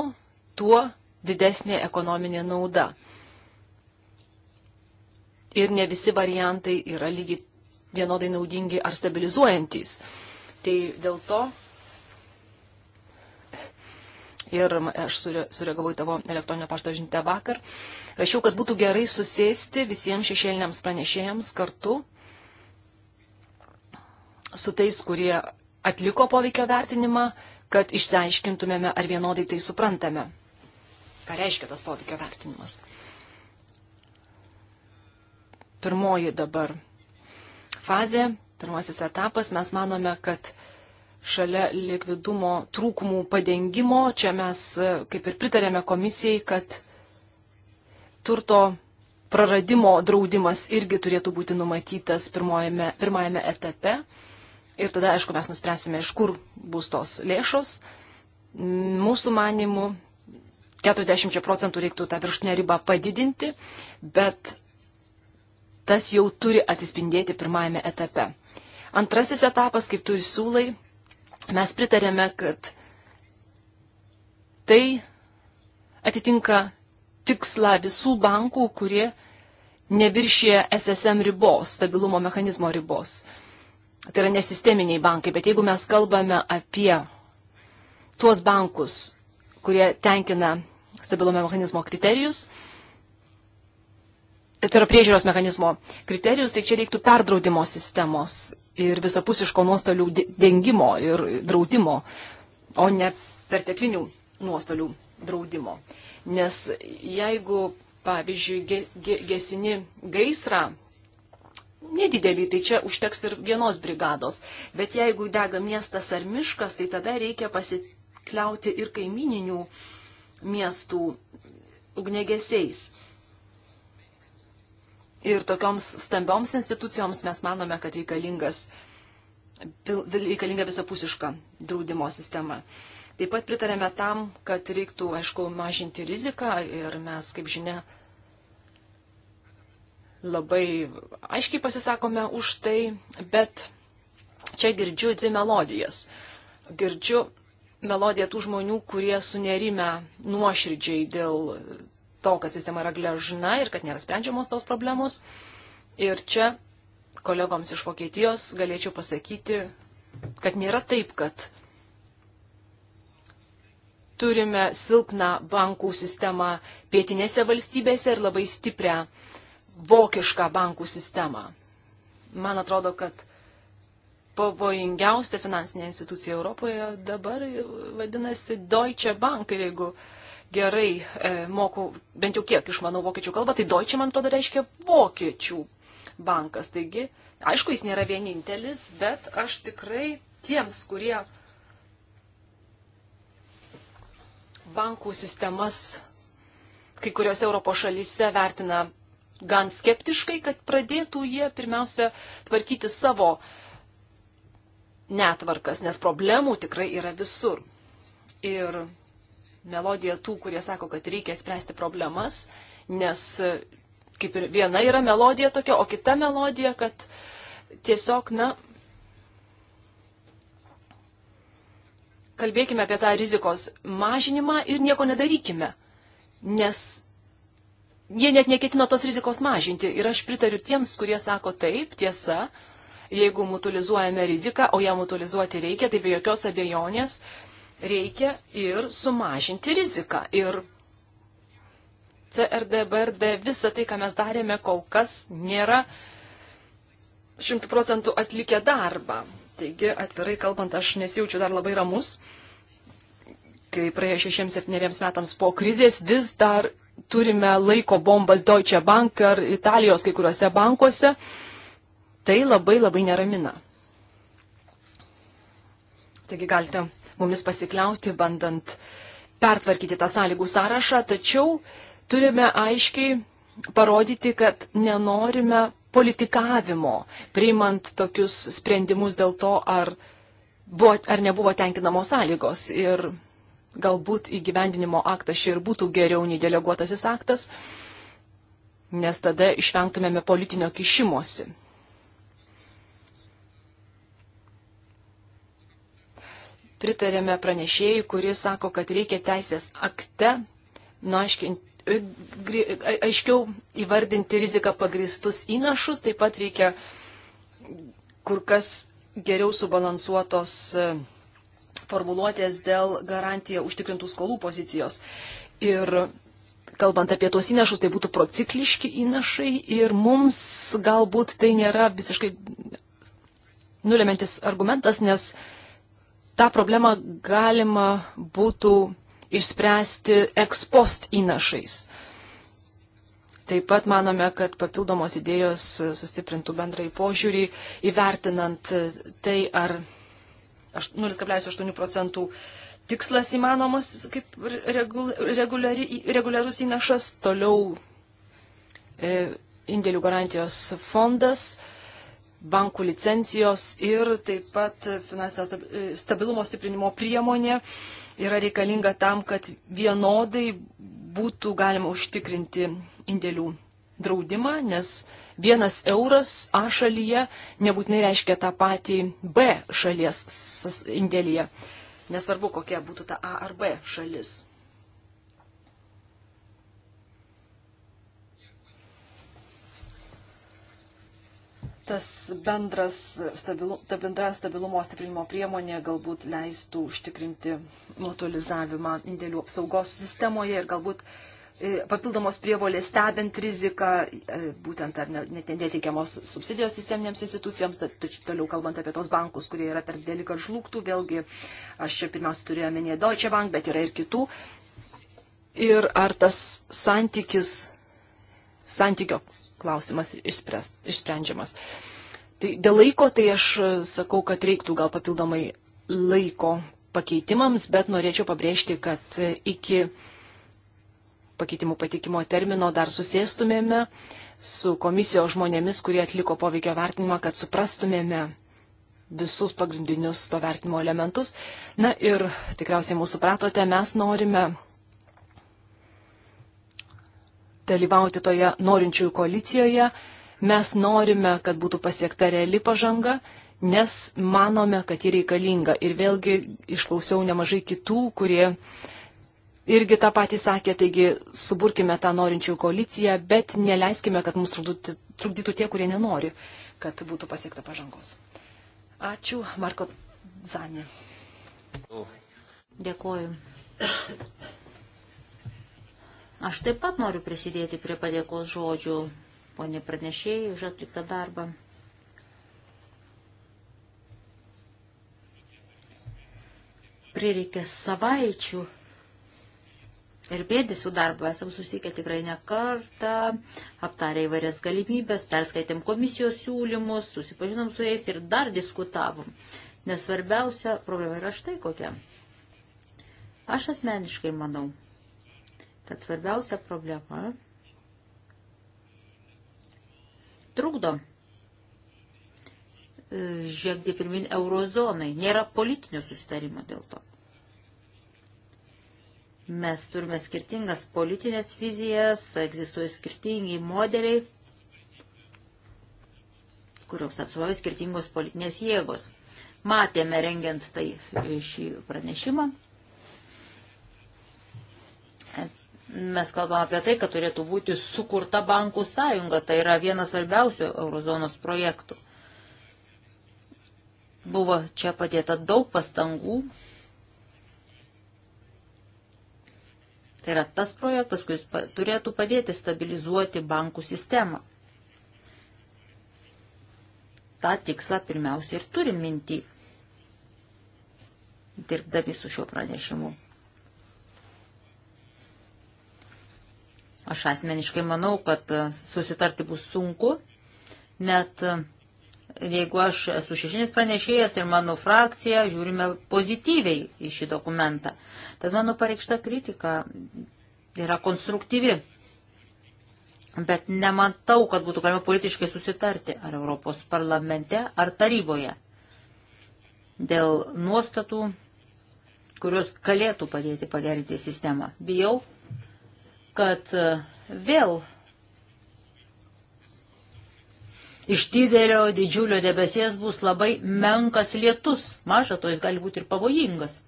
Speaker 3: tuo didesnė ekonominė nauda ir ne visi variantai yra lygiai vienodai naudingi ar stabilizuojantys. Tai dėl to ir aš sureagavau į tavo elektroninio pašto žinutę vakar. Rašiau, kad būtų gerai susėsti visiems šešėliniams pranešėjams kartu su tais, kurie atliko poveikio vertinimą, kad išsiaiškintumėme, ar vienodai tai suprantame. Ką reiškia tas poveikio vertinimas? pirmoji dabar fazė, pirmasis etapas. Mes manome, kad šalia likvidumo trūkumų padengimo, čia mes e, kaip ir pritarėme komisijai, kad turto praradimo draudimas irgi turėtų būti numatytas pirmojame, pirmajame etape. Ir tada, aišku, mes nuspręsime, iš kur bus tos lėšos. Mūsų manimų 40 procentų reiktų tą viršutinę ribą padidinti, bet tas jau turi atsispindėti pirmajame etape. Antrasis etapas, kaip tu įsūlai, mes pritarėme, kad tai atitinka tikslą visų bankų, kurie neviršė SSM ribos, stabilumo mechanizmo ribos. Tai yra nesisteminiai bankai, bet jeigu mes kalbame apie tuos bankus, kurie tenkina stabilumo mechanizmo kriterijus, tai yra priežiūros mechanizmo kriterijus, tai čia reiktų perdraudimo sistemos ir visapusiško nuostolių dengimo ir draudimo, o ne perteklinių nuostolių draudimo. Nes jeigu, pavyzdžiui, ge, ge, gesini gaisrą, nedidelį, tai čia užteks ir vienos brigados. Bet jeigu dega miestas ar miškas, tai tada reikia pasikliauti ir kaimininių miestų ugnegesiais. Ir tokioms stambioms institucijoms mes manome, kad reikalingas, reikalinga visapusiška draudimo sistema. Taip pat pritarėme tam, kad reiktų, aišku, mažinti riziką ir mes, kaip žinia, labai aiškiai pasisakome už tai, bet čia girdžiu dvi melodijas. Girdžiu melodiją tų žmonių, kurie sunerime nuoširdžiai dėl to, kad sistema yra gležna ir kad nėra sprendžiamos tos problemos. Ir čia kolegoms iš Vokietijos galėčiau pasakyti, kad nėra taip, kad turime silpną bankų sistemą pietinėse valstybėse ir labai stiprią vokišką bankų sistemą. Man atrodo, kad pavojingiausia finansinė institucija Europoje dabar vadinasi Deutsche Bank ir jeigu uh, gerai e, moku, bent jau kiek išmanau vokiečių kalbą, tai Deutsche man atrodo reiškia vokiečių bankas. Taigi, aišku, jis nėra vienintelis, bet aš tikrai tiems, kurie bankų sistemas kai kuriuose Europos šalyse vertina gan skeptiškai, kad pradėtų jie pirmiausia tvarkyti savo netvarkas, nes problemų tikrai yra visur. Ir melodija tų, kurie sako, kad reikia spręsti problemas, nes e, kaip ir viena yra melodija tokia, o kita melodija, kad tiesiog, na, kalbėkime apie tą rizikos mažinimą ir nieko nedarykime, nes jie net neketino tos rizikos mažinti. Ir aš pritariu tiems, kurie sako taip, tiesa, jeigu mutualizuojame riziką, o ją mutualizuoti reikia, tai be jokios abejonės reikia ir sumažinti riziką. Ir CRDBRD visą tai, ką mes darėme kol kas, nėra šimtų procentų atlikę darbą. Taigi, atvirai kalbant, aš nesijaučiu dar labai ramus, kai praėjo šešiems septyneriems metams po krizės vis dar turime laiko bombas Deutsche Bank ar Italijos kai kuriuose bankuose. Tai labai labai neramina. Taigi galite mumis pasikliauti, bandant pertvarkyti tą sąlygų sąrašą, tačiau turime aiškiai parodyti, kad nenorime politikavimo, priimant tokius sprendimus dėl to, ar, buvo, ar nebuvo tenkinamos sąlygos. Ir galbūt įgyvendinimo aktas čia ir būtų geriau nei deleguotasis aktas, nes tada išvengtumėme politinio kišimosi pritarėme pranešėjai, kuris sako, kad reikia teisės akte nuaiškinti e, aiškiau įvardinti riziką pagristus įnašus, taip pat reikia kur kas geriau subalansuotos e, formuluotės dėl garantiją užtikrintų skolų pozicijos. Ir kalbant apie tuos įnašus, tai būtų procikliški įnašai ir mums galbūt tai nėra visiškai nulemantis argumentas, nes uh, tą problemą galima būtų išspręsti ekspost įnašais. Taip pat manome, kad papildomos idėjos sustiprintų bendrai požiūrį, įvertinant tai, ar 0,8 procentų tikslas įmanomas kaip reguliarus įnašas, toliau e, indėlių garantijos fondas, bankų licencijos ir taip pat finansinio e, stabilumo stiprinimo priemonė yra reikalinga tam, kad vienodai būtų galima užtikrinti indėlių draudimą, nes vienas euras A šalyje nebūtinai reiškia tą patį B šalies indėlyje. Nesvarbu, kokia būtų ta A ar B šalis. tas bendras stabilu, ta bendra stabilumo stiprinimo priemonė galbūt leistų užtikrinti mutualizavimą indėlių apsaugos sistemoje ir galbūt e, papildomos prievolės stebint riziką, e, būtent ar net neteikiamos subsidijos sisteminėms institucijoms, tačiau toliau kalbant apie tos bankus, kurie yra per dėlį, kad žlugtų, vėlgi aš čia pirmiausia turėjau omenyje Deutsche Bank, bet yra ir kitų. Ir ar tas santykis, santykio klausimas išspręs, išsprendžiamas. Tai dėl laiko tai aš e, sakau, kad reiktų gal papildomai laiko pakeitimams, bet norėčiau pabrėžti, kad e, iki pakeitimų patikimo termino dar susėstumėme su komisijos žmonėmis, kurie atliko poveikio vertinimą, kad suprastumėme visus pagrindinius to vertinimo elementus. Na ir tikriausiai mūsų pratote, mes norime dalyvauti toje norinčiųjų koalicijoje. Mes norime, kad būtų pasiekta reali pažanga, nes manome, kad ji reikalinga. Ir vėlgi išklausiau nemažai kitų, kurie irgi tą patį sakė, taigi suburkime tą norinčiųjų koaliciją, bet neleiskime, kad mums trukdytų tie, kurie nenori, kad būtų pasiekta pažangos. Ačiū, Marko
Speaker 2: Zanė. Dėkuoju. Aš taip pat noriu prisidėti prie padėkos žodžių, ponė pranešėjai, už atliktą darbą. Prireikė savaičių ir mėnesių darbą esam susikę tikrai ne kartą, aptarė įvairias galimybės, perskaitėm komisijos siūlymus, susipažinom su jais ir dar diskutavom. Nes svarbiausia problema yra štai kokia. Aš asmeniškai manau, kad svarbiausia problema trukdo e, žengti pirmin eurozonai. Nėra politinio susitarimo dėl to. Mes turime skirtingas politinės vizijas, egzistuoja skirtingi modeliai, kuriuos atsvoja skirtingos politinės jėgos. Matėme rengiant tai šį pranešimą. Mes kalbame apie tai, kad turėtų būti sukurta bankų sąjunga. Tai yra vienas svarbiausių eurozonos projektų. Buvo čia padėta daug pastangų. Tai yra tas projektas, kuris turėtų padėti stabilizuoti bankų sistemą. Ta tiksla pirmiausia ir turi mintį, dirbdami su šiuo pranešimu. Aš asmeniškai manau, kad e, susitarti bus sunku, net e, jeigu aš esu šešinis pranešėjas ir mano frakcija, žiūrime pozityviai į šį dokumentą. Tad mano pareikšta kritika yra konstruktyvi. Bet nematau, kad būtų galima politiškai susitarti ar Europos parlamente, ar taryboje dėl nuostatų, kurios galėtų padėti pagerinti sistemą. Bijau, kad e, vėl iš didelio didžiulio debesies bus labai menkas lietus. Maža to, jis gali būti ir pavojingas.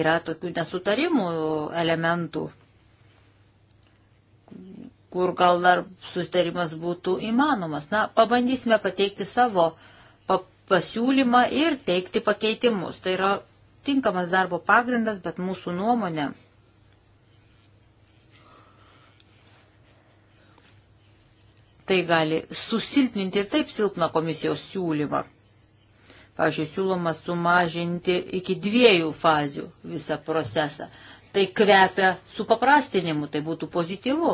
Speaker 2: Yra tokių nesutarimų elementų, kur gal dar sutarimas būtų įmanomas. Na, pabandysime pateikti savo pasiūlymą ir teikti pakeitimus. Tai yra tinkamas darbo pagrindas, bet mūsų nuomonė tai gali susilpninti ir taip silpną komisijos siūlymą. Pavyzdžiui, siūloma sumažinti iki dviejų fazių visą procesą. Tai kvepia su paprastinimu, tai būtų pozityvu.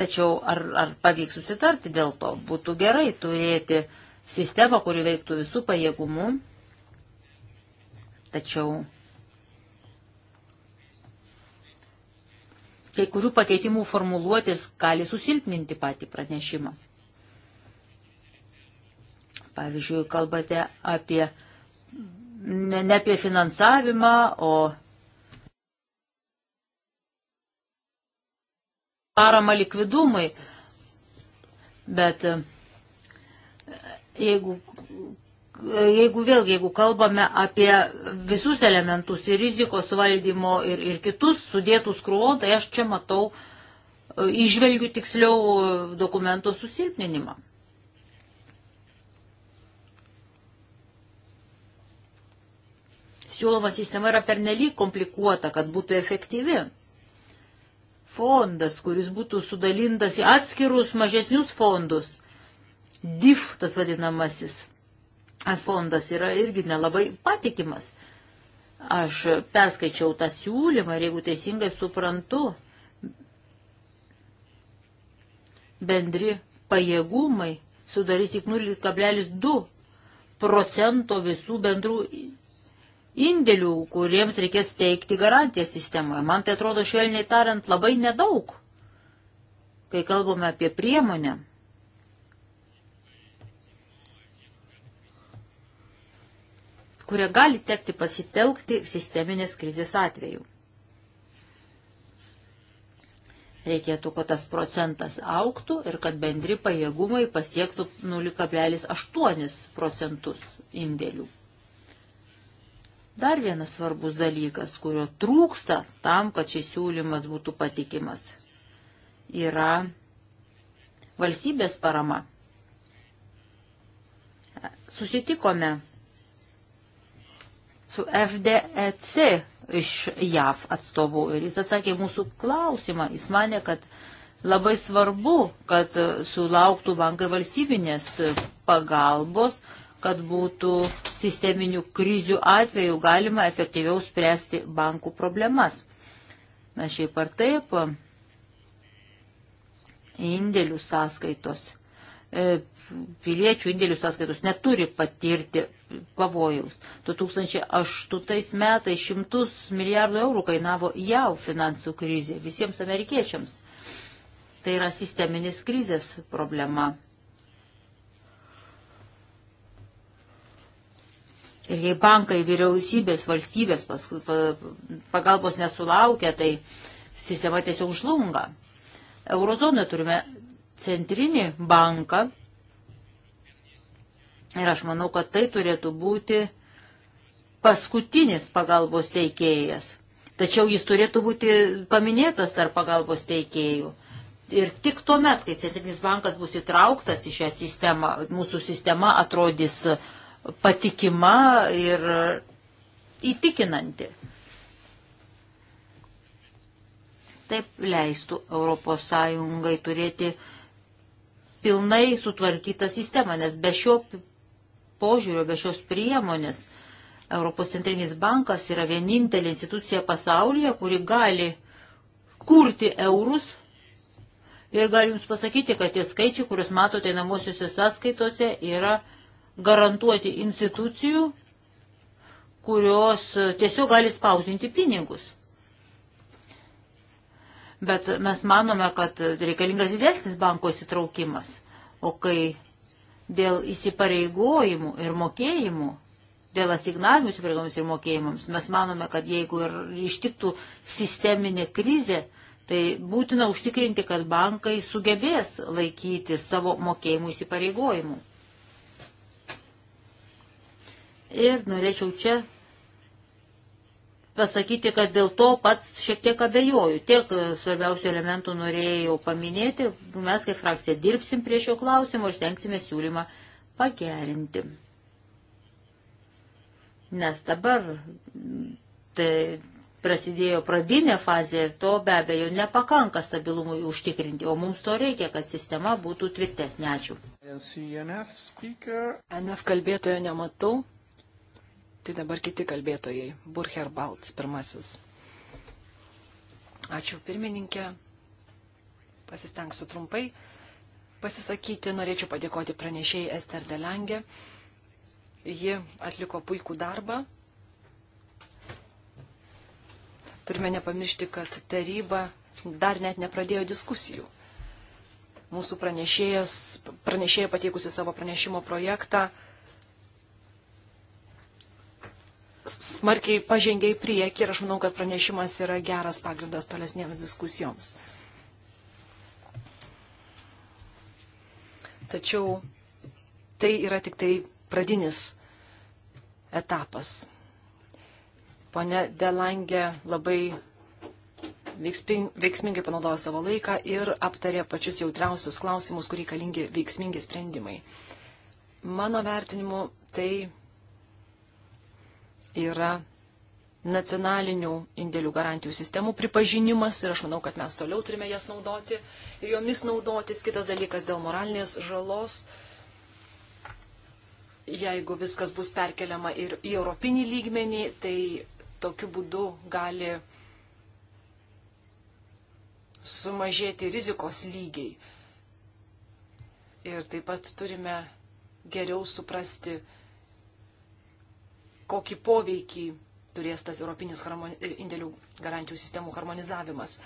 Speaker 2: Tačiau ar, ar pavyks susitarti dėl to? Būtų gerai turėti sistemą, kuri veiktų visų pajėgumų Tačiau kai kurių pakeitimų formuluotis gali susilpninti patį pranešimą. Pavyzdžiui, kalbate apie ne, ne apie finansavimą, o paramą likvidumui. Bet e, jeigu jeigu vėlgi, jeigu kalbame apie visus elementus ir rizikos valdymo ir, ir kitus sudėtus krūvon, tai aš čia matau, išvelgiu e, tiksliau dokumento susilpninimą. Siūloma sistema yra pernelyg komplikuota, kad būtų efektyvi. Fondas, kuris būtų sudalintas į atskirus mažesnius fondus, DIF tas vadinamasis, fondas yra irgi nelabai patikimas. Aš perskaičiau tą siūlymą ir jeigu teisingai suprantu, bendri pajėgumai sudarys tik 0,2 procento visų bendrų indėlių, kuriems reikės teikti garantiją sistemoje. Man tai atrodo, švelniai tariant, labai nedaug, kai kalbame apie priemonę kurie gali tekti pasitelkti sisteminės krizės atveju. Reikėtų, kad tas procentas auktų ir kad bendri pajėgumai pasiektų 0,8 procentus indėlių. Dar vienas svarbus dalykas, kurio trūksta tam, kad šis siūlymas būtų patikimas, yra valstybės parama. Susitikome su FDEC iš JAV atstovų ir jis atsakė mūsų klausimą. Jis mane, kad labai svarbu, kad sulauktų bankai valstybinės pagalbos, kad būtų sisteminių krizių atveju galima efektyviau spręsti bankų problemas. Na šiaip ar taip, indėlių sąskaitos E, piliečių indėlių sąskaitos neturi patirti pavojaus. 2008 metais šimtus milijardų eurų kainavo JAV finansų krizė visiems amerikiečiams. Tai yra sisteminės krizės problema. Ir jei bankai, vyriausybės, valstybės pas, pa, pagalbos nesulaukia, tai sistema tiesiog žlunga. Eurozonoje turime centrinį banką. Ir aš manau, kad tai turėtų būti paskutinis pagalbos teikėjas. Tačiau jis turėtų būti paminėtas tarp pagalbos teikėjų. Ir tik tuo met, kai Centrinis bankas bus įtrauktas į šią sistemą, mūsų sistema atrodys patikima ir įtikinanti. Taip leistų ES turėti pilnai sutvarkytą sistemą, nes be šio požiūrio, be šios priemonės Europos centrinis bankas yra vienintelė institucija pasaulyje, kuri gali kurti eurus ir galiu Jums pasakyti, kad tie skaičiai, kuriuos matote namosiuose sąskaitose, yra garantuoti institucijų, kurios tiesiog gali spausdinti pinigus bet mes manome, kad reikalingas didesnis banko įsitraukimas. O kai dėl įsipareigojimų ir mokėjimų, dėl asignavimų įsipareigojimams ir mokėjimams, mes manome, kad jeigu ir ištiktų sisteminė krizė, tai būtina užtikrinti, kad bankai sugebės laikyti savo mokėjimų įsipareigojimų. Ir norėčiau čia pasakyti, kad dėl to pats šiek tiek abejoju. Tiek e, svarbiausių elementų norėjau paminėti. Mes kaip frakcija dirbsim prie šio klausimo ir stengsime siūlymą pagerinti. Nes dabar mm, tai prasidėjo pradinė fazė ir to be abejo nepakanka stabilumui užtikrinti, o mums to reikia, kad sistema būtų tvirtesnė. Ačiū. NF kalbėtojo nematau. Tai dabar kiti kalbėtojai.
Speaker 3: Burher Balts pirmasis. Ačiū pirmininkė. Pasistengsiu trumpai pasisakyti. Norėčiau padėkoti pranešėjai Ester Delangė. Ji atliko puikų darbą. Turime nepamiršti, kad taryba dar net nepradėjo diskusijų. Mūsų pranešėja pateikusi savo pranešimo projektą smarkiai pažengė į priekį ir aš manau, kad pranešimas yra geras pagrindas tolesniems diskusijoms. Tačiau tai yra tik tai pradinis etapas. Pane Delangė labai veiksmingai panaudojo savo laiką ir aptarė pačius jautriausius klausimus, kur reikalingi veiksmingi sprendimai. Mano vertinimu, tai yra nacionalinių indėlių garantijų sistemų pripažinimas ir aš manau, kad mes toliau turime jas naudoti ir jomis naudotis. Kitas dalykas dėl moralinės žalos, jeigu viskas bus perkeliama ir į europinį lygmenį, tai tokiu būdu gali sumažėti rizikos lygiai. Ir taip pat turime geriau suprasti, kokį poveikį turės tas Europinis e, indėlių garantijų sistemų harmonizavimas.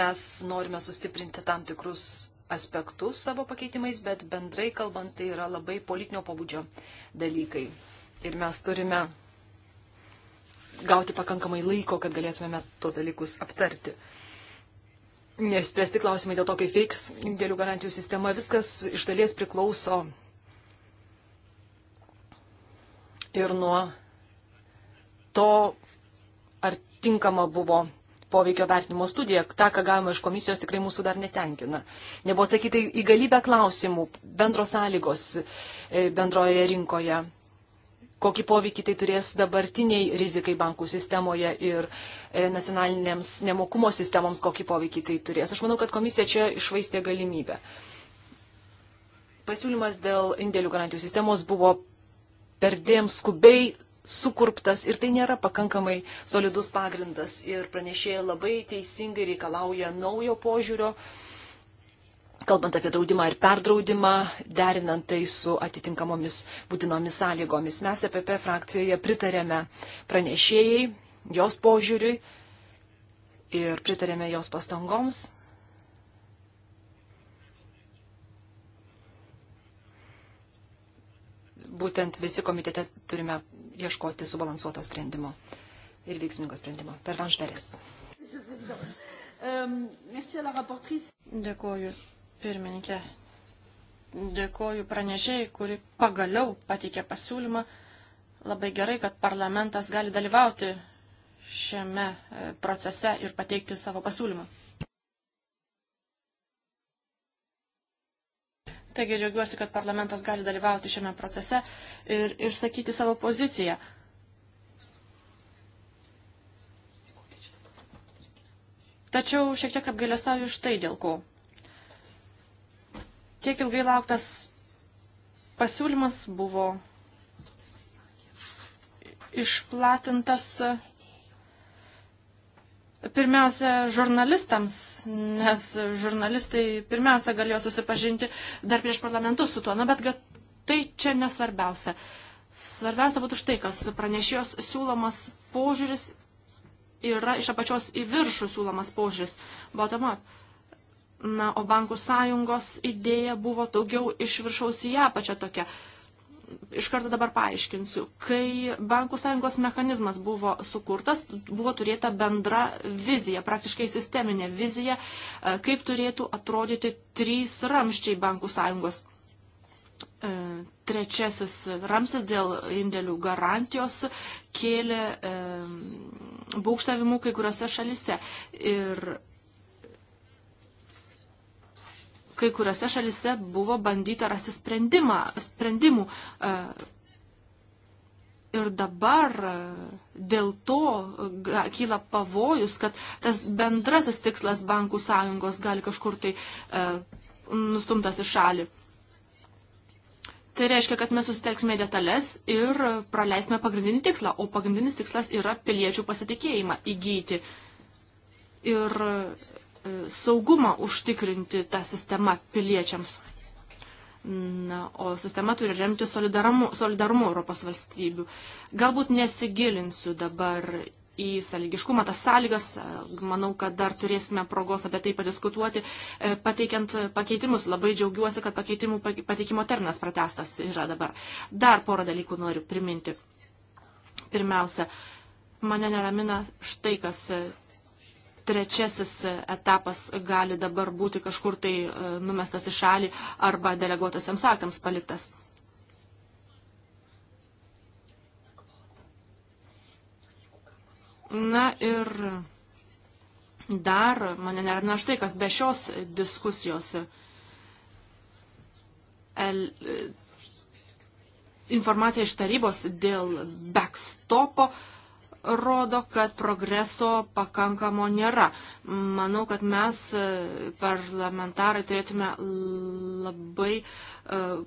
Speaker 3: Mes norime sustiprinti tam tikrus aspektus savo pakeitimais, bet bendrai kalbant, tai yra labai politinio pabudžio dalykai. Ir mes turime gauti pakankamai laiko, kad galėtumėme tuos dalykus aptarti. Nespręsti klausimai dėl to, kaip veiks indėlių garantijų sistema, viskas iš dalies priklauso ir nuo to, ar tinkama buvo poveikio vertinimo studija, ta, ką gavome iš komisijos, tikrai mūsų dar netenkina. Nebuvo atsakyta į galybę klausimų, bendros sąlygos e, bendroje rinkoje, kokį poveikį tai turės dabartiniai rizikai bankų sistemoje ir e, nacionalinėms nemokumo sistemoms, kokį poveikį tai turės. Aš manau, kad komisija čia išvaistė galimybę. Pasiūlymas dėl indėlių garantijų sistemos buvo perdėm skubiai sukurptas ir tai nėra pakankamai solidus pagrindas. Ir pranešėja labai teisingai reikalauja naujo požiūrio, kalbant apie draudimą ir perdraudimą, derinant tai su atitinkamomis būtinomis sąlygomis. Mes EPP frakcijoje pritarėme pranešėjai, jos požiūriui ir pritarėme jos pastangoms būtent visi komitete turime ieškoti subalansuoto sprendimo ir veiksmingo sprendimo. Per Vanšperės.
Speaker 1: Um, Dėkuoju, pirmininkė. Dėkuoju pranešėjai, kuri pagaliau pateikė pasiūlymą. Labai gerai, kad parlamentas gali dalyvauti šiame e, procese ir pateikti savo pasiūlymą. Taigi džiaugiuosi, kad parlamentas gali dalyvauti šiame procese ir išsakyti savo poziciją. Tačiau šiek tiek apgailestauju štai dėl ko. Tiek ilgai lauktas pasiūlymas buvo išplatintas pirmiausia žurnalistams, nes žurnalistai pirmiausia galėjo susipažinti dar prieš parlamentus su tuo, na bet tai čia nesvarbiausia. Svarbiausia būtų štai, kas pranešėjos siūlomas požiūris yra iš apačios į viršų siūlomas požiūris, bottom up. Na, o bankų sąjungos idėja buvo daugiau iš viršaus į apačią tokia. Uh, iš karto dabar paaiškinsiu. Kai Bankų sąjungos mechanizmas buvo sukurtas, buvo turėta bendra vizija, praktiškai sisteminė vizija, e, kaip turėtų atrodyti trys ramščiai Bankų sąjungos. E, trečiasis ramstis dėl indėlių garantijos kėlė e, būkštavimų kai kuriuose šalise. Ir kai kuriuose šalise buvo bandyta rasti sprendimą, sprendimų. E, ir dabar e, dėl to kyla pavojus, kad tas bendrasis tikslas bankų sąjungos gali kažkur tai e, nustumtas į šalį. Tai reiškia, kad mes susitelksime detalės ir praleisime pagrindinį tikslą, o pagrindinis tikslas yra piliečių pasitikėjimą įgyti. Ir E, saugumą užtikrinti tą sistemą piliečiams. Na, o sistema turi remti solidarumu, solidarumu Europos valstybių. Galbūt nesigilinsiu dabar į sąlygiškumą, tas sąlygas, e, manau, kad dar turėsime progos apie tai padiskutuoti, e, pateikiant pakeitimus. Labai džiaugiuosi, kad pakeitimų pateikimo terminas pratestas yra dabar. Dar porą dalykų noriu priminti. Pirmiausia, mane neramina štai kas trečiasis etapas gali dabar būti kažkur tai e, numestas į šalį arba deleguotasiams aktams paliktas. Na ir dar mane nerina štai, kas be šios diskusijos el, e, informacija iš tarybos dėl backstopo uh, rodo, kad progreso pakankamo nėra. Manau, kad mes e, parlamentarai turėtume labai uh,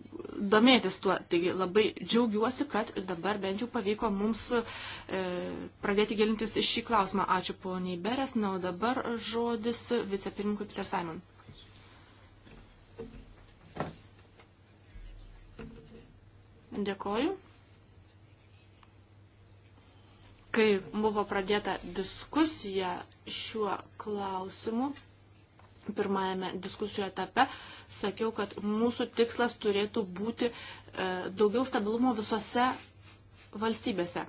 Speaker 1: domėtis tuo. Taigi labai džiaugiuosi, kad dabar bent jau pavyko mums uh, pradėti gilintis į šį klausimą. Ačiū poniai Beres. Na, o dabar žodis vicepirinkui Peter Simon. Dėkoju. kai buvo pradėta diskusija šiuo klausimu, pirmajame diskusijų etape, sakiau, kad mūsų tikslas turėtų būti e, daugiau stabilumo visose valstybėse.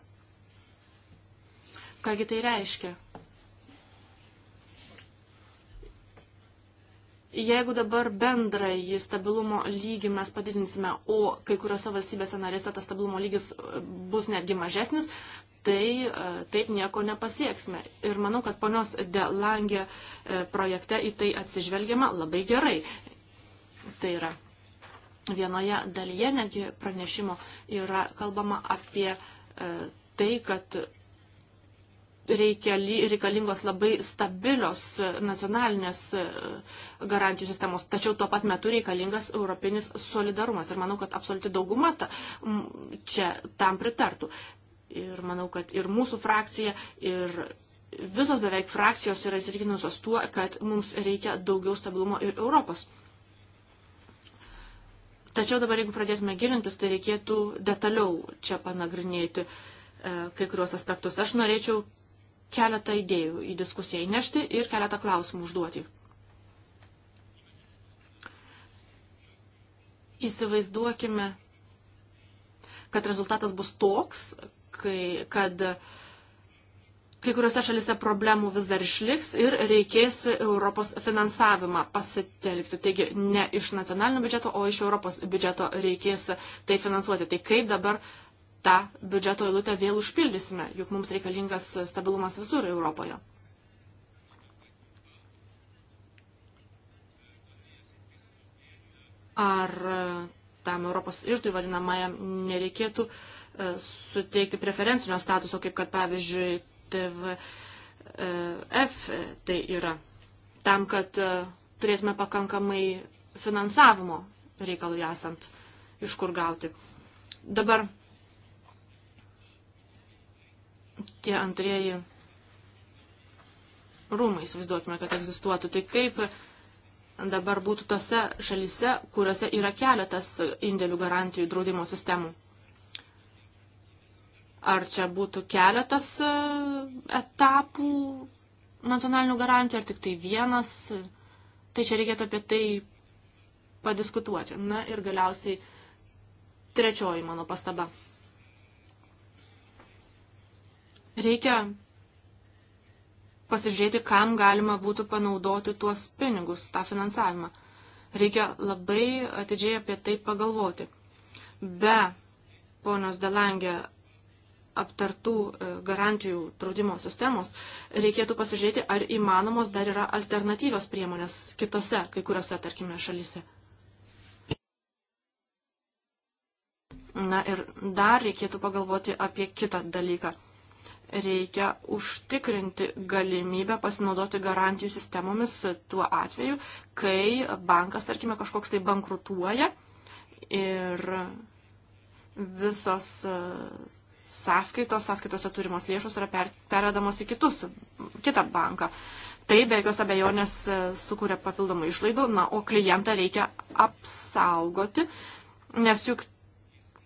Speaker 1: Kągi tai reiškia? Jeigu dabar bendrąjį stabilumo lygį mes padidinsime, o kai kuriuose valstybėse narėse tas stabilumo lygis e, bus netgi mažesnis, tai e, taip nieko nepasieksime. Ir manau, kad ponios Delangė e, projekte į tai atsižvelgiama labai gerai. Tai yra vienoje dalyje netgi pranešimo yra kalbama apie tai, kad reikia, reikalingos labai stabilios e, nacionalinės e, garantijų sistemos, tačiau tuo pat metu reikalingas europinis solidarumas. Ir manau, kad absoliuti dauguma ta, čia tam pritartų. Ir manau, kad ir mūsų frakcija, ir visos beveik frakcijos yra įsitikinusios tuo, kad mums reikia daugiau stabilumo ir Europos. Tačiau dabar, jeigu pradėtume gilintis, tai reikėtų detaliau čia panagrinėti e, kai kuriuos aspektus. Aš norėčiau keletą idėjų į diskusiją įnešti ir keletą klausimų užduoti. Įsivaizduokime, kad rezultatas bus toks, kai, kad kai kuriuose šalise problemų vis dar išliks ir reikės Europos finansavimą pasitelkti. Taigi ne iš nacionalinio biudžeto, o iš Europos biudžeto reikės tai finansuoti. Tai kaip dabar uh, tą biudžeto eilutę vėl užpildysime, juk mums reikalingas stabilumas visur Europoje. Ar e, tam Europos išdui vadinamajam nereikėtų e, suteikti preferencinio statuso, kaip kad pavyzdžiui TVF e, tai yra, tam, kad turėtume pakankamai finansavimo reikalui esant iš kur gauti. Dabar tie antrieji rūmai, įsivaizduokime, kad egzistuotų. Tai kaip dabar būtų tose šalise, kuriuose yra keletas indėlių garantijų draudimo sistemų? Ar čia būtų keletas e, etapų nacionalinių garantijų, ar tik tai vienas? Tai čia reikėtų apie tai padiskutuoti. Na ir galiausiai trečioji mano pastaba. Reikia pasižiūrėti, kam galima būtų panaudoti tuos pinigus, tą finansavimą. Reikia labai atidžiai apie tai pagalvoti. Be ponios Delangė aptartų e, garantijų draudimo sistemos, reikėtų pasižiūrėti, ar įmanomos dar yra alternatyvios priemonės kitose, kai kuriuose, tarkime, šalyse. Na ir dar reikėtų pagalvoti apie kitą dalyką reikia užtikrinti galimybę pasinaudoti garantijų sistemomis tuo atveju, kai bankas, tarkime, kažkoks tai bankrutuoja ir visos e, sąskaitos, sąskaitose turimos lėšos yra per, pervedamos į kitus, kitą banką. Tai be jokios abejonės e, sukuria papildomų išlaidų, na, o klientą reikia apsaugoti, nes juk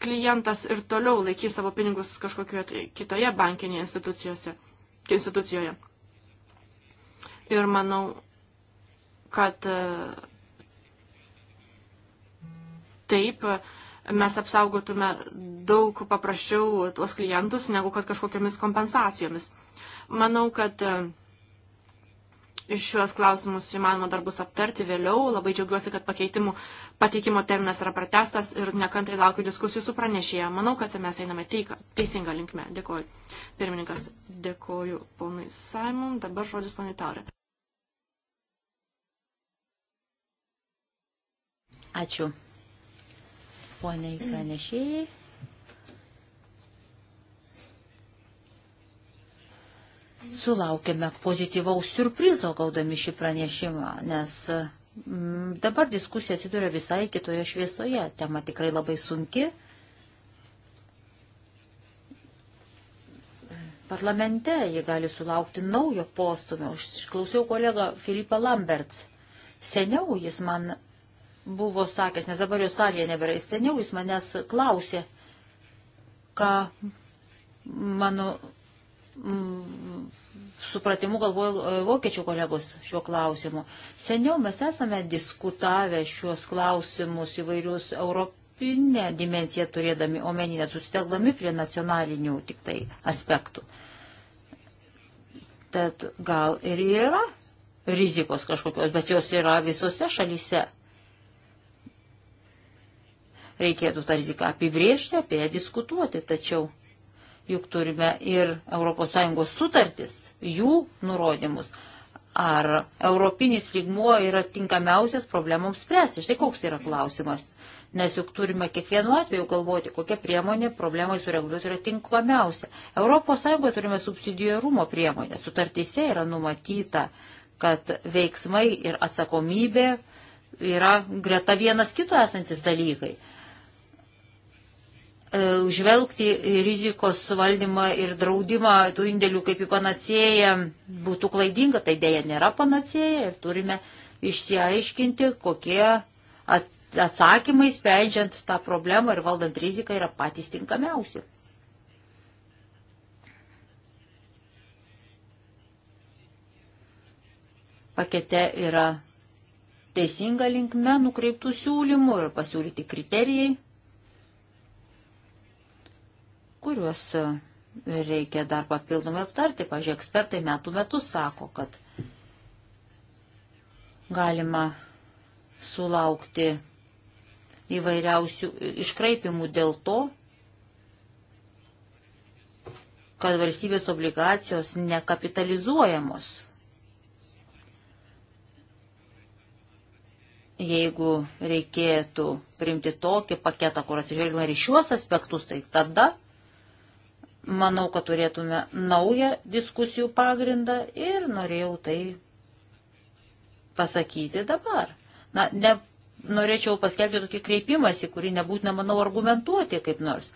Speaker 1: klientas ir toliau laikys savo pinigus kažkokioje tai kitoje bankinėje institucijoje. Ir manau, kad e, taip mes apsaugotume daug paprasčiau tuos klientus, negu kad kažkokiamis kompensacijomis. Manau, kad uh, Šios klausimus įmanoma dar bus aptarti vėliau. Labai džiaugiuosi, kad pakeitimų pateikimo terminas yra pratestas ir nekantrai laukiu diskusijų su pranešėja. Manau, kad mes einame teika, teisingą linkmę. Dėkoju. Pirmininkas, dėkoju ponui Simon. Dabar žodis ponui Taurė.
Speaker 2: Ačiū. Poniai pranešėjai. sulaukėme pozityvaus surprizo gaudami šį pranešimą, nes mm, dabar diskusija atsiduria visai kitoje šviesoje. Tema tikrai labai sunki. Parlamente jie gali sulaukti naujo postumio. Išklausiau kolegą Filipą Lamberts. Seniau jis man buvo sakęs, nes dabar jo salėje nebėra, seniau jis manęs klausė, ką mano mm, supratimu galvoju e, vokiečių kolegos šiuo klausimu. Seniau mes esame diskutavę šiuos klausimus įvairius europinę dimenciją turėdami omenyje, susitelkdami prie nacionalinių tik tai aspektų. Tad gal ir yra rizikos kažkokios, bet jos yra visose šalyse. Reikėtų tą riziką apibriežti, apie ją diskutuoti, tačiau juk turime ir ES sutartis, jų nurodymus. Ar europinis lygmuo yra tinkamiausias problemams spręsti? Štai koks yra klausimas. Nes juk turime kiekvienu atveju galvoti, kokia priemonė problemai sureguliuoti yra tinkamiausia. ES turime subsidijarumo priemonę. Sutartyse yra numatyta, kad veiksmai ir atsakomybė yra greta vienas kito esantis dalykai. E, žvelgti rizikos valdymą ir draudimą tų indėlių kaip į panacėją būtų klaidinga, tai dėja nėra panacėja ir turime išsiaiškinti, kokie atsakymai sprendžiant tą problemą ir valdant riziką yra patys tinkamiausi. Pakete yra teisinga linkme nukreiptų siūlymų ir pasiūlyti kriterijai kuriuos e, reikia dar papildomai aptarti. Pavyzdžiui, ekspertai metų metus sako, kad galima sulaukti įvairiausių iškraipimų dėl to, kad valstybės obligacijos nekapitalizuojamos. Jeigu reikėtų priimti tokį paketą, kur atsižvelgime ir šiuos aspektus, tai tada Manau, kad turėtume naują diskusijų pagrindą ir norėjau tai pasakyti dabar. Na, ne, norėčiau paskelbti tokį kreipimąsi, kurį nebūtina, manau, argumentuoti kaip nors.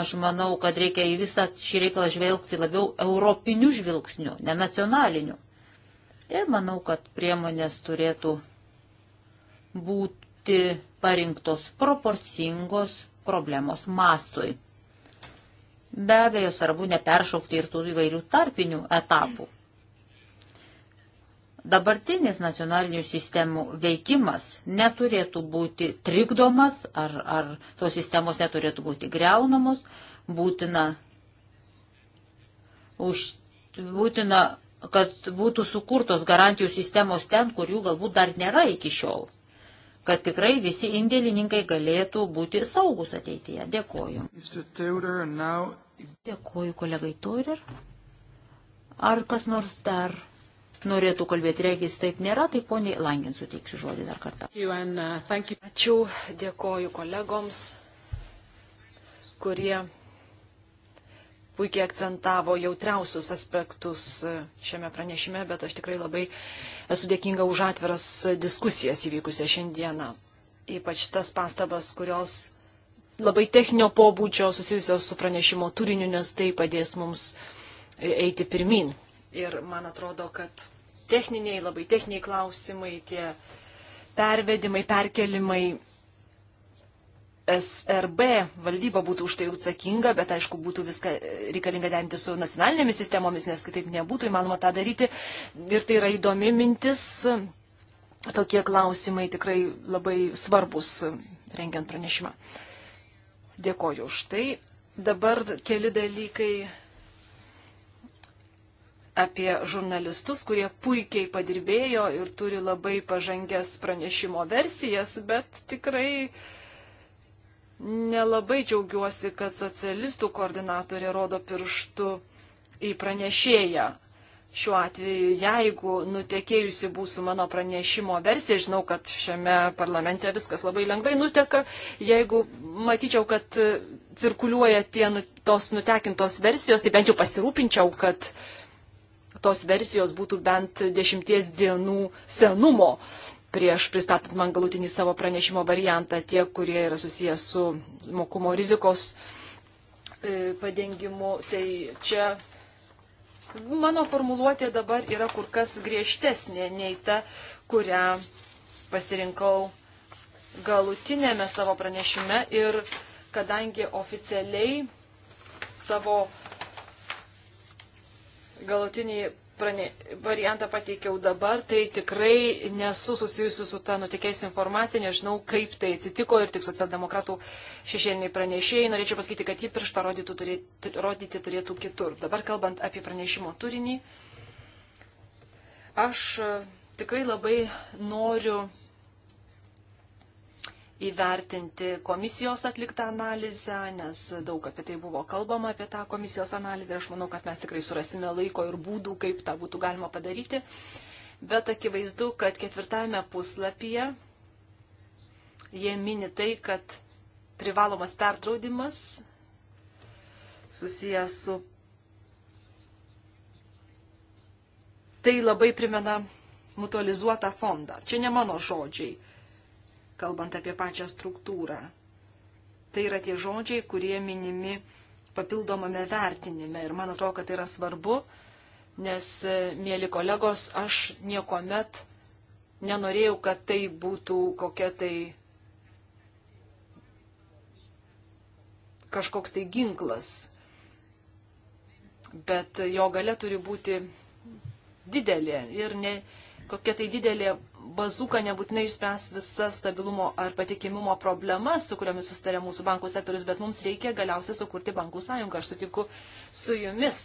Speaker 2: Aš manau, kad reikia į visą šį reikalą žvelgti labiau europiniu žvilgsniu, ne nacionaliniu. Ir manau, kad priemonės turėtų būti parinktos proporcingos problemos mastui. Be abejo, svarbu neperšaukti ir tų įvairių tarpinių etapų. Dabartinis nacionalinių sistemų veikimas neturėtų būti trikdomas ar, ar tos sistemos neturėtų būti greunamos, būtina, už, būtina kad būtų sukurtos garantijų sistemos ten, kurių galbūt dar nėra iki šiol, kad tikrai visi indėlininkai galėtų būti saugus ateityje. Dėkoju. Teuder, Dėkuoju kolegai Toirer. Ar kas nors dar norėtų kalbėti, reikės taip nėra, tai poniai Langin suteiksiu žodį dar kartą.
Speaker 3: Uh, Ačiū, dėkoju kolegoms, kurie puikiai akcentavo jautriausius aspektus uh, šiame pranešime, bet aš tikrai labai esu dėkinga už atviras diskusijas įvykusią šiandieną. Ypač tas pastabas, kurios labai techninio pobūdžio susijusios su pranešimo turiniu, nes tai padės mums e, eiti pirmin. Ir man atrodo, kad techniniai, labai techniniai klausimai, tie pervedimai, perkelimai SRB valdyba būtų už tai atsakinga, bet aišku, būtų viską e, reikalinga derinti su nacionalinėmis sistemomis, nes kitaip nebūtų įmanoma tą daryti. Ir tai yra įdomi mintis. Tokie klausimai tikrai labai svarbus rengiant pranešimą. Dėkoju už tai. Dabar keli dalykai apie žurnalistus, kurie puikiai padirbėjo ir turi labai pažangęs pranešimo versijas, bet tikrai nelabai džiaugiuosi, kad socialistų koordinatorė rodo pirštu į pranešėją. Šiuo atveju, jeigu nutekėjusi būsiu mano pranešimo versija, žinau, kad šiame parlamente viskas labai lengvai nuteka, jeigu matyčiau, kad cirkuliuoja tie, nu, tos nutekintos versijos, tai bent jau pasirūpinčiau, kad tos versijos būtų bent dešimties dienų senumo prieš pristatant man galutinį savo pranešimo variantą, tie, kurie yra susijęs su mokumo rizikos e, padengimu. Tai čia Mano formuluotė dabar yra kur kas griežtesnė nei ta, kurią pasirinkau galutinėme savo pranešime ir kadangi oficialiai savo galutinį prane, variantą pateikiau dabar, tai tikrai nesu susijusi su ta nutikėjusi informacija, nežinau, kaip tai atsitiko ir tik socialdemokratų šešėliniai pranešėjai. Norėčiau pasakyti, kad jį pirštą rodytų, turėtų, rodyti turėtų kitur. Dabar kalbant apie pranešimo turinį, aš e, tikrai labai noriu įvertinti komisijos atliktą analizę, nes daug apie tai buvo kalbama, apie tą komisijos analizę. Aš manau, kad mes tikrai surasime laiko ir būdų, kaip tą būtų galima padaryti. Bet akivaizdu, kad ketvirtame puslapyje jie mini tai, kad privalomas perdraudimas susijęs su. Tai labai primena mutualizuotą fondą. Čia ne mano žodžiai kalbant apie pačią struktūrą. Tai yra tie žodžiai, kurie minimi papildomame vertinime. Ir man atrodo, kad tai yra svarbu, nes, e, mėly kolegos, aš niekuomet nenorėjau, kad tai būtų kokia tai kažkoks tai ginklas. Bet jo gale turi būti didelė ir ne, kokia tai didelė bazuka nebūtinai išspręs visas stabilumo ar patikimumo problemas, su kuriomis sustarė mūsų bankų sektorius, bet mums reikia galiausiai sukurti bankų sąjungą. Aš sutinku su jumis,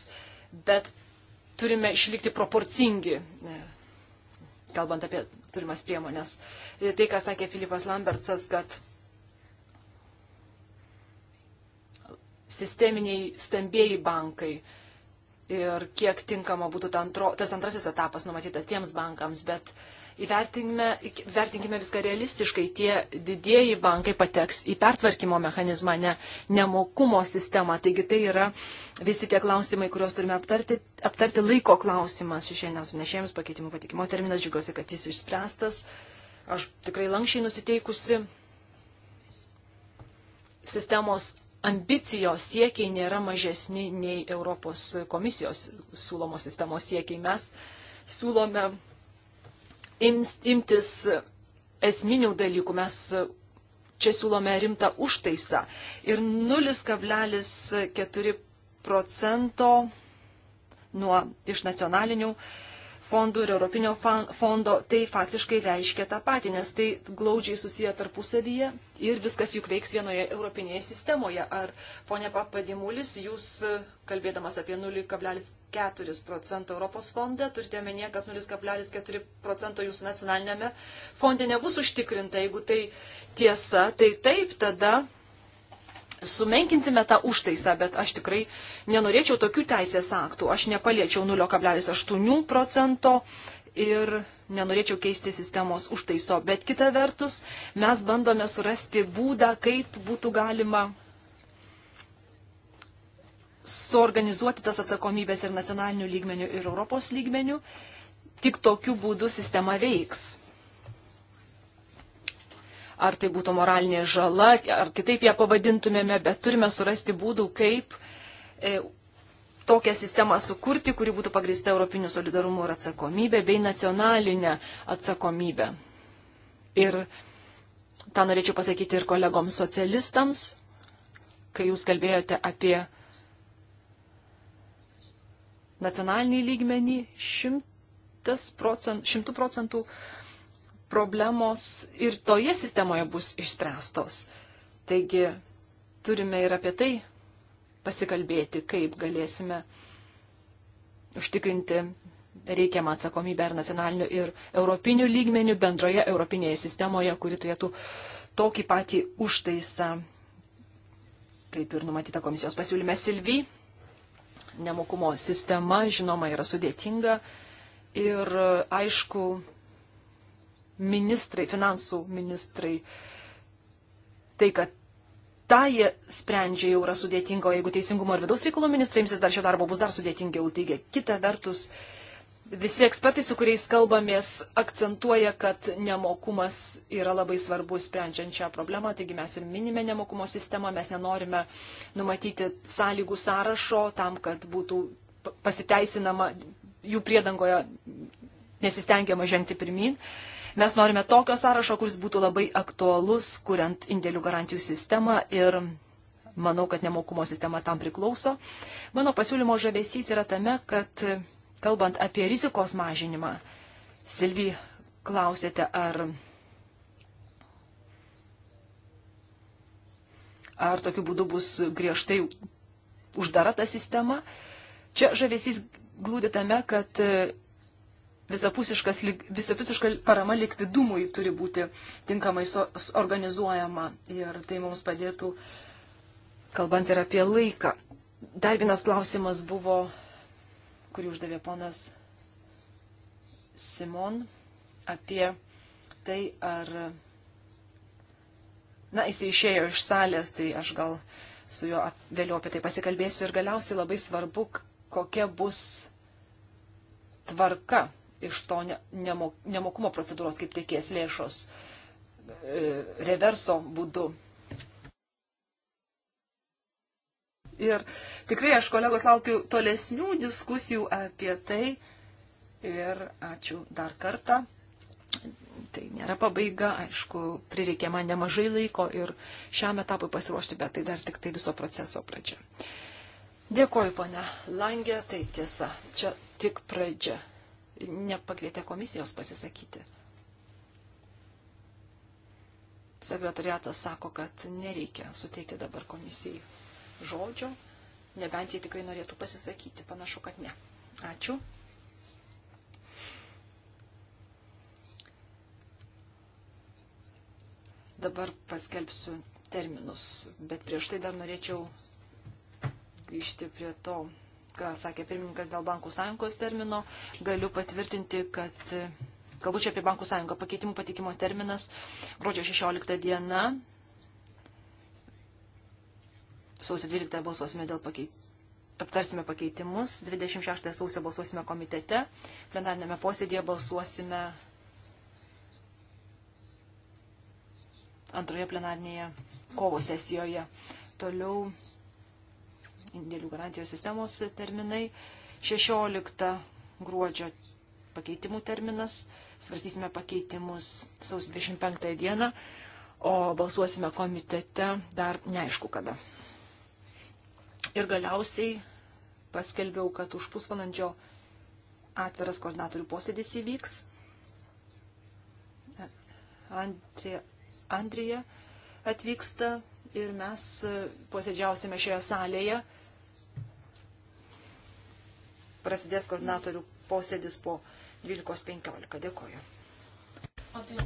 Speaker 3: bet turime išlikti proporcingi, e, kalbant apie turimas priemonės. E, tai, ką sakė Filipas Lambertsas, kad sisteminiai stambėjai bankai ir kiek tinkama būtų ta antro, tas antrasis etapas numatytas tiems bankams, bet uh, Įvertinkime, vertinkime viską realistiškai. Tie didieji bankai pateks į pertvarkymo mechanizmą, ne nemokumo sistemą. Taigi tai yra visi tie klausimai, kuriuos turime aptarti. Aptarti laiko klausimas šešėliniams nešėjams pakeitimų patikimo terminas. Džiugiuosi, kad jis išspręstas. Aš tikrai lankščiai nusiteikusi. Sistemos ambicijos siekiai nėra mažesni nei Europos komisijos siūlomos sistemos siekiai. Mes siūlome ims, imtis esminių dalykų. Mes čia siūlome rimtą užtaisą. Ir 0,4 procento nuo iš nacionalinių uh, fondų ir Europinio fondo, tai faktiškai reiškia tą patį, nes tai glaudžiai susiję tarpusavyje ir viskas juk veiks vienoje europinėje sistemoje. Ar, ponė Papadimulis, jūs kalbėdamas apie 0,4 procento Europos fondą, turite omenyje, kad 0,4 procento jūsų nacionalinėme fonde nebus užtikrinta. Jeigu tai tiesa, tai taip, tada sumenkinsime tą užtaisą, bet aš tikrai nenorėčiau tokių teisės aktų. Aš nepaliečiau 0,8 procento ir nenorėčiau keisti sistemos užtaiso. Bet kita vertus, mes bandome surasti būdą, kaip būtų galima suorganizuoti tas atsakomybės ir nacionalinių lygmenių, ir Europos lygmenių. Tik tokiu būdu sistema veiks ar tai būtų moralinė žala, ar kitaip ją pavadintumėme, bet turime surasti būdų, kaip e, tokią sistemą sukurti, kuri būtų pagrįsta Europiniu solidarumu ir atsakomybė bei nacionalinė atsakomybė. Ir tą norėčiau pasakyti ir kolegoms socialistams, kai jūs kalbėjote apie nacionalinį lygmenį 100 procentų, 100 procentų problemos ir toje sistemoje bus išspręstos. Taigi turime ir apie tai pasikalbėti, kaip galėsime užtikrinti reikiamą atsakomybę ir nacionaliniu, ir europiniu lygmeniu bendroje europinėje sistemoje, kuri turėtų tokį patį užtaisą, kaip ir numatyta komisijos pasiūlyme Silvi. Nemokumo sistema, žinoma, yra sudėtinga ir aišku, ministrai, finansų ministrai. Tai, kad tą jie sprendžia jau yra sudėtinga, o jeigu teisingumo ir vidaus reikalų ministrai imsis dar šio darbo, bus dar sudėtingiau. Taigi, kita vertus, visi ekspertai, su kuriais kalbamės, akcentuoja, kad nemokumas yra labai svarbus sprendžiant šią problemą. Taigi mes ir minime nemokumo sistemą, mes nenorime numatyti sąlygų sąrašo tam, kad būtų pasiteisinama jų priedangoje nesistengiama žengti pirmin. Uh, Mes norime tokio sąrašo, kuris būtų labai aktualus, kuriant indėlių garantijų sistemą ir manau, kad nemokumo sistema tam priklauso. Mano pasiūlymo žavesys yra tame, kad kalbant apie rizikos mažinimą, Silvi, klausėte, ar, ar tokiu būdu bus griežtai uždara ta sistema. Čia žavesys glūdi tame, kad visapusiška parama likvidumui turi būti tinkamai so, organizuojama ir tai mums padėtų, kalbant ir apie laiką. Dar vienas klausimas buvo, kurį uždavė ponas Simon apie tai, ar. Na, jis išėjo iš salės, tai aš gal su juo vėliau apie tai pasikalbėsiu ir galiausiai labai svarbu, kokia bus tvarka iš to nemokumo procedūros, kaip tiekės lėšos e, reverso būdu. Ir tikrai aš kolegos laukiu tolesnių diskusijų apie tai. Ir ačiū dar kartą. Tai nėra pabaiga, aišku, prireikė man nemažai laiko ir šiam etapui pasiruošti, bet tai dar tik tai viso proceso pradžia. Dėkoju, ponia Langė, tai tiesa, čia tik pradžia nepakvietė komisijos pasisakyti. Sekretariatas sako, kad nereikia suteikti dabar komisijai žodžio, nebent jie tikrai norėtų pasisakyti. Panašu, kad ne. Ačiū. Dabar paskelbsiu terminus, bet prieš tai dar norėčiau grįžti prie to ką sakė pirmininkas dėl bankų sąjungos termino, galiu patvirtinti, kad, galbūt čia apie bankų sąjungą pakeitimų patikimo terminas, gruodžio 16 diena, sausio 12 balsuosime dėl pakeitimų. Aptarsime pakeitimus, 26 sausio balsuosime komitete, plenarnėme posėdėje balsuosime antroje plenarnėje kovo sesijoje. Toliau indėlių garantijos sistemos terminai, 16 gruodžio pakeitimų terminas, svarstysime pakeitimus sausio 25 dieną, o balsuosime komitete dar neaišku kada. Ir galiausiai paskelbiau, kad už pusvalandžio atviras koordinatorių posėdis įvyks. Andrija, Andrija atvyksta ir mes posėdžiausime šioje salėje prasidės koordinatorių posėdis po 12.15. Dėkoju.